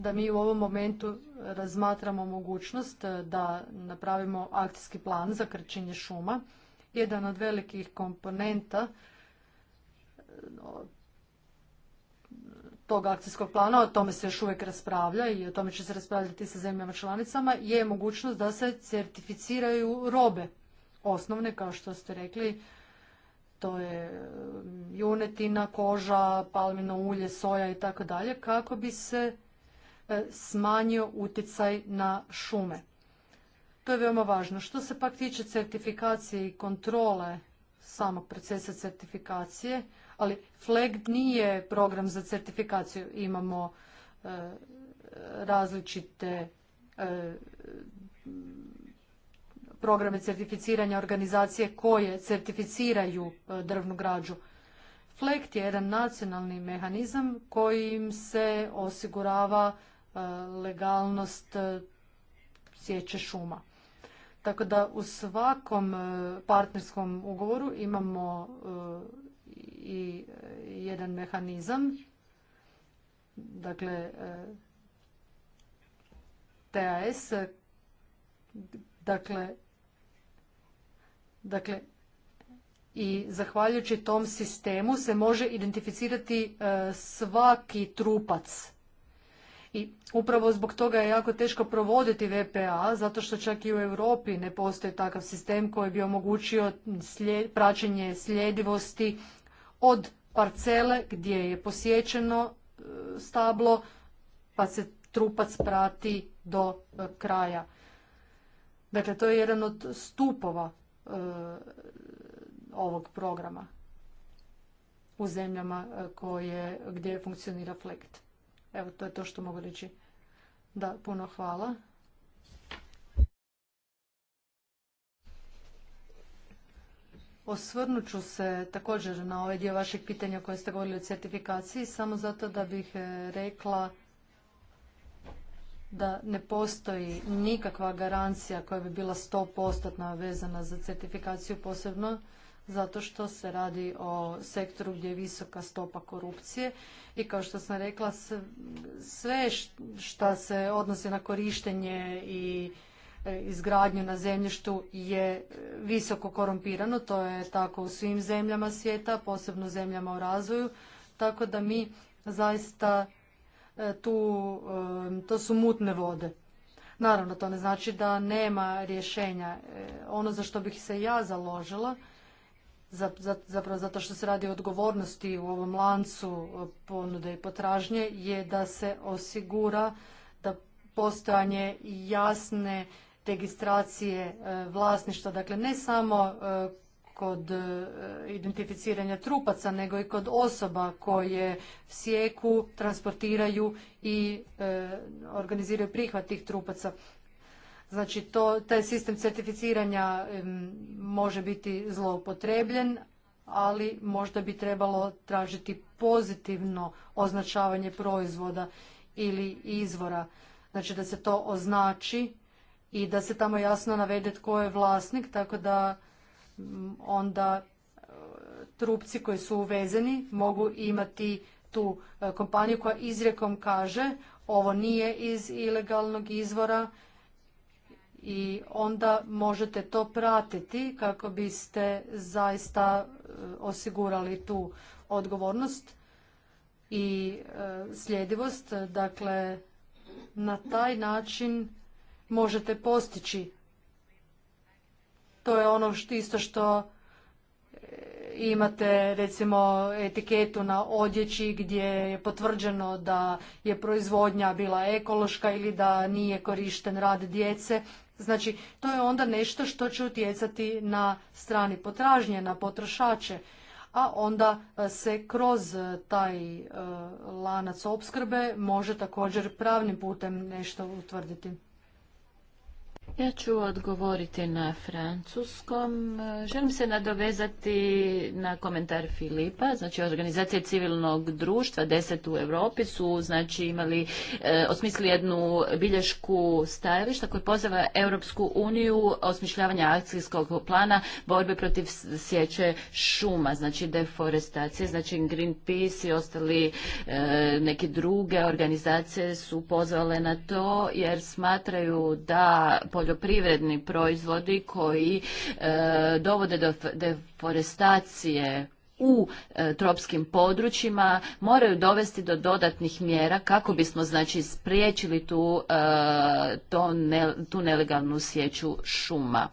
da mi u ovom momentu razmatramo mogućnost eh, da napravimo akcijski plan za krčenje šuma. Jedan od velikih komponenta eh, tog akcijskog plana, o tome se još uvijek raspravlja i o tome će se raspravljati sa zemljama članicama, je mogućnost da se certificiraju robe osnovne, kao što ste rekli, to je eh, junetina, koža, palmino ulje, soja i tako dalje, kako bi se E, smanjio utjecaj na šume. To je veoma važno. Što se pak tiče certifikacije i kontrole samog procesa certifikacije, ali FLEG nije program za certifikaciju. Imamo e, različite e, programe certificiranja organizacije koje certificiraju drvnu građu. FLEGT je jedan nacionalni mehanizam kojim se osigurava E, legalnost e, sjeće šuma. Tako da u svakom e, partnerskom ugovoru imamo i jedan mehanizam, dakle TAS, dakle, dakle i zahvaljujući tom sistemu se može identificirati svaki trupac i upravo zbog toga je jako teško provoditi VPA, zato što čak i u Europi ne postoji takav sistem koji bi omogućio praćenje sljedivosti od parcele gdje je posjećeno e, stablo, pa se trupac prati do e, kraja. Dakle, to je jedan od stupova e, ovog programa u zemljama koje, gdje funkcionira flekt. Evo, to je to što mogu reći. Da, puno hvala. Osvrnut ću se također na ovaj dio vašeg pitanja koje ste govorili o certifikaciji, samo zato da bih e, rekla da ne postoji nikakva garancija koja bi bila 100% vezana za certifikaciju posebno zato što se radi o sektoru gdje je visoka stopa korupcije i kao što sam rekla sve što se odnosi na korištenje i e, izgradnju na zemljištu je visoko korumpirano, to je tako u svim zemljama svijeta, posebno u zemljama u razvoju, tako da mi zaista e, tu, e, to su mutne vode. Naravno, to ne znači da nema rješenja. Ono za što bih se ja založila zapravo zato što se radi o odgovornosti u ovom lancu e, ponude i potražnje je da se osigura da postojanje jasne registracije e, vlasništva, dakle ne samo e, kod identificiranja trupaca, nego i kod osoba koje sjeku, transportiraju i organiziraju prihvat tih trupaca. Znači, to, taj sistem certificiranja može biti zloupotrebljen, ali možda bi trebalo tražiti pozitivno označavanje proizvoda ili izvora. Znači da se to označi i da se tamo jasno navede tko je vlasnik, tako da onda e, trupci koji su uvezeni mogu imati tu e, kompaniju koja izrijekom kaže ovo nije iz ilegalnog izvora i onda možete to pratiti kako biste zaista e, osigurali tu odgovornost i e, sljedivost. Dakle, na taj način možete postići. To je ono isto što imate recimo etiketu na odjeći gdje je potvrđeno da je proizvodnja bila ekološka ili da nije korišten rad djece. Znači, to je onda nešto što će utjecati na strani potražnje, na potrošače, a onda e, se kroz e, taj e, lanac opskrbe može također pravnim putem nešto utvrditi.
Ja ću odgovoriti na francuskom. Želim se nadovezati na komentar Filipa, znači organizacije civilnog društva, deset u Europi su znači imali, e, osmislili jednu bilješku stajališta koja poziva Europsku uniju osmišljavanja akcijskog plana borbe protiv sjeće šuma, znači deforestacije, znači Greenpeace i ostali e, neke druge organizacije su pozvale na to jer smatraju da poljoprivredni proizvodi koji e, dovode do deforestacije u e, tropskim područjima moraju dovesti do dodatnih mjera kako bismo znači spriječili tu, e, tu nelegalnu sjeću šuma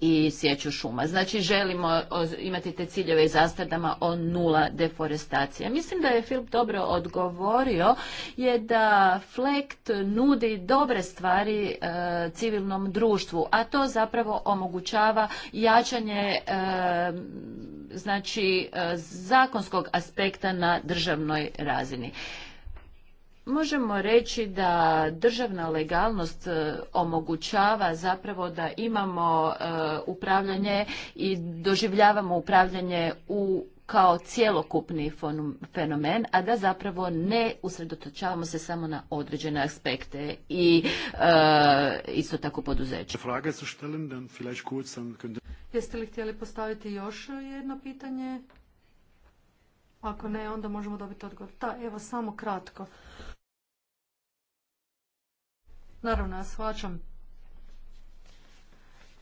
i sjeću šuma. Znači želimo imati te ciljeve i zastadama o nula deforestacije. Mislim da je film dobro odgovorio je da FLEKT nudi dobre stvari e, civilnom društvu, a to zapravo omogućava jačanje e, znači e, zakonskog aspekta na državnoj razini. Možemo reći da državna legalnost e, omogućava zapravo da imamo e, upravljanje i doživljavamo upravljanje u kao cjelokupni fenomen, a da zapravo ne usredotočavamo se samo na određene aspekte i e, isto tako poduzeće.
Jeste li htjeli postaviti još jedno pitanje? Ako ne, onda možemo dobiti odgovor. Da, evo samo kratko. Naravno, ja shvaćam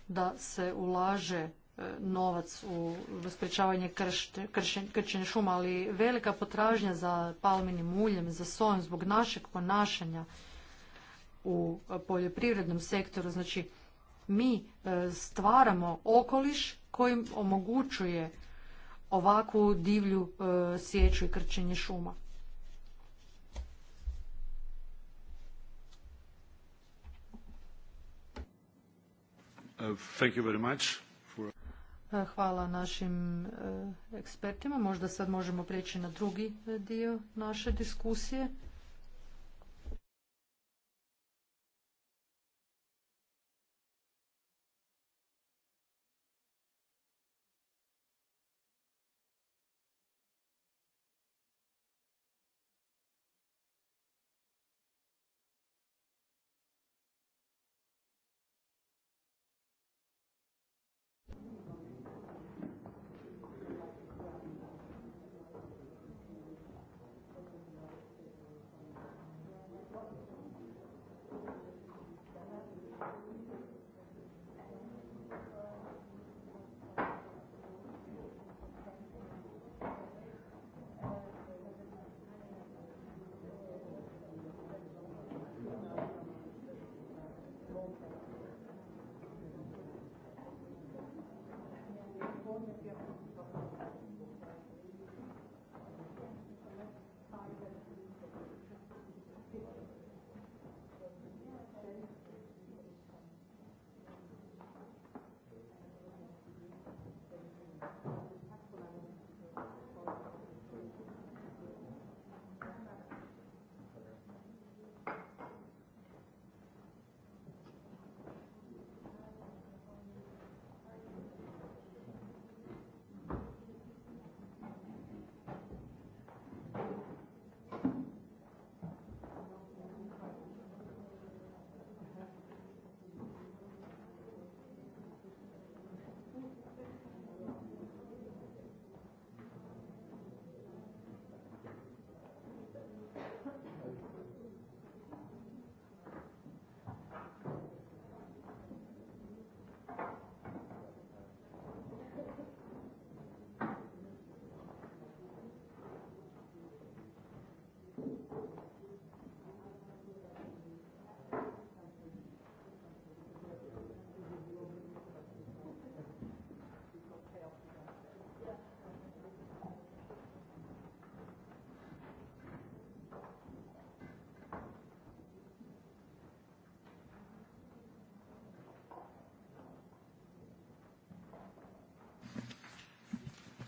da se ulaže e, novac u sprečavanje krčenja šuma, ali velika potražnja za palminim uljem, za sojem, zbog našeg ponašanja u poljoprivrednom sektoru, znači mi e, stvaramo okoliš kojim omogućuje ovakvu divlju e, sjeću i krčenje šuma. Thank e, Hvala našim e, ekspertima. Možda sad možemo prijeći na drugi e, dio naše diskusije.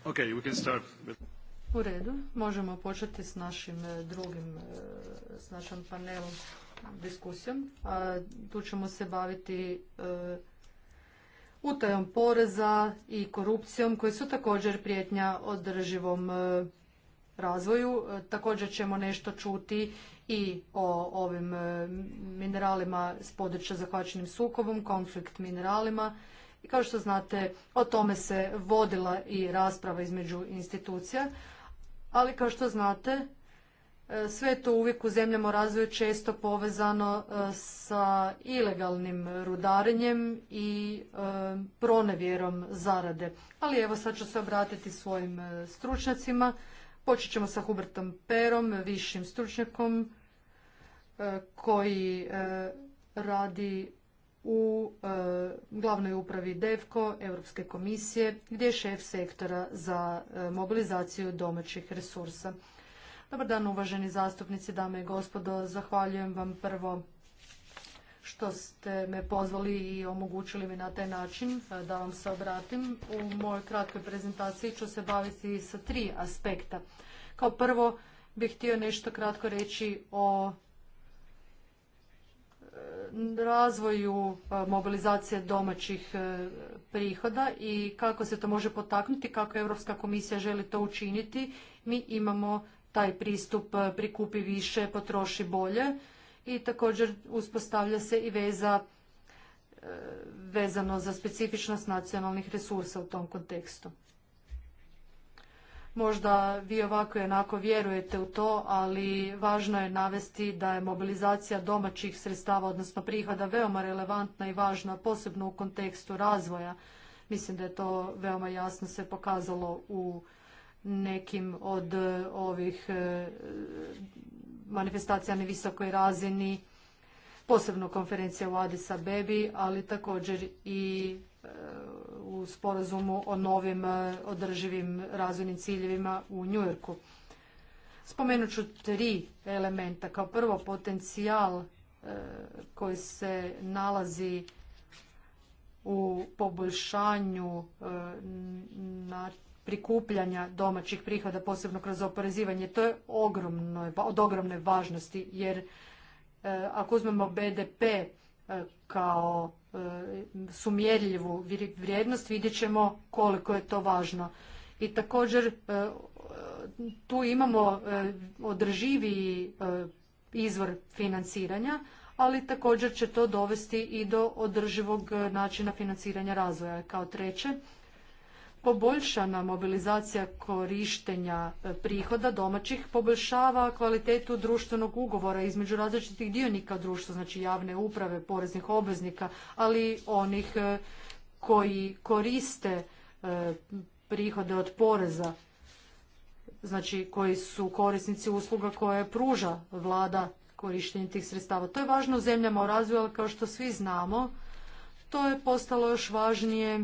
Okay, we can start.
U redu, možemo početi s našim e, drugim, e, s našom panelom diskusijom. tu ćemo se baviti e, utajom poreza i korupcijom koji su također prijetnja održivom razvoju. također ćemo nešto čuti i o ovim mineralima s područja zahvaćenim sukobom, konflikt mineralima i kao što znate, o tome se vodila i rasprava između institucija, ali kao što znate, e, sve je to uvijek u zemljama razvoju često povezano e, sa ilegalnim rudarenjem i e, pronevjerom zarade. Ali evo sad ću se obratiti svojim stručnjacima. Počet ćemo sa Hubertom Perom, višim stručnjakom koji radi u e, glavnoj upravi DEVKO Europske komisije gdje je šef sektora za e, mobilizaciju domaćih resursa. Dobar dan uvaženi zastupnici, dame i gospodo. Zahvaljujem vam prvo što ste me pozvali i omogućili mi na taj način e, da vam se obratim. U mojoj kratkoj prezentaciji ću se baviti sa tri aspekta. Kao prvo bih htio nešto kratko reći o razvoju e, mobilizacije domaćih e, prihoda i kako se to može potaknuti, kako Europska komisija želi to učiniti. Mi imamo taj pristup e, prikupi više, potroši bolje i također uspostavlja se i veza vezano za specifičnost nacionalnih resursa u tom kontekstu. Možda vi ovako i onako vjerujete u to, ali važno je navesti da je mobilizacija domaćih sredstava, odnosno prihoda, veoma relevantna i važna, posebno u kontekstu razvoja. Mislim da je to veoma jasno se pokazalo u nekim od e, ovih e, manifestacija na visokoj razini, posebno konferencija u Adisa Bebi, ali također i u sporazumu o novim e, održivim razvojnim ciljevima u Njujorku. Spomenut ću tri elementa. Kao prvo potencijal e, koji se nalazi u poboljšanju e, prikupljanja domaćih prihoda, posebno kroz oporezivanje. To je od ogromne važnosti jer ako uzmemo BDP kao E, sumjerljivu vrijednost, vidjet ćemo koliko je to važno. I također e, tu imamo e, održiviji izvor financiranja, ali također će to dovesti i do održivog načina financiranja razvoja. Kao treće, poboljšana mobilizacija korištenja e, prihoda domaćih poboljšava kvalitetu društvenog ugovora između različitih dionika društva, znači javne uprave, poreznih obveznika, ali i onih e, koji koriste e, prihode od poreza, znači koji su korisnici usluga koje pruža vlada korištenje tih sredstava. To je važno u zemljama u razvoju, ali kao što svi znamo, to je postalo još važnije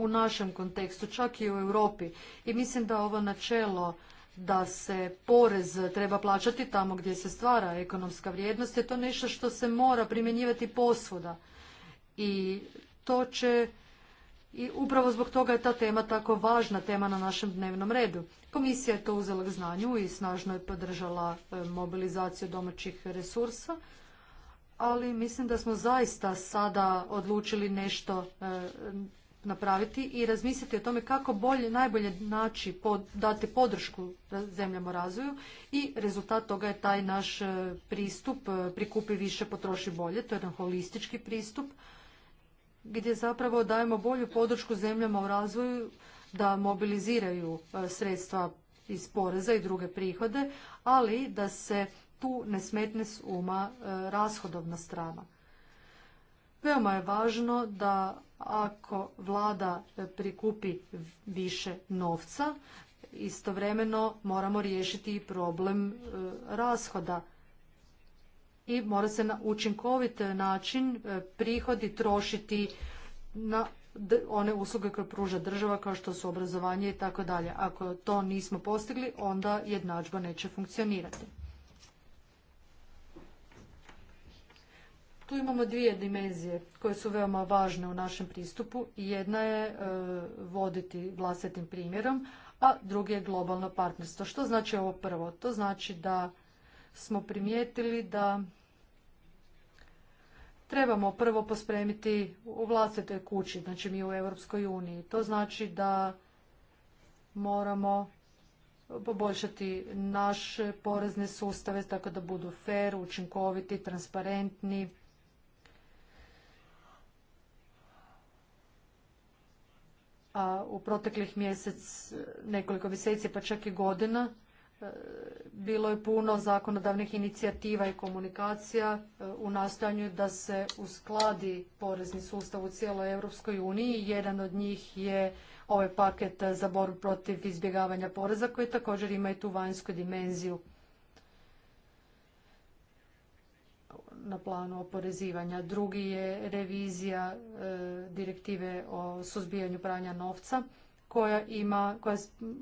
u našem kontekstu, čak i u Europi. I mislim da ovo načelo da se porez treba plaćati tamo gdje se stvara ekonomska vrijednost je to nešto što se mora primjenjivati posvuda. I to će i upravo zbog toga je ta tema tako važna tema na našem dnevnom redu. Komisija je to uzela k znanju i snažno je podržala e, mobilizaciju domaćih resursa, ali mislim da smo zaista sada odlučili nešto e, napraviti i razmisliti o tome kako bolje, najbolje naći, pod, dati podršku zemljama u razvoju i rezultat toga je taj naš e, pristup e, prikupi više, potroši bolje, to je jedan holistički pristup gdje zapravo dajemo bolju podršku zemljama u razvoju da mobiliziraju e, sredstva iz poreza i druge prihode, ali da se tu ne smetne s uma rashodovna strana. Veoma je važno da ako vlada e, prikupi više novca, istovremeno moramo riješiti i problem e, rashoda i mora se na učinkovit način e, prihodi trošiti na one usluge koje pruža država kao što su obrazovanje i tako dalje. Ako to nismo postigli, onda jednadžba neće funkcionirati. Tu imamo dvije dimenzije koje su veoma važne u našem pristupu. Jedna je e, voditi vlastitim primjerom, a druga je globalno partnerstvo. Što znači ovo prvo? To znači da smo primijetili da trebamo prvo pospremiti u vlastitoj kući, znači mi u Europskoj uniji. To znači da moramo poboljšati naše porezne sustave tako da budu fair, učinkoviti, transparentni, a u proteklih mjesec, nekoliko mjeseci pa čak i godina e, bilo je puno zakonodavnih inicijativa i komunikacija e, u nastojanju da se uskladi porezni sustav u cijeloj Europskoj uniji. Jedan od njih je ovaj paket za borbu protiv izbjegavanja poreza koji također ima i tu vanjsku dimenziju. na planu oporezivanja. Drugi je revizija e, direktive o suzbijanju pranja novca koja ima, koja je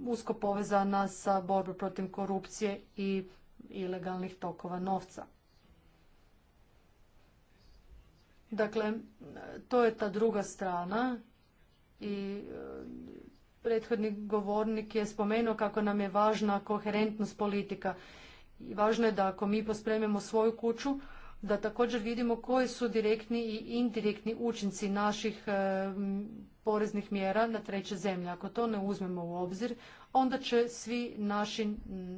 usko povezana sa borbom protiv korupcije i ilegalnih tokova novca. Dakle, to je ta druga strana i e, prethodni govornik je spomenuo kako nam je važna koherentnost politika. I važno je da ako mi pospremimo svoju kuću, da također vidimo koji su direktni i indirektni učinci naših e, poreznih mjera na treće zemlje. Ako to ne uzmemo u obzir, onda će svi naši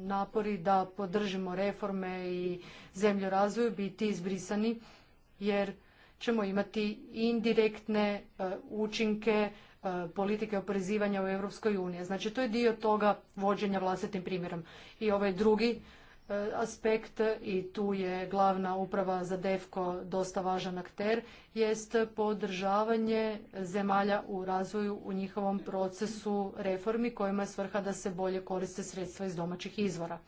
napori da podržimo reforme i zemlju razvoju biti izbrisani, jer ćemo imati indirektne e, učinke e, politike oporezivanja u Europskoj Znači, to je dio toga vođenja vlastitim primjerom. I ovaj drugi aspekt i tu je glavna uprava za DEFKO dosta važan akter, jest podržavanje zemalja u razvoju u njihovom procesu reformi kojima je svrha da se bolje koriste sredstva iz domaćih izvora.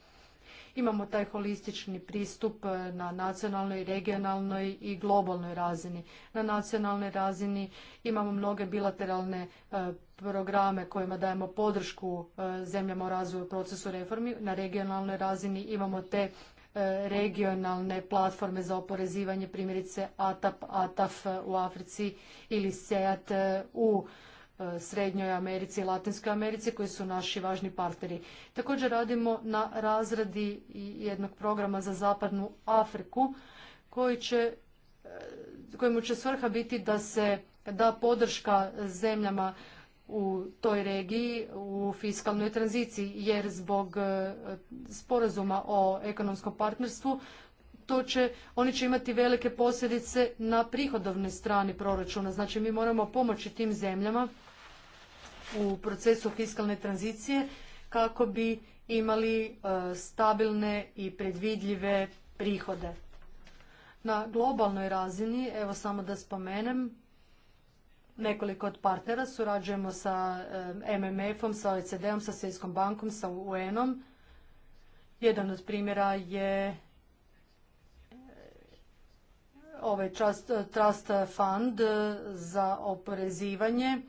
Imamo taj holistični pristup e, na nacionalnoj, regionalnoj i globalnoj razini. Na nacionalnoj razini imamo mnoge bilateralne e, programe kojima dajemo podršku e, zemljama u razvoju procesu reformi. Na regionalnoj razini imamo te regionalne platforme za oporezivanje, primjerice ATAP, ATAF u Africi ili SEAT u E, Srednjoj Americi i Latinskoj Americi koji su naši važni partneri. Također radimo na razradi jednog programa za zapadnu Afriku koji će, e, kojemu će svrha biti da se da podrška zemljama u toj regiji u fiskalnoj tranziciji jer zbog e, sporazuma o ekonomskom partnerstvu to će, oni će imati velike posljedice na prihodovnoj strani proračuna. Znači mi moramo pomoći tim zemljama u procesu fiskalne tranzicije kako bi imali e, stabilne i predvidljive prihode. Na globalnoj razini, evo samo da spomenem, nekoliko od partnera surađujemo sa e, MMF-om, sa OECD-om, sa Svjetskom bankom, sa UN-om. Jedan od primjera je e, ovaj Trust Fund za oporezivanje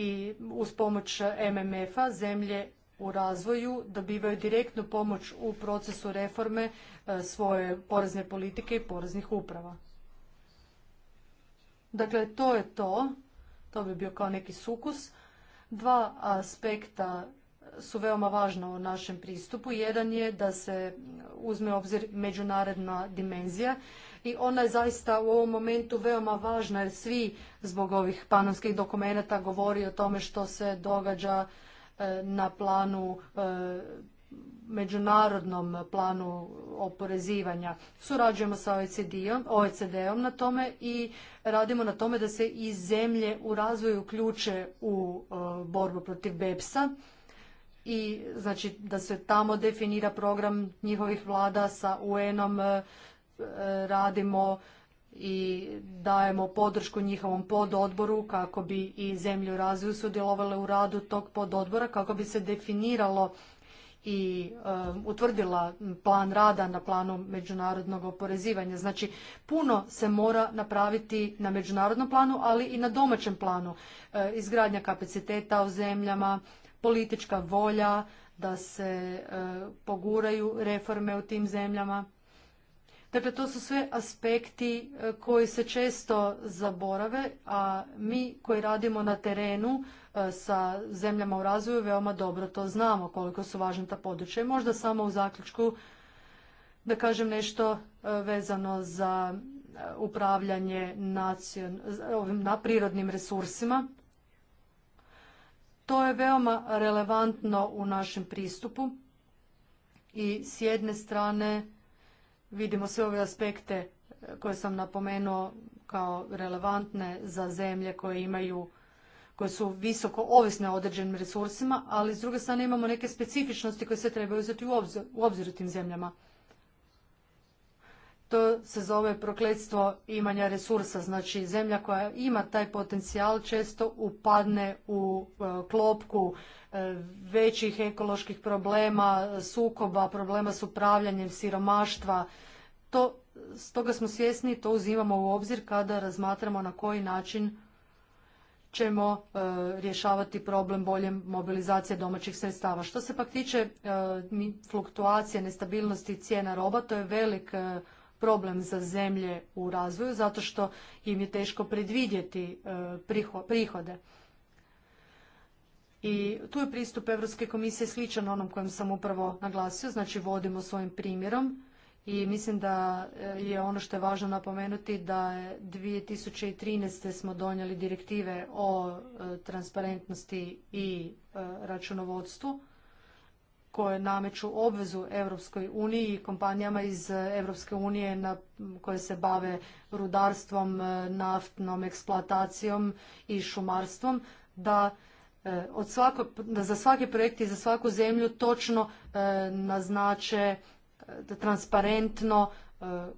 i uz pomoć MMF-a zemlje u razvoju dobivaju direktnu pomoć u procesu reforme e, svoje porezne politike i poreznih uprava. Dakle, to je to. To bi bio kao neki sukus. Dva aspekta su veoma važna u našem pristupu. Jedan je da se uzme u obzir međunarodna dimenzija i ona je zaista u ovom momentu veoma važna jer svi zbog ovih panonskih dokumenata govori o tome što se događa e, na planu e, međunarodnom planu oporezivanja. Surađujemo sa OECD-om na tome i radimo na tome da se i zemlje u razvoju uključe u e, borbu protiv BEPS-a i znači da se tamo definira program njihovih vlada sa UN-om radimo i dajemo podršku njihovom pododboru kako bi i zemlje u razvoju sudjelovale u radu tog pododbora kako bi se definiralo i um, utvrdila plan rada na planu međunarodnog oporezivanja. Znači, puno se mora napraviti na međunarodnom planu, ali i na domaćem planu. E, izgradnja kapaciteta u zemljama, politička volja da se e, poguraju reforme u tim zemljama Dakle, to su sve aspekti e, koji se često zaborave, a mi koji radimo na terenu e, sa zemljama u razvoju veoma dobro to znamo koliko su važna ta područja. možda samo u zaključku da kažem nešto e, vezano za upravljanje nacion, ovim, na prirodnim resursima. To je veoma relevantno u našem pristupu i s jedne strane vidimo sve ove aspekte e, koje sam napomenuo kao relevantne za zemlje koje imaju koje su visoko ovisne o određenim resursima, ali s druge strane imamo neke specifičnosti koje se trebaju uzeti u obzir u tim zemljama. To se zove prokletstvo imanja resursa. Znači zemlja koja ima taj potencijal često upadne u e, klopku e, većih ekoloških problema, sukoba, problema s upravljanjem, siromaštva. To, stoga smo svjesni i to uzimamo u obzir kada razmatramo na koji način ćemo e, rješavati problem bolje mobilizacije domaćih sredstava. Što se pak tiče fluktuacije, nestabilnosti cijena roba, to je velik problem za zemlje u razvoju zato što im je teško predvidjeti e, prihode. I tu je pristup Europske komisije sličan onom kojem sam upravo naglasio, znači vodimo svojim primjerom i mislim da e, je ono što je važno napomenuti da je 2013. smo donijeli direktive o e, transparentnosti i računovodstvu koje nameću obvezu Europskoj uniji i kompanijama iz Europske unije koje se bave rudarstvom, e, naftnom eksploatacijom i šumarstvom, e, da za svaki projekt i za svaku zemlju točno e, naznače transparentno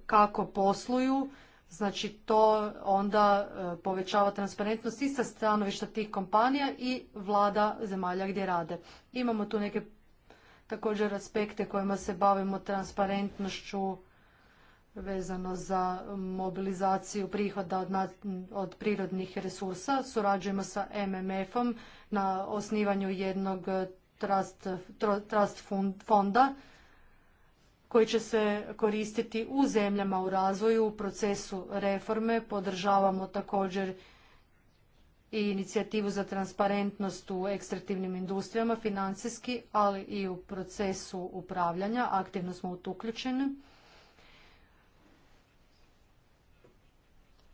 kako posluju. Znači to onda povećava transparentnost i sa stanovišta tih kompanija i vlada zemalja gdje rade. Imamo tu neke također aspekte kojima se bavimo transparentnošću vezano za mobilizaciju prihoda od, od prirodnih resursa. Surađujemo sa MMF-om na osnivanju jednog trust, trust fonda koji će se koristiti u zemljama u razvoju u procesu reforme. Podržavamo također i inicijativu za transparentnost u ekstraktivnim industrijama financijski, ali i u procesu upravljanja. Aktivno smo u uključeni.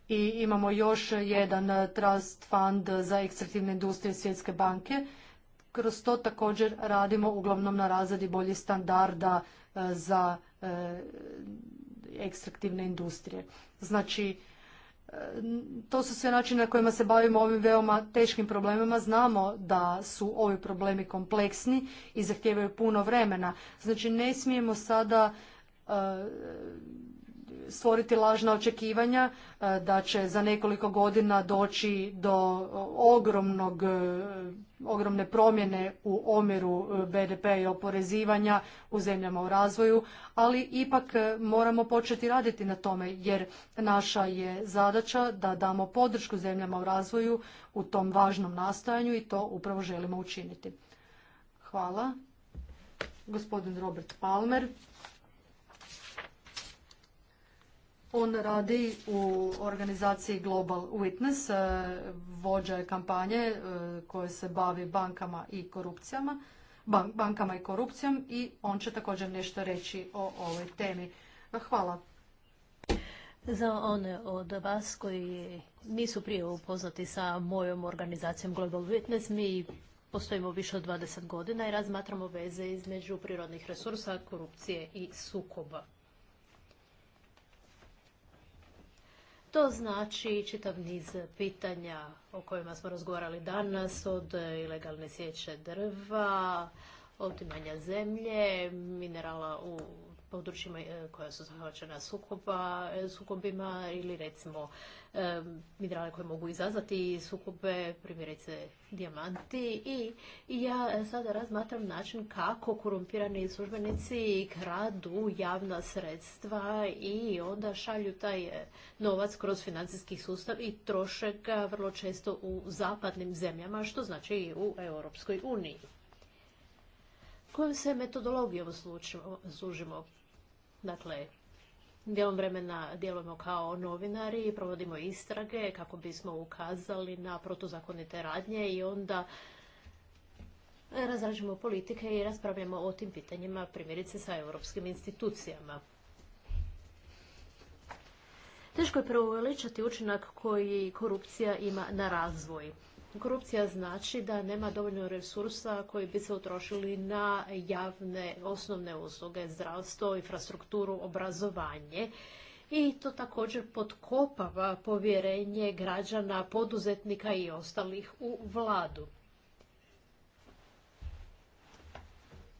I imamo još jedan trust fund za ekstraktivne industrije Svjetske banke. Kroz to također radimo uglavnom na razredi boljih standarda eh, za eh, ekstraktivne industrije. Znači, to su sve načine na kojima se bavimo ovim veoma teškim problemima. Znamo da su ovi problemi kompleksni i zahtijevaju puno vremena. Znači ne smijemo sada e, stvoriti lažna očekivanja e, da će za nekoliko godina doći do ogromnog, e, ogromne promjene u omjeru e, BDP i oporezivanja u zemljama u razvoju, ali ipak moramo početi raditi na tome jer naša je zadaća da damo podršku zemljama u razvoju u tom važnom nastojanju i to upravo želimo učiniti. Hvala. Gospodin Robert Palmer. On radi u organizaciji Global Witness, e, vođa je kampanje e, koje se bavi bankama i korupcijama, bankama i korupcijom i on će također nešto reći o ovoj temi. Hvala.
Za one od vas koji nisu prije upoznati sa mojom organizacijom Global Witness, mi postojimo više od 20 godina i razmatramo veze između prirodnih resursa, korupcije i sukoba. To znači čitav niz pitanja o kojima smo razgovarali danas, od ilegalne sjeće drva, otimanja zemlje, minerala u područjima e, koja su zahvaćena e, sukobima ili recimo e, minerale koje mogu izazvati sukobe, primjerice dijamanti i ja sada razmatram način kako korumpirani službenici kradu javna sredstva i onda šalju taj novac kroz financijski sustav i troše ga vrlo često u zapadnim zemljama, što znači i u Europskoj uniji. Kojom se metodologijom služimo? Dakle, dijelom vremena djelujemo kao novinari i provodimo istrage kako bismo ukazali na protuzakonite radnje i onda razražimo politike i raspravljamo o tim pitanjima primjerice sa europskim institucijama. Teško je preuveličati učinak koji korupcija ima na razvoj. Korupcija znači da nema dovoljno resursa koji bi se utrošili na javne osnovne usluge, zdravstvo, infrastrukturu, obrazovanje i to također potkopava povjerenje građana, poduzetnika i ostalih u vladu.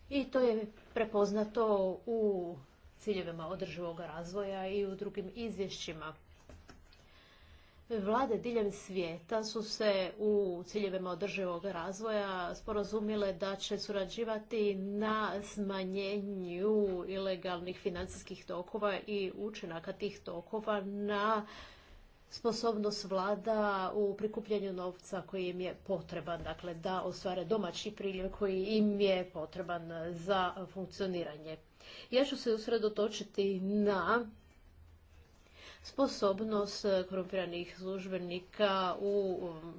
I to je prepoznato u ciljevima održivog razvoja i u drugim izvješćima. Vlade diljem svijeta su se u ciljevima održivog razvoja sporazumile da će surađivati na smanjenju ilegalnih financijskih tokova i učinaka tih tokova na sposobnost vlada u prikupljanju novca koji im je potreban, dakle da ostvare domaći priljev koji im je potreban za funkcioniranje. Ja ću se usredotočiti na sposobnost eh, korumpiranih službenika u um,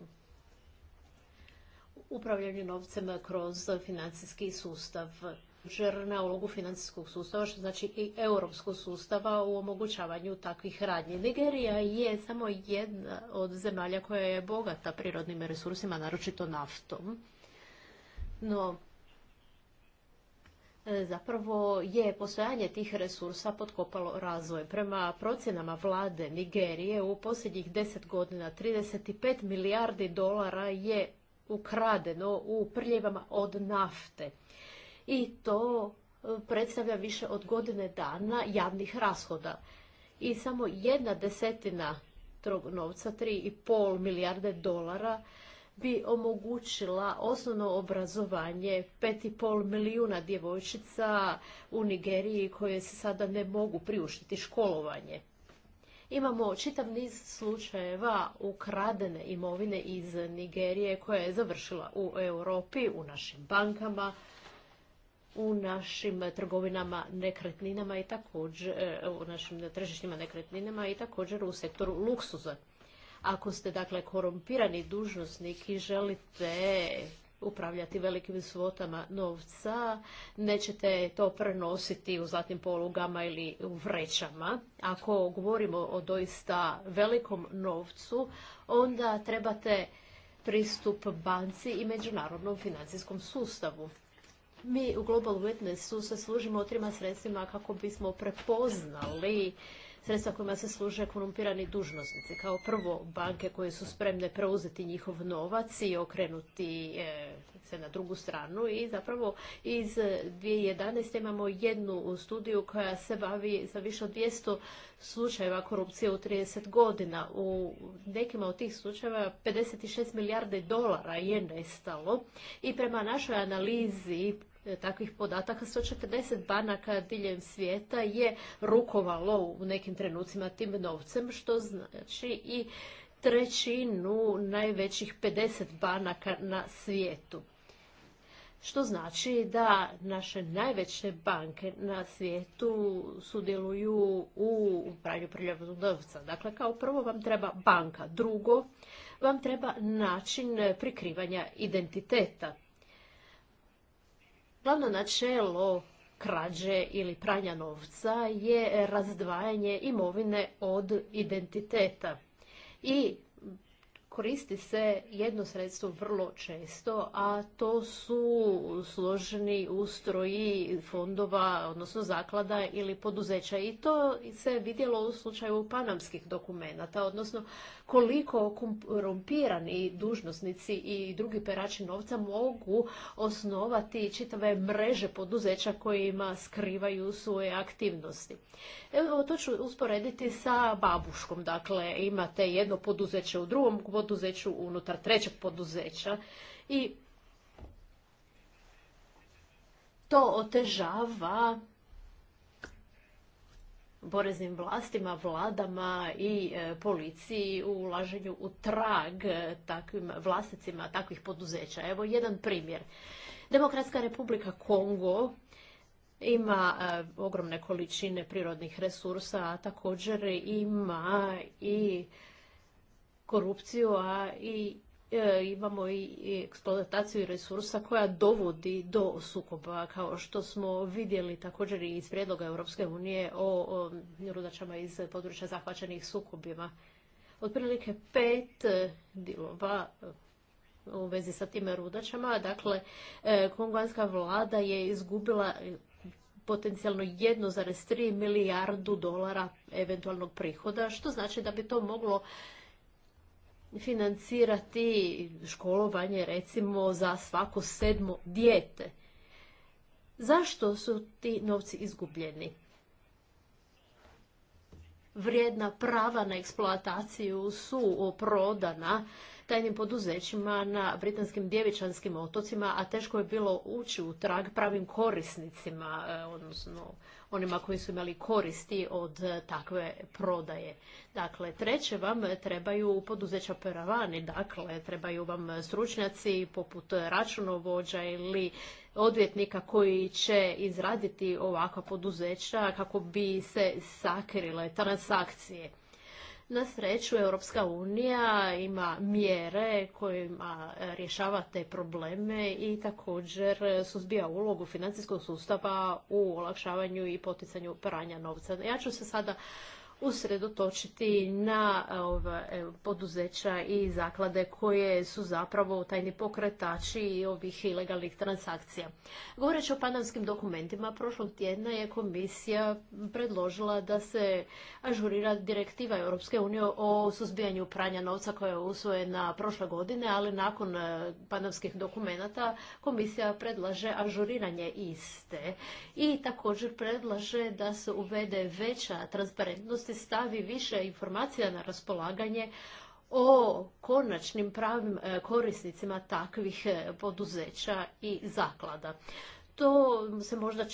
upravljanju novcem kroz financijski sustav na ulogu financijskog sustava, što znači i europskog sustava u omogućavanju takvih radnji. Nigerija je samo jedna od zemalja koja je bogata prirodnim resursima, naročito naftom. No, E, zapravo je postojanje tih resursa potkopalo razvoj. Prema procjenama vlade Nigerije u posljednjih deset godina 35 milijardi dolara je ukradeno u prljevama od nafte. I to e, predstavlja više od godine dana javnih rashoda. I samo jedna desetina tog novca, 3,5 milijarde dolara, bi omogućila osnovno obrazovanje 5,5 milijuna djevojčica u Nigeriji koje se sada ne mogu priuštiti školovanje. Imamo čitav niz slučajeva ukradene imovine iz Nigerije koja je završila u Europi, u našim bankama, u našim trgovinama nekretninama i također e, u našim tržištima nekretninama i također u sektoru luksuza. Ako ste dakle korumpirani dužnosnik i želite upravljati velikim svotama novca, nećete to prenositi u zlatnim polugama ili u vrećama. Ako govorimo o doista velikom novcu, onda trebate pristup banci i međunarodnom financijskom sustavu. Mi u Global Witnessu se služimo trima sredstvima kako bismo prepoznali sredstva kojima se služe korumpirani dužnosnici. Kao prvo banke koje su spremne preuzeti njihov novac i okrenuti e, se na drugu stranu i zapravo iz 2011. imamo jednu studiju koja se bavi za više od 200 slučajeva korupcije u 30 godina. U nekima od tih slučajeva 56 milijarde dolara je nestalo i prema našoj analizi E, takvih podataka. 140 banaka diljem svijeta je rukovalo u nekim trenucima tim novcem, što znači i trećinu najvećih 50 banaka na svijetu. Što znači da naše najveće banke na svijetu sudjeluju u pranju priljeva novca. Dakle, kao prvo vam treba banka, drugo vam treba način prikrivanja identiteta. Glavno načelo krađe ili pranja novca je razdvajanje imovine od identiteta. I koristi se jedno sredstvo vrlo često, a to su složeni ustroji fondova, odnosno zaklada ili poduzeća. I to se vidjelo u slučaju panamskih dokumenata, odnosno koliko korumpirani dužnosnici i drugi perači novca mogu osnovati čitave mreže poduzeća kojima skrivaju svoje aktivnosti. Evo, to ću usporediti sa babuškom. Dakle, imate jedno poduzeće u drugom poduzeću unutar trećeg poduzeća i to otežava poreznim vlastima, vladama i e, policiji u ulaženju u trag e, takvim vlasnicima takvih poduzeća. Evo jedan primjer. Demokratska republika Kongo ima e, ogromne količine prirodnih resursa, a također ima i korupciju, a i e, imamo i eksploataciju resursa koja dovodi do sukoba, kao što smo vidjeli također i iz prijedloga Europske unije o, rudačama iz područja zahvaćenih sukobima. Otprilike pet e, dilova e, u vezi sa tim rudačama. Dakle, konganska vlada je izgubila potencijalno 1,3 milijardu dolara eventualnog prihoda, što znači da bi to moglo financirati školovanje recimo za svako sedmo dijete. Zašto su ti novci izgubljeni? Vrijedna prava na eksploataciju su prodana tajnim poduzećima na britanskim djevičanskim otocima, a teško je bilo ući u trag pravim korisnicima, e, odnosno onima koji su imali koristi od e, takve prodaje. Dakle, treće vam trebaju poduzeća peravani, dakle, trebaju vam stručnjaci poput računovođa ili odvjetnika koji će izraditi ovakva poduzeća kako bi se sakrile transakcije. Na sreću, Europska unija ima mjere kojima e, rješava te probleme i također suzbija ulogu financijskog sustava u olakšavanju i poticanju pranja novca. Ja ću se sada usredotočiti na poduzeća i zaklade koje su zapravo tajni pokretači ovih ilegalnih transakcija. Govoreći o panamskim dokumentima, prošlog tjedna je komisija predložila da se ažurira direktiva Europske unije o suzbijanju pranja novca koja je usvojena prošle godine, ali nakon e, panamskih dokumenata komisija predlaže ažuriranje iste i također predlaže da se uvede veća transparentnost se stavi više informacija na raspolaganje o konačnim pravim e, korisnicima takvih e, poduzeća i zaklada. To se možda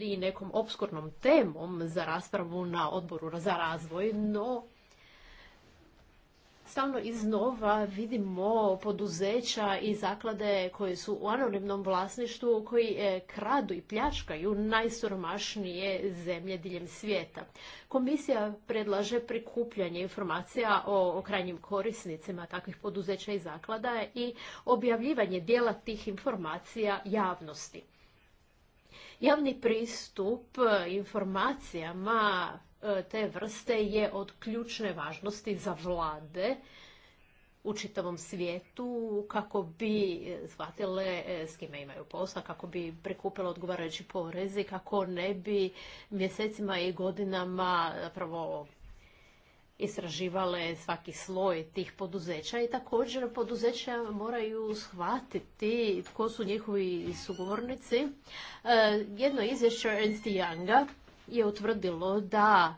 i nekom obskurnom temom za raspravu na odboru za razvoj, no stalno iznova vidimo poduzeća i zaklade koje su u anonimnom vlasništvu, koji e, kradu i pljačkaju najsormašnije zemlje diljem svijeta. Komisija predlaže prikupljanje informacija o, o krajnjim korisnicima takvih poduzeća i zaklada i objavljivanje dijela tih informacija javnosti. Javni pristup informacijama E, te vrste je od ključne važnosti za vlade u čitavom svijetu kako bi shvatile e, s kime imaju posla, kako bi prikupile odgovarajući porezi, kako ne bi mjesecima i godinama zapravo istraživale svaki sloj tih poduzeća i također poduzeća moraju shvatiti tko su njihovi sugovornici. E, jedno izvješće Ernst Younga je utvrdilo da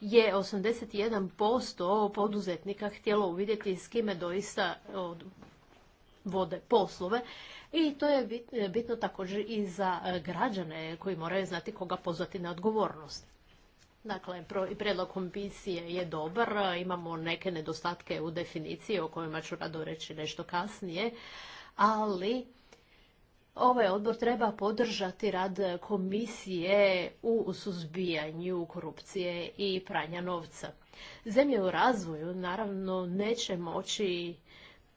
je 81% poduzetnika htjelo uvidjeti s kime doista vode poslove i to je bitno također i za e, građane koji moraju znati koga pozvati na odgovornost. Dakle, predlog komisije je dobar, imamo neke nedostatke u definiciji o kojima ću rado reći nešto kasnije, ali Ovaj odbor treba podržati rad komisije u suzbijanju korupcije i pranja novca. Zemlje u razvoju naravno neće moći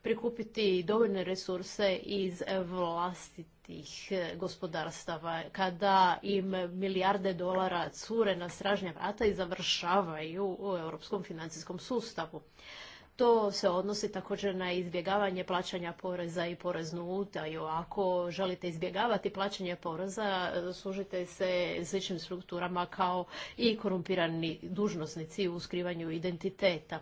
prikupiti dovoljne resurse iz vlastitih gospodarstava kada im milijarde dolara cure na stražnja vrata i završavaju u europskom financijskom sustavu. To se odnosi također na izbjegavanje plaćanja poreza i poreznu utaju. Ako želite izbjegavati plaćanje poreza, služite se sličnim strukturama kao i korumpirani dužnosnici u skrivanju identiteta.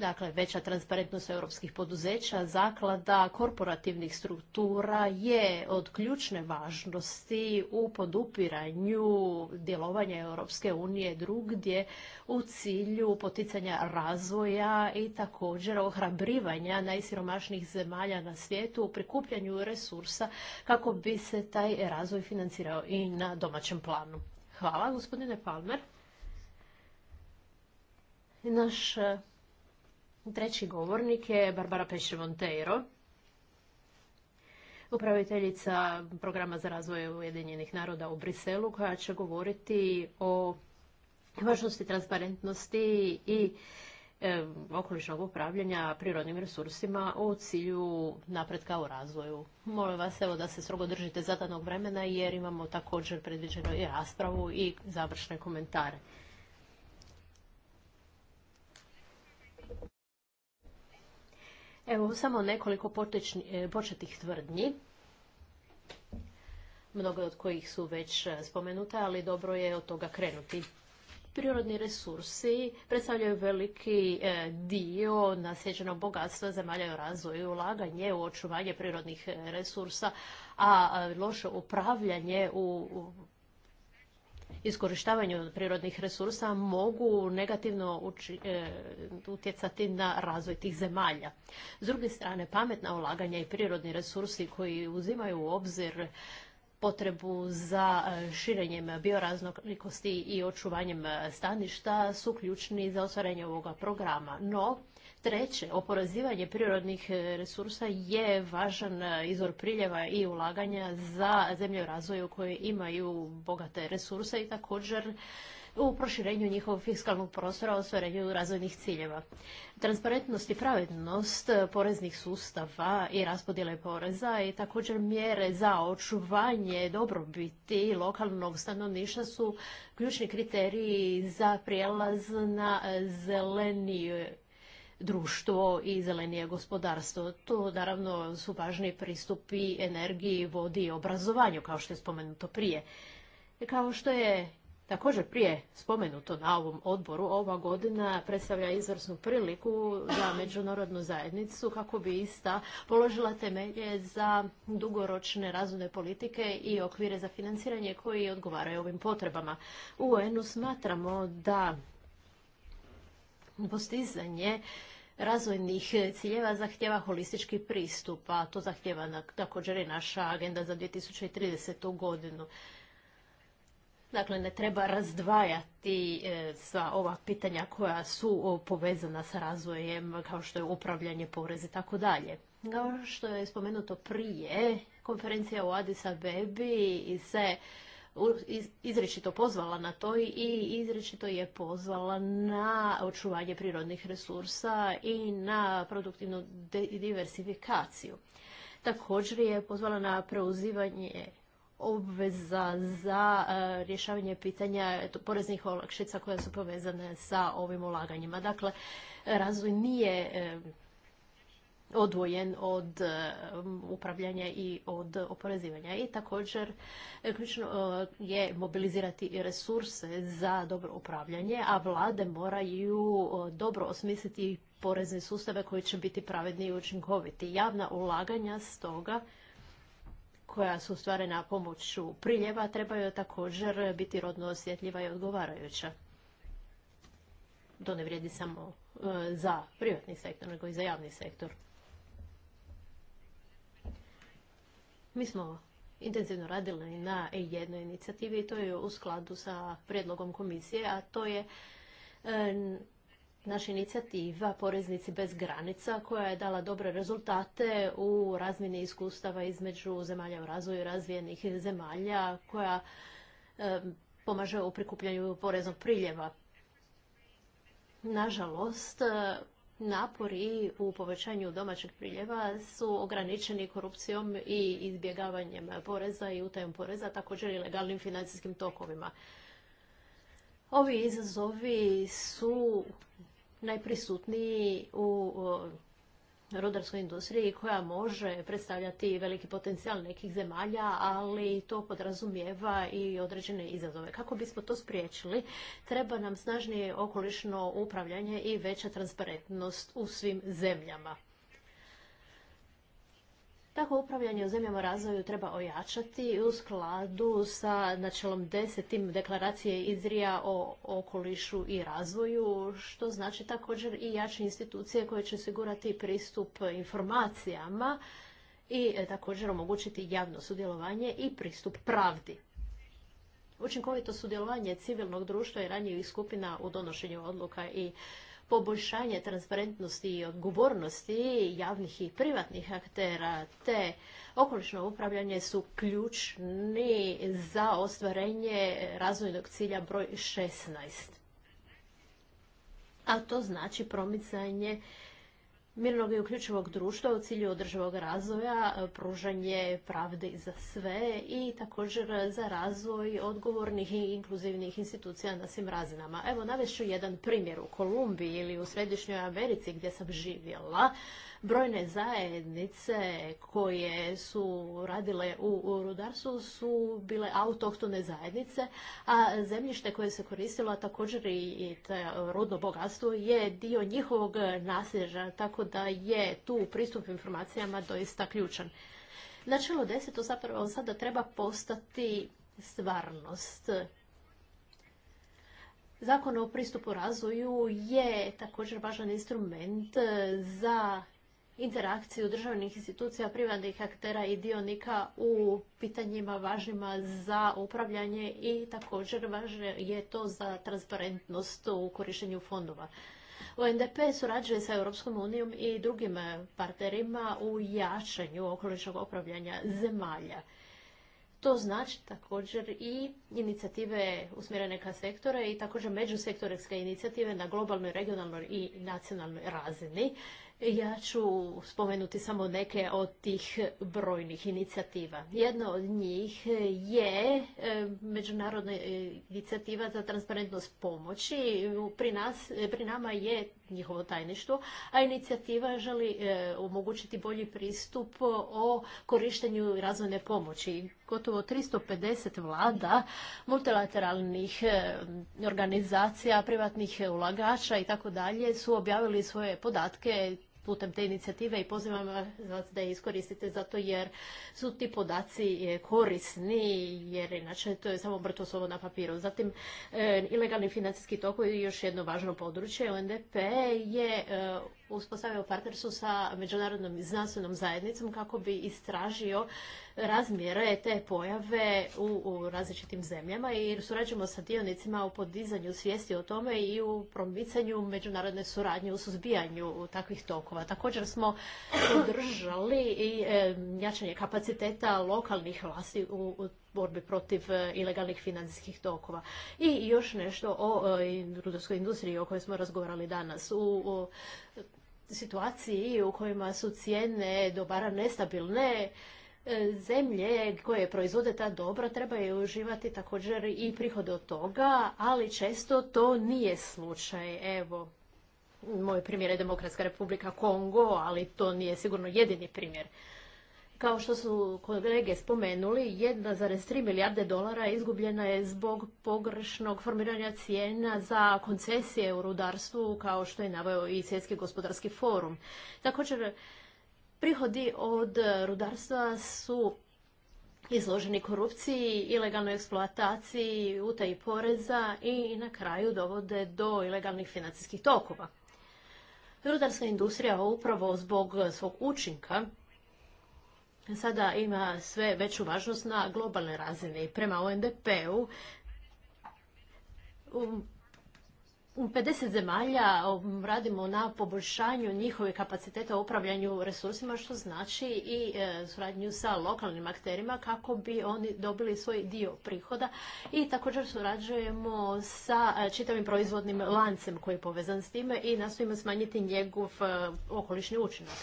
Dakle, veća transparentnost europskih poduzeća, zaklada, korporativnih struktura je od ključne važnosti u podupiranju djelovanja Europske unije drugdje u cilju poticanja razvoja i također ohrabrivanja najsiromašnijih zemalja na svijetu u prikupljanju resursa kako bi se taj razvoj financirao i na domaćem planu. Hvala, gospodine Palmer. Naš Treći govornik je Barbara pešer upraviteljica programa za razvoj Ujedinjenih naroda u Briselu, koja će govoriti o važnosti transparentnosti i e, upravljanja prirodnim resursima u cilju napretka u razvoju. Molim vas evo da se strogo držite zadanog vremena jer imamo također predviđenu i raspravu i završne komentare. Evo samo nekoliko e, početnih tvrdnji, mnogo od kojih su već e, spomenute, ali dobro je od toga krenuti. Prirodni resursi predstavljaju veliki e, dio nasjeđenog bogatstva zemalja u razvoju, ulaganje u očuvanje prirodnih resursa, a loše upravljanje u iskorištavanju prirodnih resursa mogu negativno e, utjecati na razvoj tih zemalja. S druge strane, pametna ulaganja i prirodni resursi koji uzimaju u obzir potrebu za e, širenjem bioraznolikosti i očuvanjem e, staništa su ključni za ostvarenje ovoga programa. No, Treće, oporezivanje prirodnih e, resursa je važan e, izvor priljeva i ulaganja za zemlje u razvoju koje imaju bogate resurse i također u proširenju njihovog fiskalnog prostora ostvarenju razvojnih ciljeva. Transparentnost i pravednost poreznih sustava i raspodjele poreza i također mjere za očuvanje dobrobiti lokalnog stanovništva su ključni kriteriji za prijelaz na zeleni društvo i zelenije gospodarstvo. To, naravno su važni pristupi energiji, vodi i obrazovanju, kao što je spomenuto prije. I kao što je također prije spomenuto na ovom odboru, ova godina predstavlja izvrsnu priliku za međunarodnu zajednicu kako bi ista položila temelje za dugoročne razvojne politike i okvire za financiranje koji odgovaraju ovim potrebama. U UN-u smatramo da postizanje razvojnih eh, ciljeva zahtjeva holistički pristup, a to zahtjeva također i naša agenda za 2030. godinu. Dakle, ne treba razdvajati eh, sva ova pitanja koja su povezana sa razvojem, kao što je upravljanje poreze i tako dalje. Kao što je spomenuto prije, konferencija u Addis Abebi se izričito pozvala na to i izričito je pozvala na očuvanje prirodnih resursa i na produktivnu diversifikaciju. Također je pozvala na preuzivanje obveza za e, rješavanje pitanja poreznih olakšica koja su povezane sa ovim ulaganjima. Dakle, razvoj nije e, odvojen od e, upravljanja i od oporezivanja. I također e, ključno e, je mobilizirati resurse za dobro upravljanje, a vlade moraju dobro osmisliti porezne sustave koji će biti pravedni i učinkoviti. Javna ulaganja stoga koja su stvarena pomoću priljeva trebaju također biti rodno osjetljiva i odgovarajuća. To ne vrijedi samo za privatni sektor, nego i za javni sektor. Mi smo intenzivno radili na jednoj inicijativi i to je u skladu sa prijedlogom komisije, a to je e, naša inicijativa Poreznici bez granica koja je dala dobre rezultate u razmjeni iskustava između zemalja u razvoju razvijenih zemalja koja e, pomaže u prikupljanju poreznog priljeva. Nažalost, napori u povećanju domaćeg priljeva su ograničeni korupcijom i izbjegavanjem poreza i utajom poreza, također i legalnim financijskim tokovima. Ovi izazovi su najprisutniji u rudarskoj industriji koja može predstavljati veliki potencijal nekih zemalja, ali to podrazumijeva i određene izazove. Kako bismo to spriječili, treba nam snažnije okolišno upravljanje i veća transparentnost u svim zemljama. Tako upravljanje u zemljama razvoju treba ojačati u skladu sa načelom desetim deklaracije Izrija o okolišu i razvoju, što znači također i jače institucije koje će osigurati pristup informacijama i e, također omogućiti javno sudjelovanje i pristup pravdi. Učinkovito sudjelovanje civilnog društva i ranjivih skupina u donošenju odluka i poboljšanje transparentnosti i odgovornosti javnih i privatnih aktera te okolično upravljanje su ključni za ostvarenje razvojnog cilja broj 16. A to znači promicanje mirnog i uključivog društva u cilju održivog razvoja, pružanje pravde za sve i također za razvoj odgovornih i inkluzivnih institucija na svim razinama. Evo, navest ću jedan primjer u Kolumbiji ili u Središnjoj Americi gdje sam živjela brojne zajednice koje su radile u rudarstvu su bile autohtone zajednice, a zemljište koje se koristilo, a također i rodno bogatstvo je dio njihovog nasljeđa, tako da je tu pristup informacijama doista ključan. Načelo deseto zapravo sada treba postati stvarnost. Zakon o pristupu razvoju je također važan instrument za interakciju državnih institucija, privatnih aktera i dionika u pitanjima važnima za upravljanje i također važno je to za transparentnost u korištenju fondova. UNDP surađuje sa Europskom unijom i drugim partnerima u jačanju okoličnog upravljanja zemalja. To znači također i inicijative usmjerene ka sektore i također međusektorske inicijative na globalnoj, regionalnoj i nacionalnoj razini. Ja ću spomenuti samo neke od tih brojnih inicijativa. Jedna od njih je e, međunarodna inicijativa za transparentnost pomoći. E, pri, nama je njihovo tajništvo, a inicijativa želi e, omogućiti bolji pristup o korištenju razvojne pomoći. Gotovo 350 vlada, multilateralnih organizacija, privatnih ulagača i tako dalje su objavili svoje podatke putem te inicijative i pozivam vas da je iskoristite zato jer su ti podaci eh, korisni jer inače to je samo mrtvo slovo na papiru. Zatim, eh, ilegalni financijski tokovi je još jedno važno područje. UNDP je eh, uspostavio partnerstvo sa međunarodnom znanstvenom zajednicom kako bi istražio razmjere te pojave u, različitim zemljama i surađujemo sa dionicima u podizanju svijesti o tome i u promicanju međunarodne suradnje u suzbijanju takvih tokova. Također smo podržali i jačanje kapaciteta lokalnih vlasti u, borbi protiv e, ilegalnih financijskih tokova. I još nešto o e, rudarskoj industriji o kojoj smo razgovarali danas. u situaciji u kojima su cijene dobara nestabilne, e, zemlje koje proizvode ta dobra trebaju uživati također i prihod od toga, ali često to nije slučaj. Evo, moj primjer je Demokratska republika Kongo, ali to nije sigurno jedini primjer. Kao što su kolege spomenuli, 1,3 milijarde dolara izgubljena je zbog pogrešnog formiranja cijena za koncesije u rudarstvu, kao što je naveo i Svjetski gospodarski forum. Također, prihodi od rudarstva su izloženi korupciji, ilegalnoj eksploataciji, utaji poreza i na kraju dovode do ilegalnih financijskih tokova. Rudarska industrija upravo zbog svog učinka sada ima sve veću važnost na globalnoj razini. Prema ONDP-u u 50 zemalja um, radimo na poboljšanju njihovih kapaciteta u upravljanju resursima, što znači i e, suradnju sa lokalnim akterima kako bi oni dobili svoj dio prihoda i također surađujemo sa e, čitavim proizvodnim lancem koji je povezan s time i nastojimo smanjiti njegov e, okolišni učinak.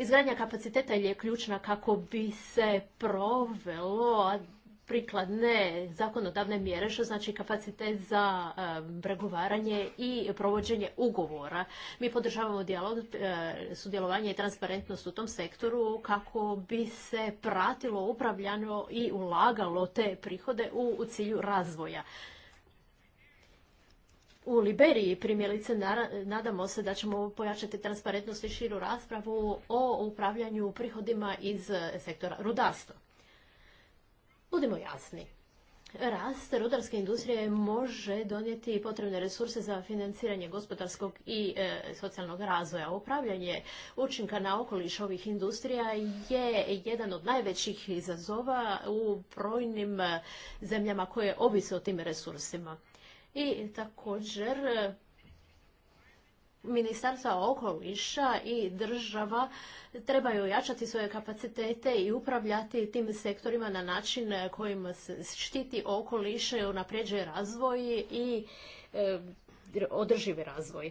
Izgradnja kapaciteta je ključna kako bi se provelo prikladne zakonodavne mjere, što znači kapacitet za pregovaranje i provođenje ugovora. Mi podržavamo e, sudjelovanje i transparentnost u tom sektoru kako bi se pratilo, upravljano i ulagalo te prihode u cilju razvoja u Liberiji primjerice nadamo se da ćemo pojačati transparentnost i širu raspravu o upravljanju prihodima iz eh, sektora rudarstva. Budimo jasni. Rast rudarske industrije može donijeti potrebne resurse za financiranje gospodarskog i eh, socijalnog razvoja. Upravljanje učinka na okoliš ovih industrija je jedan od najvećih izazova u brojnim eh, zemljama koje ovise o tim resursima i također e, ministarstva okoliša i država trebaju jačati svoje kapacitete i upravljati tim sektorima na način kojim se štiti okoliš, unapređuje razvoj i e, održivi razvoj.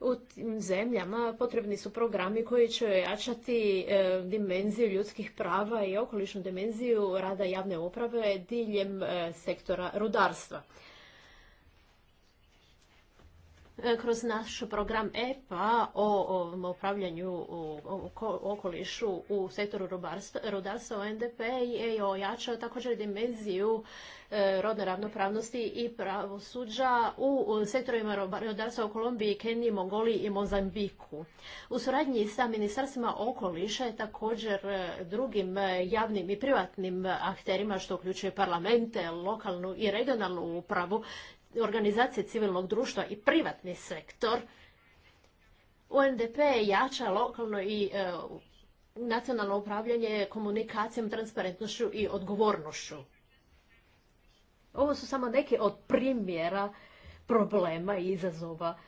U tim zemljama potrebni su programi koji će jačati e, dimenziju ljudskih prava i okolišnu dimenziju rada javne uprave diljem sektora rudarstva. E, kroz naš program EPA o, upravljanju okolišu u sektoru rodarstva NDP je ojačao također dimenziju e, rodne ravnopravnosti i pravosuđa u sektorima rodarstva u Kolumbiji, Keniji, Mongoliji i Mozambiku. U suradnji sa ministarstvima okoliša i također e, drugim javnim i privatnim akterima što uključuje parlamente, lokalnu i regionalnu upravu organizacije civilnog društva i privatni sektor, UNDP jača lokalno i e, nacionalno upravljanje komunikacijom, transparentnošću i odgovornošću. Ovo su samo neke od primjera problema i izazova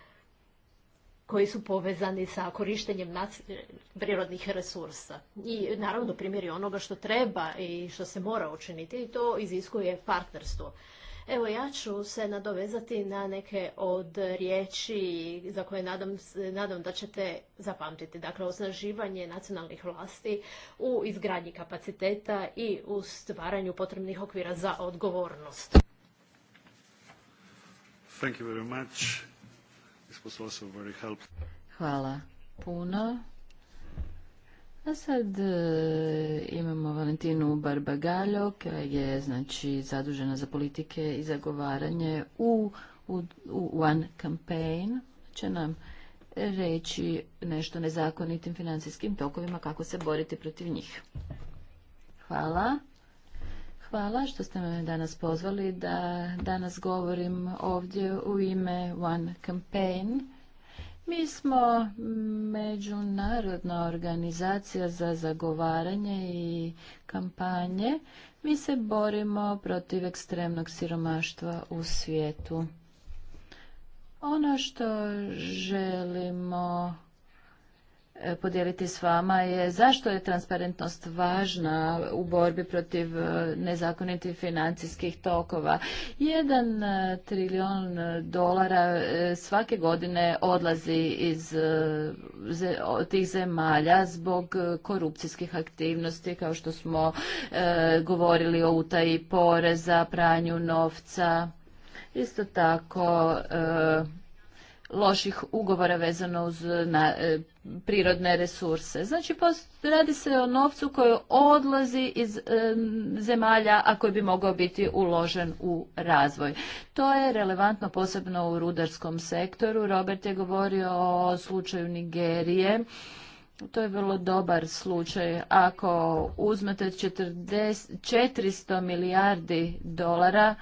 koji su povezani sa korištenjem prirodnih resursa. I naravno primjer je onoga što treba i što se mora učiniti i to iziskuje partnerstvo. Evo ja ću se nadovezati na neke od riječi za koje nadam, nadam da ćete zapamtiti. Dakle, osnaživanje nacionalnih vlasti u izgradnji kapaciteta i u stvaranju potrebnih okvira za odgovornost.
Hvala puno. A sad e, imamo Valentinu Barbagaljo koja je znači zadužena za politike i zagovaranje u, One Campaign. Će nam reći nešto nezakonitim financijskim tokovima, kako se boriti protiv njih. Hvala. Hvala što ste me danas pozvali da danas govorim ovdje u ime One Campaign mi smo međunarodna organizacija za zagovaranje i kampanje. Mi se borimo protiv ekstremnog siromaštva u svijetu. Ono što želimo E, podijeliti s vama je zašto je transparentnost važna u borbi protiv e, nezakonitih financijskih tokova. Jedan e, trilion dolara svake godine odlazi iz tih zemalja zbog korupcijskih aktivnosti kao što smo govorili o utaji poreza, pranju novca. Isto tako loših ugovora vezano uz e, prirodne resurse. Znači, post, radi se o novcu koji odlazi iz e, zemalja, a koji bi mogao biti uložen u razvoj. To je relevantno posebno u rudarskom sektoru. Robert je govorio o slučaju Nigerije. To je vrlo dobar slučaj. Ako uzmete 40, 400 milijardi dolara,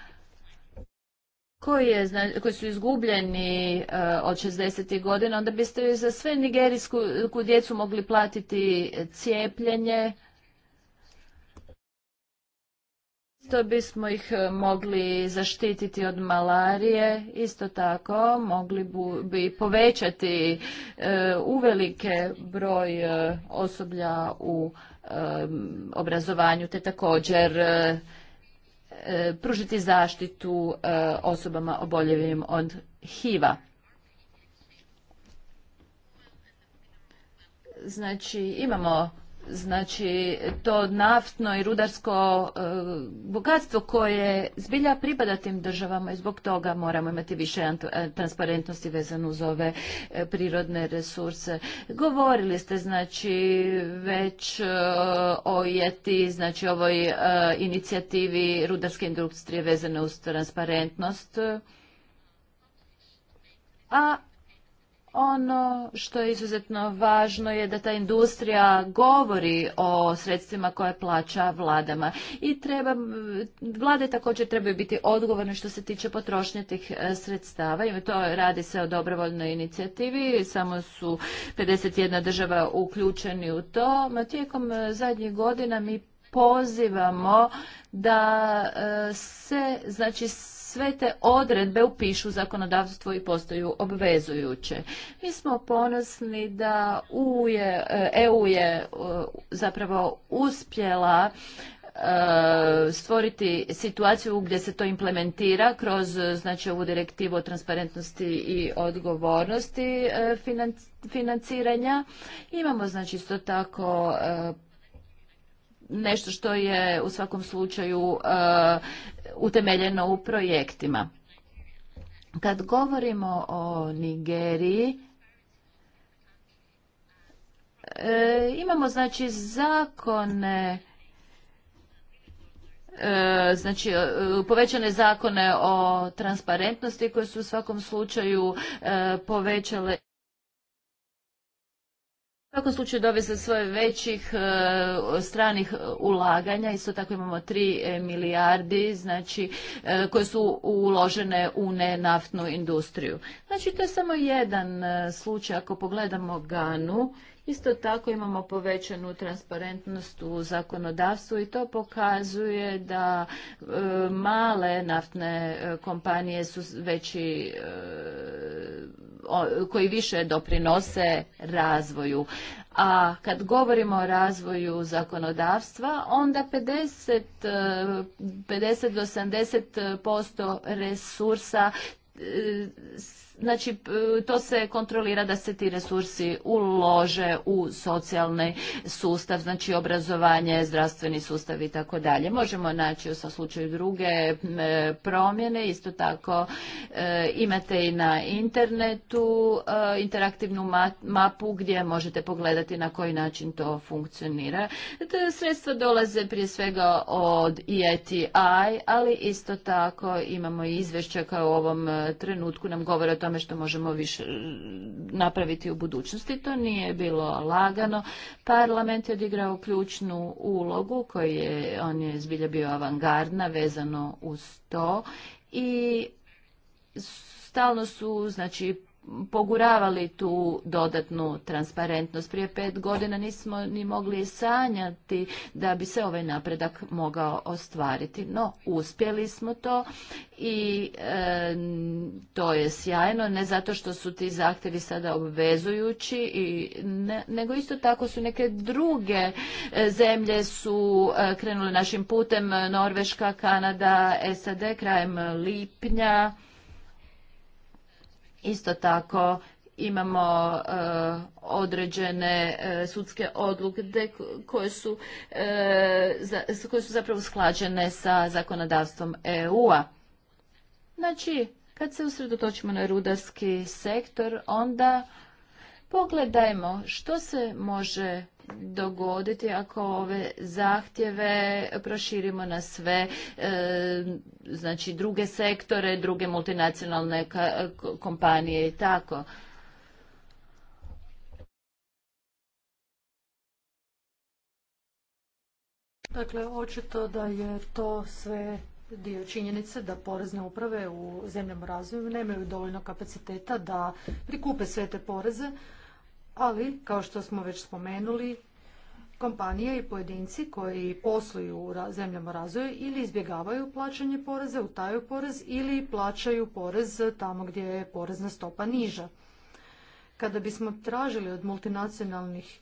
koji, je, koji su izgubljeni eh, od 60. godina, onda biste za sve nigerijsku djecu mogli platiti cijepljenje. To bismo ih eh, mogli zaštititi od malarije, isto tako mogli bi povećati eh, uvelike broj osoblja u obrazovanju, te također E, pružiti zaštitu e, osobama oboljevim od HIV-a. Znači imamo znači to naftno i rudarsko e, bogatstvo koje zbilja pripada tim državama i zbog toga moramo imati više e, transparentnosti vezano uz ove e, prirodne resurse. Govorili ste znači već o jeti, znači ovoj inicijativi rudarske industrije vezane uz transparentnost. A ono što je izuzetno važno je da ta industrija govori o sredstvima koje plaća vladama i treba, vlade također trebaju biti odgovorne što se tiče potrošnje tih e, sredstava i to radi se o dobrovoljnoj inicijativi, samo su 51 država uključeni u to. Tijekom e, zadnjih godina mi pozivamo da e, se znači sve te odredbe upišu zakonodavstvo i postaju obvezujuće. Mi smo ponosni da e, EU je, EU je zapravo uspjela e, stvoriti situaciju gdje se to implementira kroz znači ovu direktivu o transparentnosti i odgovornosti e, financiranja. Imamo znači isto tako nešto što je u svakom slučaju uh, utemeljeno u projektima. Kad govorimo o Nigeriji, uh, imamo znači zakone uh, znači povećane zakone o transparentnosti koje su u svakom slučaju povećale svakom slučaju dove se svoje većih e, stranih e, ulaganja, isto tako imamo 3 e, milijardi znači, koje su uložene u nenaftnu industriju. Znači to je samo jedan slučaj ako pogledamo Ganu Isto tako imamo povećanu transparentnost u zakonodavstvu i to pokazuje da e, male naftne e, kompanije su veći e, koji više doprinose razvoju. A kad govorimo o razvoju zakonodavstva, onda 50, 50 do 70% resursa znači to se kontrolira da se ti resursi ulože u socijalni sustav, znači obrazovanje, zdravstveni sustav i tako dalje. Možemo naći u slučaju druge promjene, isto tako e, imate i na internetu e, interaktivnu mapu gdje možete pogledati na koji način to funkcionira. E, sredstva dolaze prije svega od IETI, ali isto tako imamo i izvješća koje u ovom trenutku nam govore o tome tome što možemo više e, napraviti u budućnosti. To nije bilo lagano. Parlament je odigrao ključnu ulogu koji je, on je zbilja bio avangardna vezano uz to i stalno su znači poguravali tu dodatnu transparentnost. Prije pet godina nismo ni mogli sanjati da bi se ovaj napredak mogao ostvariti. No, uspjeli smo to i e, to je sjajno, ne zato što su ti zahtjevi sada obvezujući, i ne, nego isto tako su neke druge e, zemlje su e, krenule našim putem, Norveška, Kanada, SAD krajem lipnja Isto tako imamo e, određene e, sudske odluke koje su, e, zapravo sklađene sa zakonodavstvom EU-a. Znači, kad se usredotočimo na rudarski sektor, onda pogledajmo što se može dogoditi ako ove zahtjeve proširimo na sve e, znači druge sektore, druge multinacionalne kompanije i tako.
Dakle, očito da je to sve dio činjenice da porezne uprave u zemljama razvoju nemaju dovoljno kapaciteta da prikupe sve te poreze, ali kao što smo već spomenuli, kompanije i pojedinci koji posluju u zemljama razvoja ili izbjegavaju plaćanje poreza, utaju porez ili plaćaju porez tamo gdje je porezna stopa niža. Kada bismo tražili od multinacionalnih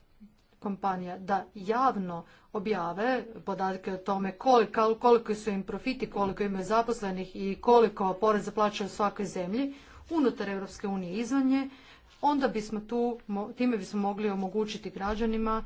kompanija da javno objave podatke o tome koliko, koliko su im profiti, koliko imaju zaposlenih i koliko poreza plaćaju u svakoj zemlji unutar Europske unije i izvan nje, onda bismo tu, time bismo mogli omogućiti građanima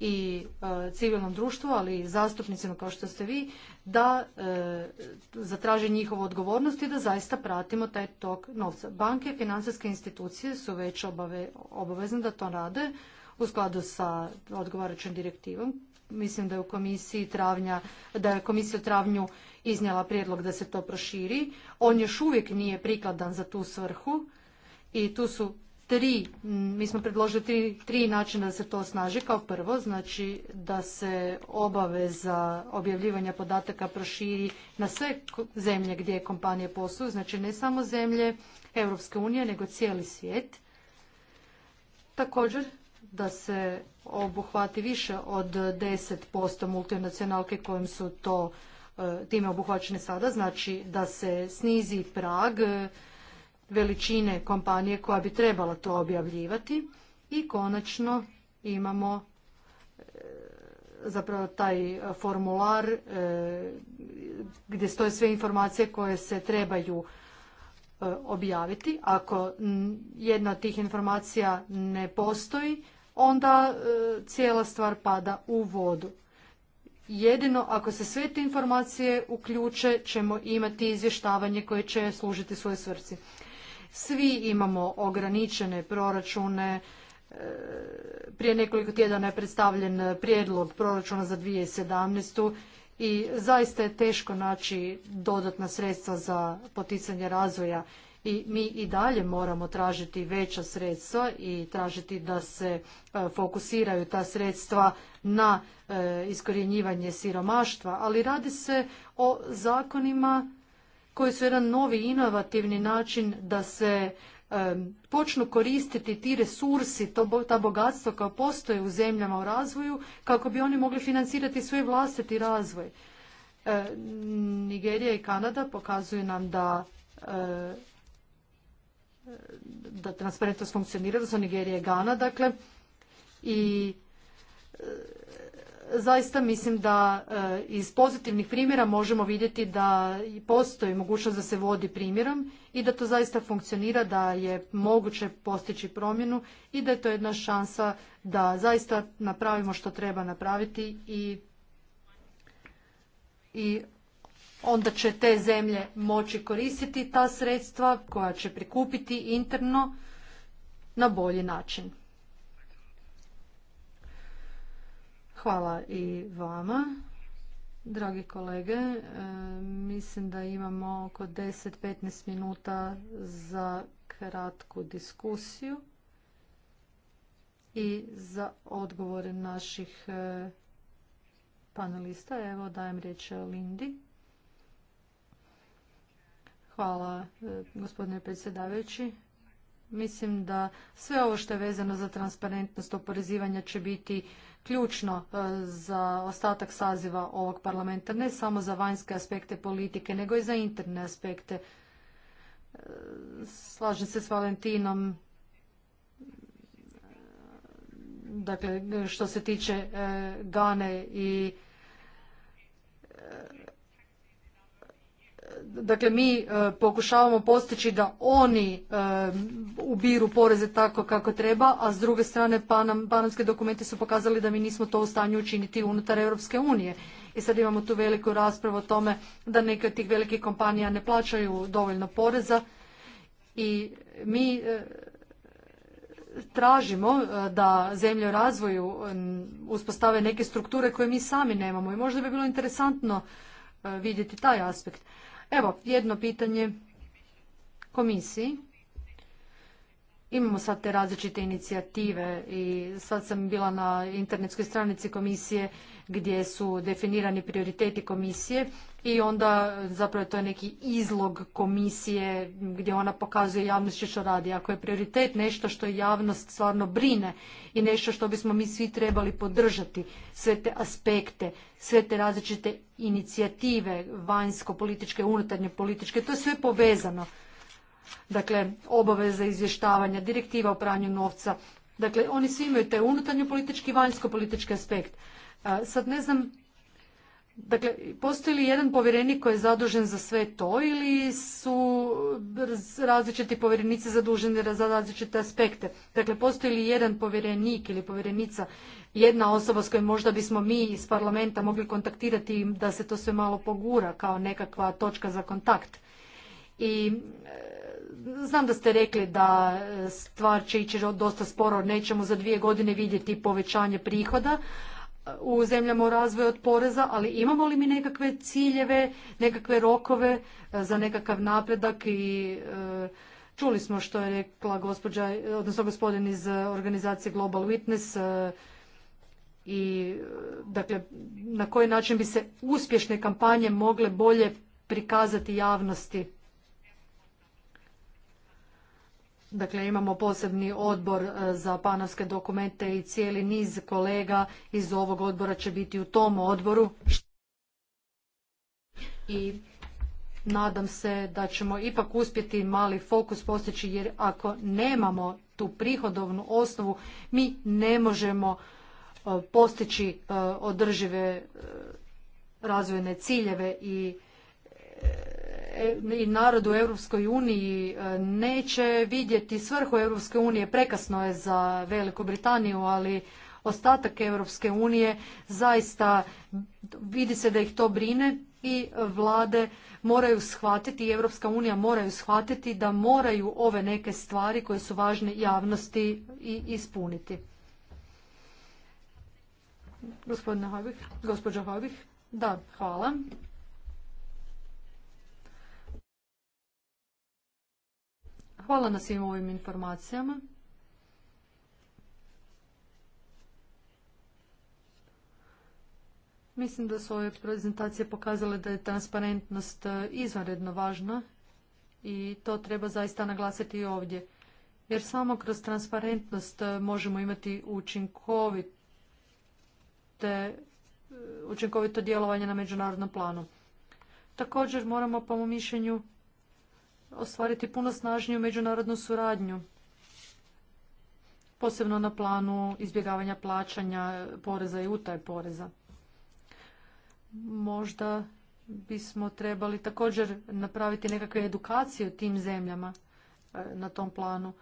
i e, civilnom društvu, ali i zastupnicima kao što ste vi, da e, zatraže njihovu odgovornost i da zaista pratimo taj tok novca. Banke i financijske institucije su već obave, obavezne da to rade u skladu sa odgovarajućom direktivom. Mislim da je u komisiji travnja, da je komisija u travnju iznijela prijedlog da se to proširi. On još uvijek nije prikladan za tu svrhu i tu su tri, mi smo predložili tri, tri načina da se to osnaži. Kao prvo, znači da se obaveza objavljivanja podataka proširi na sve zemlje gdje kompanije posluju, znači ne samo zemlje Europske unije, nego cijeli svijet. Također, da se obuhvati više od 10% multinacionalke kojim su to e, time obuhvaćene sada, znači da se snizi prag veličine kompanije koja bi trebala to objavljivati i konačno imamo e, zapravo taj formular e, gdje stoje sve informacije koje se trebaju e, objaviti. Ako jedna od tih informacija ne postoji, onda cijela stvar pada u vodu. Jedino ako se sve te informacije uključe ćemo imati izvještavanje koje će služiti svoje svrci. Svi imamo ograničene proračune. E, prije nekoliko tjedana je predstavljen prijedlog proračuna za 2017. i zaista je teško naći dodatna sredstva za poticanje razvoja i mi i dalje moramo tražiti veća sredstva i tražiti da se e, fokusiraju ta sredstva na e, iskorjenjivanje siromaštva, ali radi se o zakonima koji su jedan novi inovativni način da se počnu koristiti ti resursi, ta bogatstva koja postoje u zemljama u razvoju, kako bi oni mogli financirati svoj vlastiti razvoj. E, Nigerija i Kanada pokazuju nam da e, da transparentnost funkcionira, da su Nigerija i Gana, dakle, i e, zaista mislim da e, iz pozitivnih primjera možemo vidjeti da postoji mogućnost da se vodi primjerom i da to zaista funkcionira, da je moguće postići promjenu i da je to jedna šansa da zaista napravimo što treba napraviti i, i onda će te zemlje moći koristiti ta sredstva koja će prikupiti interno na bolji način. Hvala i vama. Dragi kolege, e, mislim da imamo oko 10-15 minuta za kratku diskusiju i za odgovore naših e, panelista. Evo dajem riječ Lindi. Hvala e, gospodine predsjedavajući. Mislim da sve ovo što je vezano za transparentnost oporezivanja će biti ključno e, za ostatak saziva ovog parlamenta, ne samo za vanjske aspekte politike, nego i za interne aspekte. E, slažem se s Valentinom, e, dakle, što se tiče Gane i dakle mi e, pokušavamo postići da oni e, ubiru poreze tako kako treba, a s druge strane panam, panamski dokumenti su pokazali da mi nismo to u stanju učiniti unutar Europske unije. I sad imamo tu veliku raspravu o tome da neke od tih velikih kompanija ne plaćaju dovoljno poreza i mi e, tražimo da zemlje u razvoju uspostave neke strukture koje mi sami nemamo i možda bi bilo interesantno vidjeti taj aspekt. Evo, jedno pitanje komisiji. Imamo sad te različite inicijative i sad sam bila na internetskoj stranici komisije gdje su definirani prioriteti komisije i onda zapravo to je neki izlog komisije gdje ona pokazuje javnosti što radi. Ako je prioritet nešto što javnost stvarno brine i nešto što bismo mi svi trebali podržati, sve te aspekte, sve te različite inicijative vanjsko-političke, unutarnje političke, to je sve povezano. Dakle, obaveza izvještavanja, direktiva o pranju novca, Dakle, oni svi imaju taj unutarnji politički i vanjsko politički aspekt. Sad ne znam, dakle, postoji li jedan povjerenik koji je zadužen za sve to ili su različiti povjerenici zaduženi za različite aspekte? Dakle, postoji li jedan povjerenik ili povjerenica, jedna osoba s kojom možda bismo mi iz parlamenta mogli kontaktirati da se to sve malo pogura kao nekakva točka za kontakt? I Znam da ste rekli da e, stvar će ići dosta sporo, nećemo za dvije godine vidjeti povećanje prihoda e, u zemljama u razvoju od poreza, ali imamo li mi nekakve ciljeve, nekakve rokove e, za nekakav napredak i čuli smo što je rekla gospođa, odnosno gospodin iz organizacije Global Witness i dakle na koji način bi se uspješne kampanje mogle bolje prikazati javnosti Dakle, imamo posebni odbor e, za panovske dokumente i cijeli niz kolega iz ovog odbora će biti u tom odboru. I nadam se da ćemo ipak uspjeti mali fokus postići jer ako nemamo tu prihodovnu osnovu mi ne možemo e, postići e, održive razvojne ciljeve i i narod u Europskoj uniji e, neće vidjeti svrhu Europske unije, prekasno je za Veliku Britaniju, ali ostatak Europske unije zaista vidi se da ih to brine i vlade moraju shvatiti i Europska unija moraju shvatiti da moraju ove neke stvari koje su važne javnosti i ispuniti. gospođo da, hvala. Hvala na svim ovim informacijama. Mislim da su ove prezentacije pokazale da je transparentnost e, izvanredno važna i to treba zaista naglasiti i ovdje. Jer samo kroz transparentnost e, možemo imati učinkovite, e, učinkovito djelovanje na međunarodnom planu. Također moramo po mom mišljenju ostvariti puno snažniju međunarodnu suradnju, posebno na planu izbjegavanja plaćanja poreza i utaje poreza. Možda bismo trebali također napraviti nekakve edukacije u tim zemljama e, na tom planu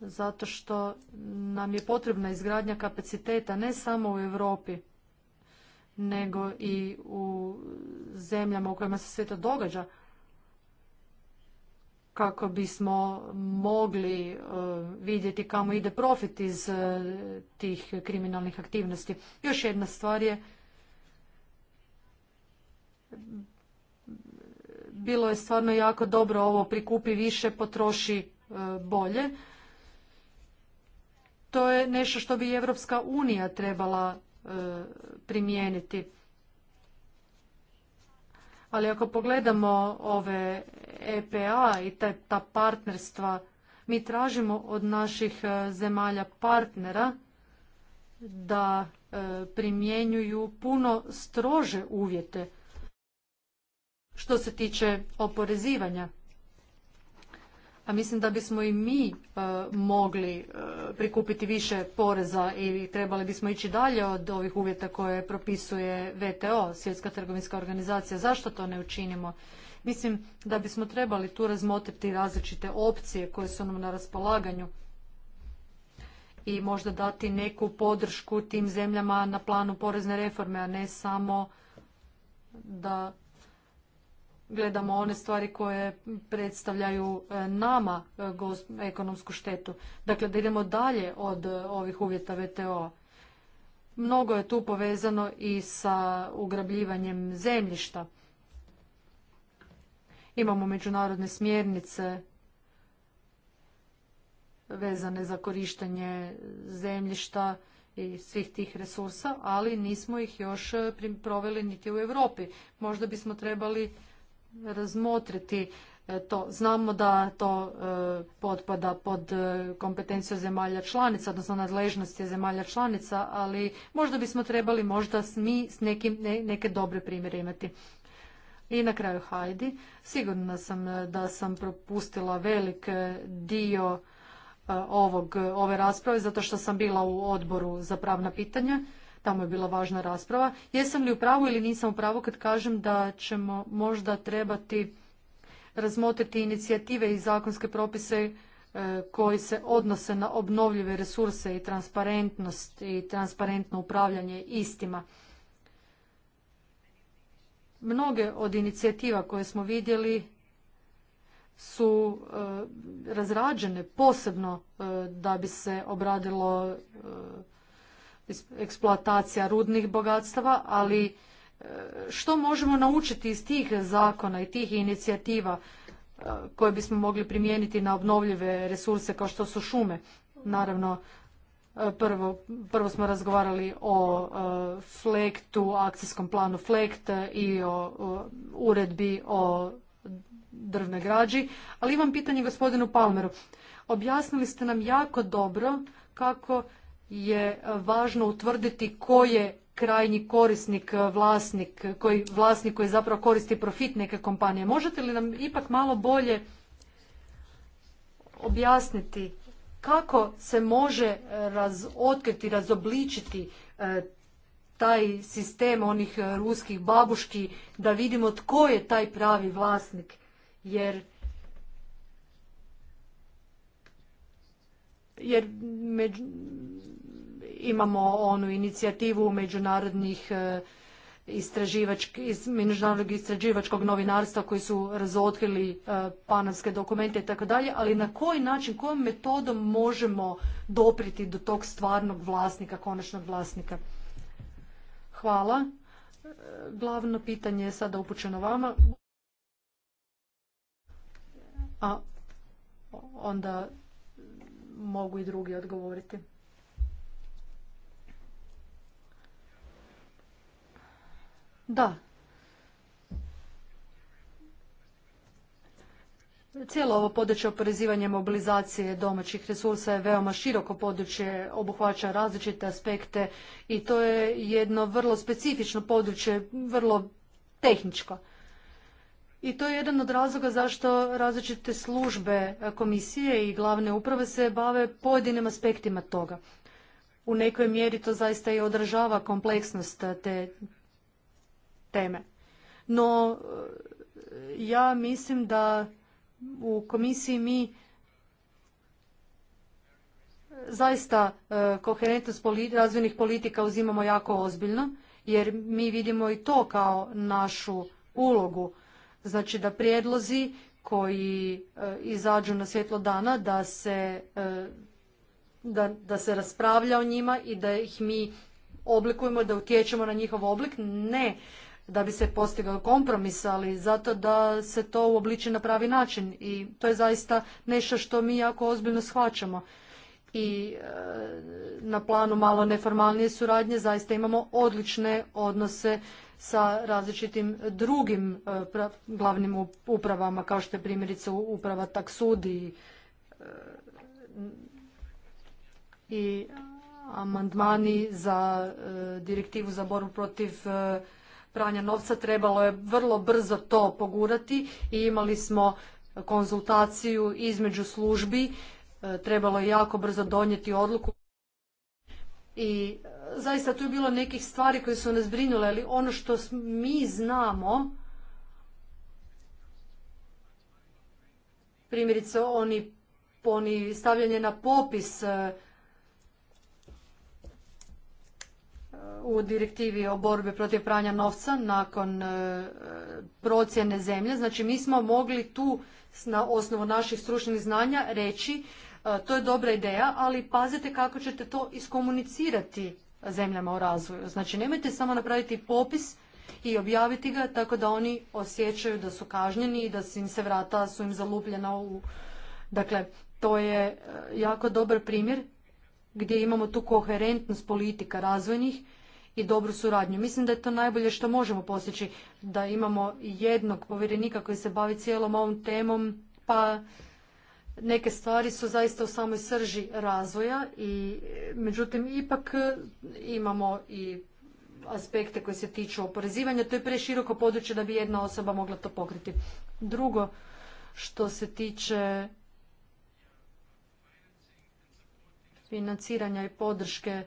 zato što nam je potrebna izgradnja kapaciteta ne samo u Europi nego i u zemljama u kojima se sve to događa, kako bismo mogli e, vidjeti kamo ide profit iz e, tih kriminalnih aktivnosti. Još jedna stvar je bilo je stvarno jako dobro ovo prikupi više, potroši e, bolje. To je nešto što bi Evropska unija trebala primijeniti. Ali ako pogledamo ove EPA i ta partnerstva, mi tražimo od naših e, zemalja partnera da e, primjenjuju puno strože uvjete što se tiče oporezivanja a mislim da bismo i mi e, mogli e, prikupiti više poreza i trebali bismo ići dalje od ovih uvjeta koje propisuje VTO, Svjetska trgovinska organizacija. Zašto to ne učinimo? Mislim da bismo trebali tu razmotriti različite opcije koje su nam na raspolaganju i možda dati neku podršku tim zemljama na planu porezne reforme, a ne samo da gledamo one stvari koje predstavljaju e, nama e, ekonomsku štetu. Dakle, da idemo dalje od e, ovih uvjeta VTO. Mnogo je tu povezano i sa ugrabljivanjem zemljišta. Imamo međunarodne smjernice vezane za korištenje zemljišta i svih tih resursa, ali nismo ih još proveli niti u Europi. Možda bismo trebali razmotriti e, to. Znamo da to e, potpada pod e, kompetenciju zemalja članica, odnosno nadležnosti zemalja članica, ali možda bismo trebali možda mi s nekim, neke dobre primjere imati. I na kraju Hajdi. Sigurna sam da sam propustila velik dio ovog, ove rasprave zato što sam bila u odboru za pravna pitanja tamo je bila važna rasprava. Jesam li u pravu ili nisam u pravu kad kažem da ćemo možda trebati razmotriti inicijative i zakonske propise e, koji se odnose na obnovljive resurse i transparentnost i transparentno upravljanje istima. Mnoge od inicijativa koje smo vidjeli su e, razrađene posebno e, da bi se obradilo eksploatacija rudnih bogatstava, ali e, što možemo naučiti iz tih zakona i tih inicijativa e, koje bismo mogli primijeniti na obnovljive resurse kao što su šume? Naravno, e, prvo, prvo smo razgovarali o flektu, akcijskom planu FLEKT i o, uredbi o drvne građi, ali imam pitanje gospodinu Palmeru. Objasnili ste nam jako dobro kako je važno utvrditi ko je krajnji korisnik, vlasnik, koji, vlasnik koji zapravo koristi profit neke kompanije. Možete li nam ipak malo bolje objasniti kako se može razotkriti, razobličiti e, taj sistem onih ruskih babuški da vidimo tko je taj pravi vlasnik. Jer jer među, imamo onu inicijativu međunarodnih e, međunarodnog istraživačkog novinarstva koji su razotkrili e, panamske dokumente i tako dalje, ali na koji način, kojom metodom možemo dopriti do tog stvarnog vlasnika, konačnog vlasnika? Hvala. E, glavno pitanje je sada upućeno vama. A onda mogu i drugi odgovoriti. Da. Cijelo ovo područje oporezivanja mobilizacije domaćih resursa je veoma široko područje, obuhvaća različite aspekte i to je jedno vrlo specifično područje, vrlo tehničko. I to je jedan od razloga zašto različite službe komisije i glavne uprave se bave pojedinim aspektima toga. U nekoj mjeri to zaista i odražava kompleksnost te teme. No, e, ja mislim da u komisiji mi zaista e, koherentnost razvojnih politika uzimamo jako ozbiljno, jer mi vidimo i to kao našu ulogu. Znači da prijedlozi koji e, izađu na svjetlo dana, da se, da, da se raspravlja o njima i da ih mi oblikujemo, da utječemo na njihov oblik. Ne, da bi se postigao kompromis, ali zato da se to uobliči na pravi način i to je zaista nešto što mi jako ozbiljno shvaćamo. I e, na planu malo neformalnije suradnje zaista imamo odlične odnose sa različitim drugim e, glavnim upravama kao što je primjerice uprava taksudi e, i amandmani za direktivu za borbu protiv pranja novca trebalo je vrlo brzo to pogurati i imali smo konzultaciju između službi, e, trebalo je jako brzo donijeti odluku. I e, zaista tu je bilo nekih stvari koje su nas brinule, ali ono što mi znamo, primjerice oni, oni stavljanje na popis e, u direktivi o borbi protiv pranja novca nakon e, procjene zemlje. Znači mi smo mogli tu na osnovu naših stručnih znanja reći e, to je dobra ideja, ali pazite kako ćete to iskomunicirati zemljama u razvoju. Znači nemojte samo napraviti popis i objaviti ga tako da oni osjećaju da su kažnjeni i da su im se vrata su im zalupljena u... Dakle, to je e, jako dobar primjer gdje imamo tu koherentnost politika razvojnih i dobru suradnju. Mislim da je to najbolje što možemo postići, da imamo jednog povjerenika koji se bavi cijelom ovom temom, pa neke stvari su zaista u samoj srži razvoja i međutim ipak imamo i aspekte koje se tiču oporezivanja. To je preširoko područje da bi jedna osoba mogla to pokriti. Drugo, što se tiče financiranja i podrške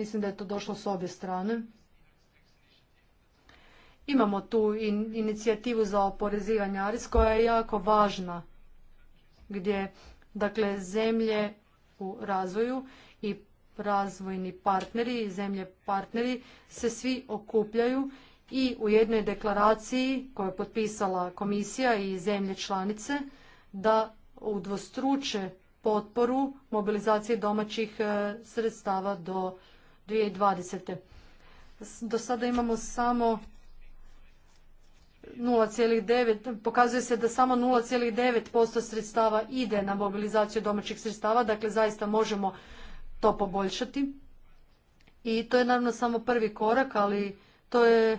Mislim da je to došlo s obje strane. Imamo tu inicijativu za oporezivanje ARIS koja je jako važna gdje dakle zemlje u razvoju i razvojni partneri i zemlje partneri se svi okupljaju i u jednoj deklaraciji koju je potpisala komisija i zemlje članice da udvostruče potporu mobilizacije domaćih e, sredstava do 2020. Do sada imamo samo 0,9, pokazuje se da samo 0,9% sredstava ide na mobilizaciju domaćih sredstava, dakle zaista možemo to poboljšati. I to je naravno samo prvi korak, ali to je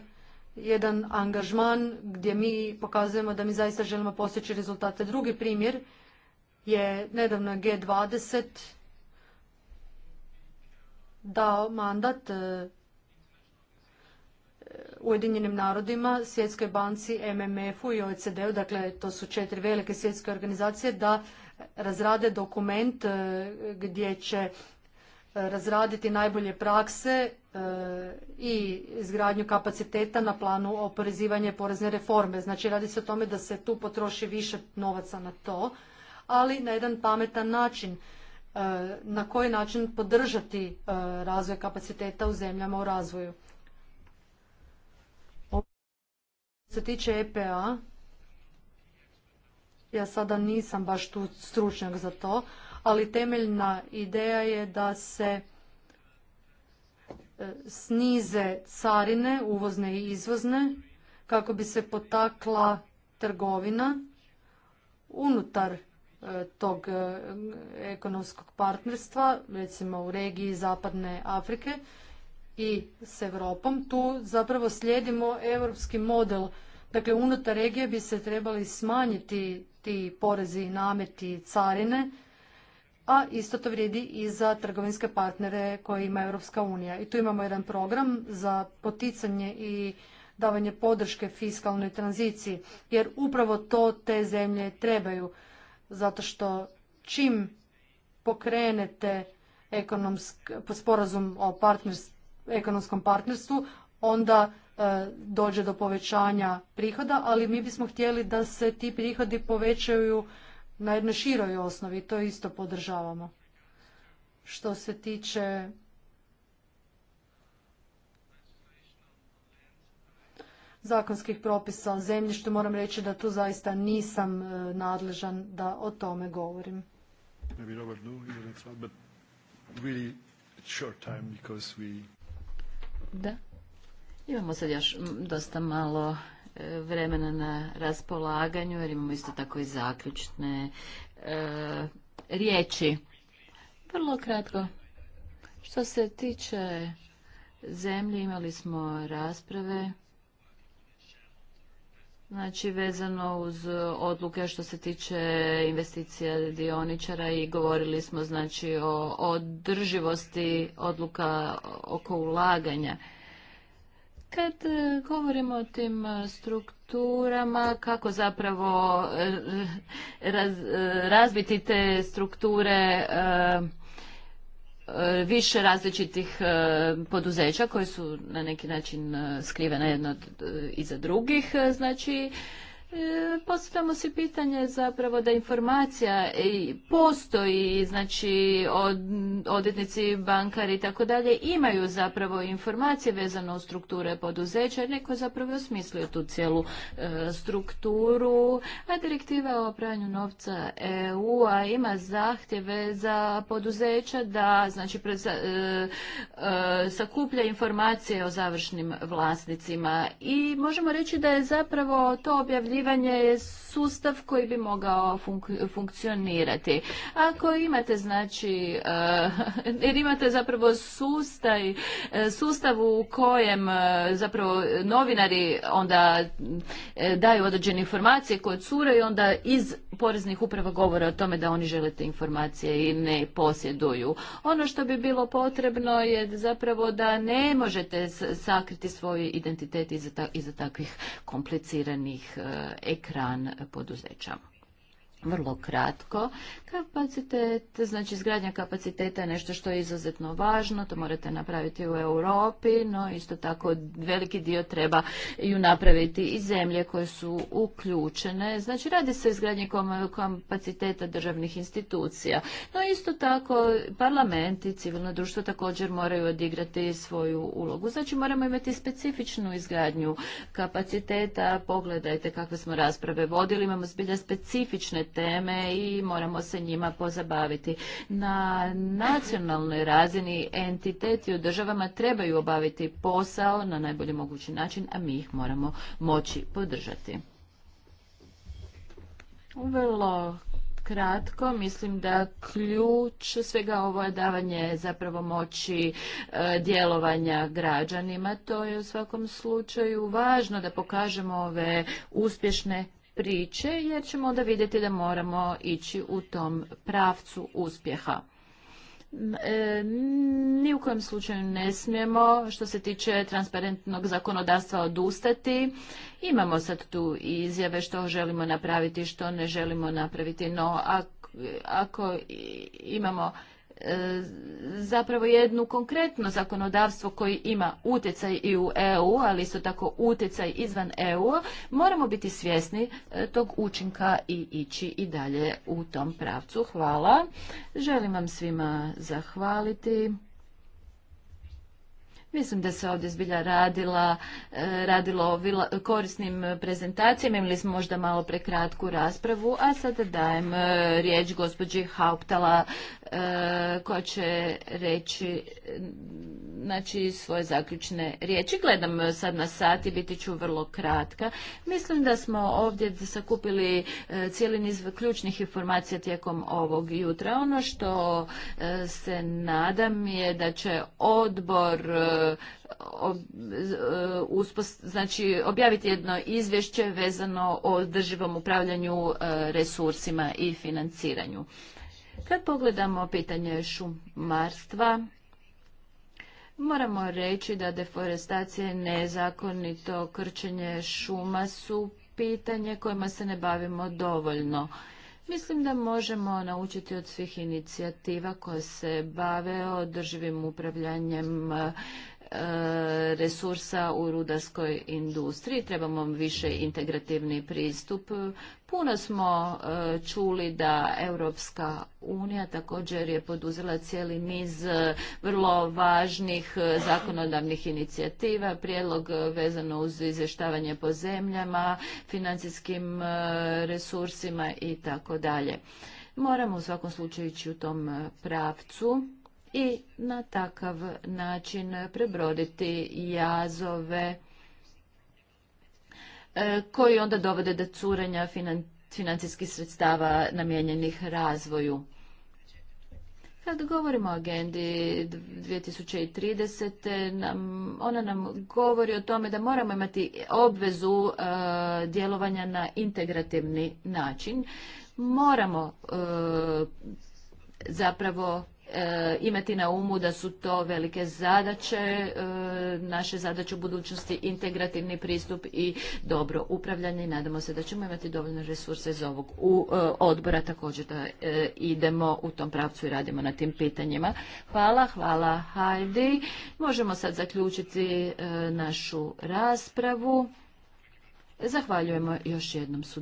jedan angažman gdje mi pokazujemo da mi zaista želimo postići rezultate. Drugi primjer je nedavno G20 dao mandat e, e, Ujedinjenim narodima, Svjetskoj banci, MMF-u i OECD-u, dakle to su četiri velike svjetske organizacije, da razrade dokument e, gdje će razraditi najbolje prakse i izgradnju kapaciteta na planu oporezivanja porezne reforme. Znači radi se o tome da se tu potroši više novaca na to, ali na jedan pametan način Eh, na koji način podržati eh, razvoj kapaciteta u zemljama u razvoju. Što se tiče EPA, ja sada nisam baš tu stručnjak za to, ali temeljna ideja je da se eh, snize carine, uvozne i izvozne, kako bi se potakla trgovina unutar tog e, ekonomskog partnerstva, recimo u regiji Zapadne Afrike i s Europom. Tu zapravo slijedimo europski model. Dakle, unutar regije bi se trebali smanjiti ti porezi, nameti, carine, a isto to vrijedi i za trgovinske partnere koje ima Europska unija. I tu imamo jedan program za poticanje i davanje podrške fiskalnoj tranziciji, jer upravo to te zemlje trebaju zato što čim pokrenete sporazum o ekonomskom partnerstvu, onda e, dođe do povećanja prihoda, ali mi bismo htjeli da se ti prihodi povećaju na jednoj široj osnovi, to isto podržavamo. Što se tiče zakonskih propisa o zemljištu, moram reći da tu zaista nisam e, nadležan da o tome govorim.
Da. Imamo sad još dosta malo e, vremena na raspolaganju jer imamo isto tako i zaključne e, riječi. Vrlo kratko. Što se tiče zemlje imali smo rasprave Znači, vezano uz odluke što se tiče investicija dioničara i govorili smo znači o održivosti odluka oko ulaganja. Kad e, govorimo o tim e, strukturama, kako zapravo e, razviti razbiti te strukture E, više različitih e, poduzeća koje su na neki način e, skrivene jedno iza drugih. Znači, E, postavljamo si pitanje zapravo da informacija postoji, znači od, odvjetnici, bankari i tako dalje imaju zapravo informacije vezano u strukture poduzeća, neko zapravo osmislio tu cijelu e, strukturu, a direktiva o pranju novca EU-a ima zahtjeve za poduzeća da znači e, sakuplja informacije o završnim vlasnicima i možemo reći da je zapravo to objavljivanje je sustav koji bi mogao funkcionirati. Ako imate znači, eh, jer imate zapravo sustav, eh, sustav u kojem eh, zapravo novinari onda daju određene informacije koje cure i onda iz poreznih uprava govore o tome da oni žele te informacije i ne posjeduju. Ono što bi bilo potrebno je zapravo da ne možete sakriti svoj identitet iza, ta, takvih kompliciranih ekran poduzeća vrlo kratko. Kapacitet, znači izgradnja kapaciteta je nešto što je izuzetno važno, to morate napraviti u Europi, no isto tako veliki dio treba ju napraviti i zemlje koje su uključene. Znači radi se o izgradnji kapaciteta državnih institucija. No isto tako parlament i civilno društvo također moraju odigrati svoju ulogu. Znači moramo imati specifičnu izgradnju kapaciteta. Pogledajte kakve smo rasprave vodili, imamo zbilja specifične teme i moramo se njima pozabaviti. Na nacionalnoj razini entiteti u državama trebaju obaviti posao na najbolji mogući način, a mi ih moramo moći podržati. Vrlo kratko, mislim da ključ svega ovo je davanje zapravo moći e, djelovanja građanima. To je u svakom slučaju važno da pokažemo ove uspješne priče jer ćemo onda vidjeti da moramo ići u tom pravcu uspjeha. E, ni u kojem slučaju ne smijemo što se tiče transparentnog zakonodavstva odustati. Imamo sad tu izjave što želimo napraviti, što ne želimo napraviti, no ako imamo E, zapravo jednu konkretno zakonodavstvo koji ima utjecaj i u EU, ali isto tako utjecaj izvan EU, moramo biti svjesni e, tog učinka i ići i dalje u tom pravcu. Hvala. Želim vam svima zahvaliti. Mislim da se ovdje zbilja radila, e, radilo o korisnim prezentacijama, imali smo možda malo prekratku raspravu, a sada dajem e, riječ gospođi Hauptala e, koja će reći znači, svoje zaključne riječi. Gledam sad na sat i biti ću vrlo kratka. Mislim da smo ovdje sakupili cijeli niz ključnih informacija tijekom ovog jutra. Ono što se nadam je da će odbor E, e, znači objaviti jedno izvješće vezano o održivom upravljanju e, resursima i financiranju. Kad pogledamo pitanje šumarstva, moramo reći da deforestacije nezakonito krčenje šuma su pitanje kojima se ne bavimo dovoljno. Mislim da možemo naučiti od svih inicijativa koje se bave održivim upravljanjem Eh, resursa u rudarskoj industriji. Trebamo više integrativni pristup. Puno smo eh, čuli da Europska unija također je poduzela cijeli niz eh, vrlo važnih zakonodavnih inicijativa, prijedlog vezano uz izvještavanje po zemljama, financijskim resursima i tako dalje. Moramo u svakom slučaju ići u tom pravcu i na takav način prebroditi jazove e, koji onda dovode do curenja financijskih sredstava namijenjenih razvoju. Kad govorimo o agendi 2030. Nam, ona nam govori o tome da moramo imati obvezu e, djelovanja na integrativni način. Moramo e, zapravo E, imati na umu da su to velike zadaće, e, naše zadaće u budućnosti, integrativni pristup i dobro upravljanje i nadamo se da ćemo imati dovoljno resurse iz ovog e, odbora također da idemo u tom pravcu i radimo na tim pitanjima. Hvala, hvala Hajdi. Možemo sad zaključiti našu raspravu. Zahvaljujemo još jednom sudi.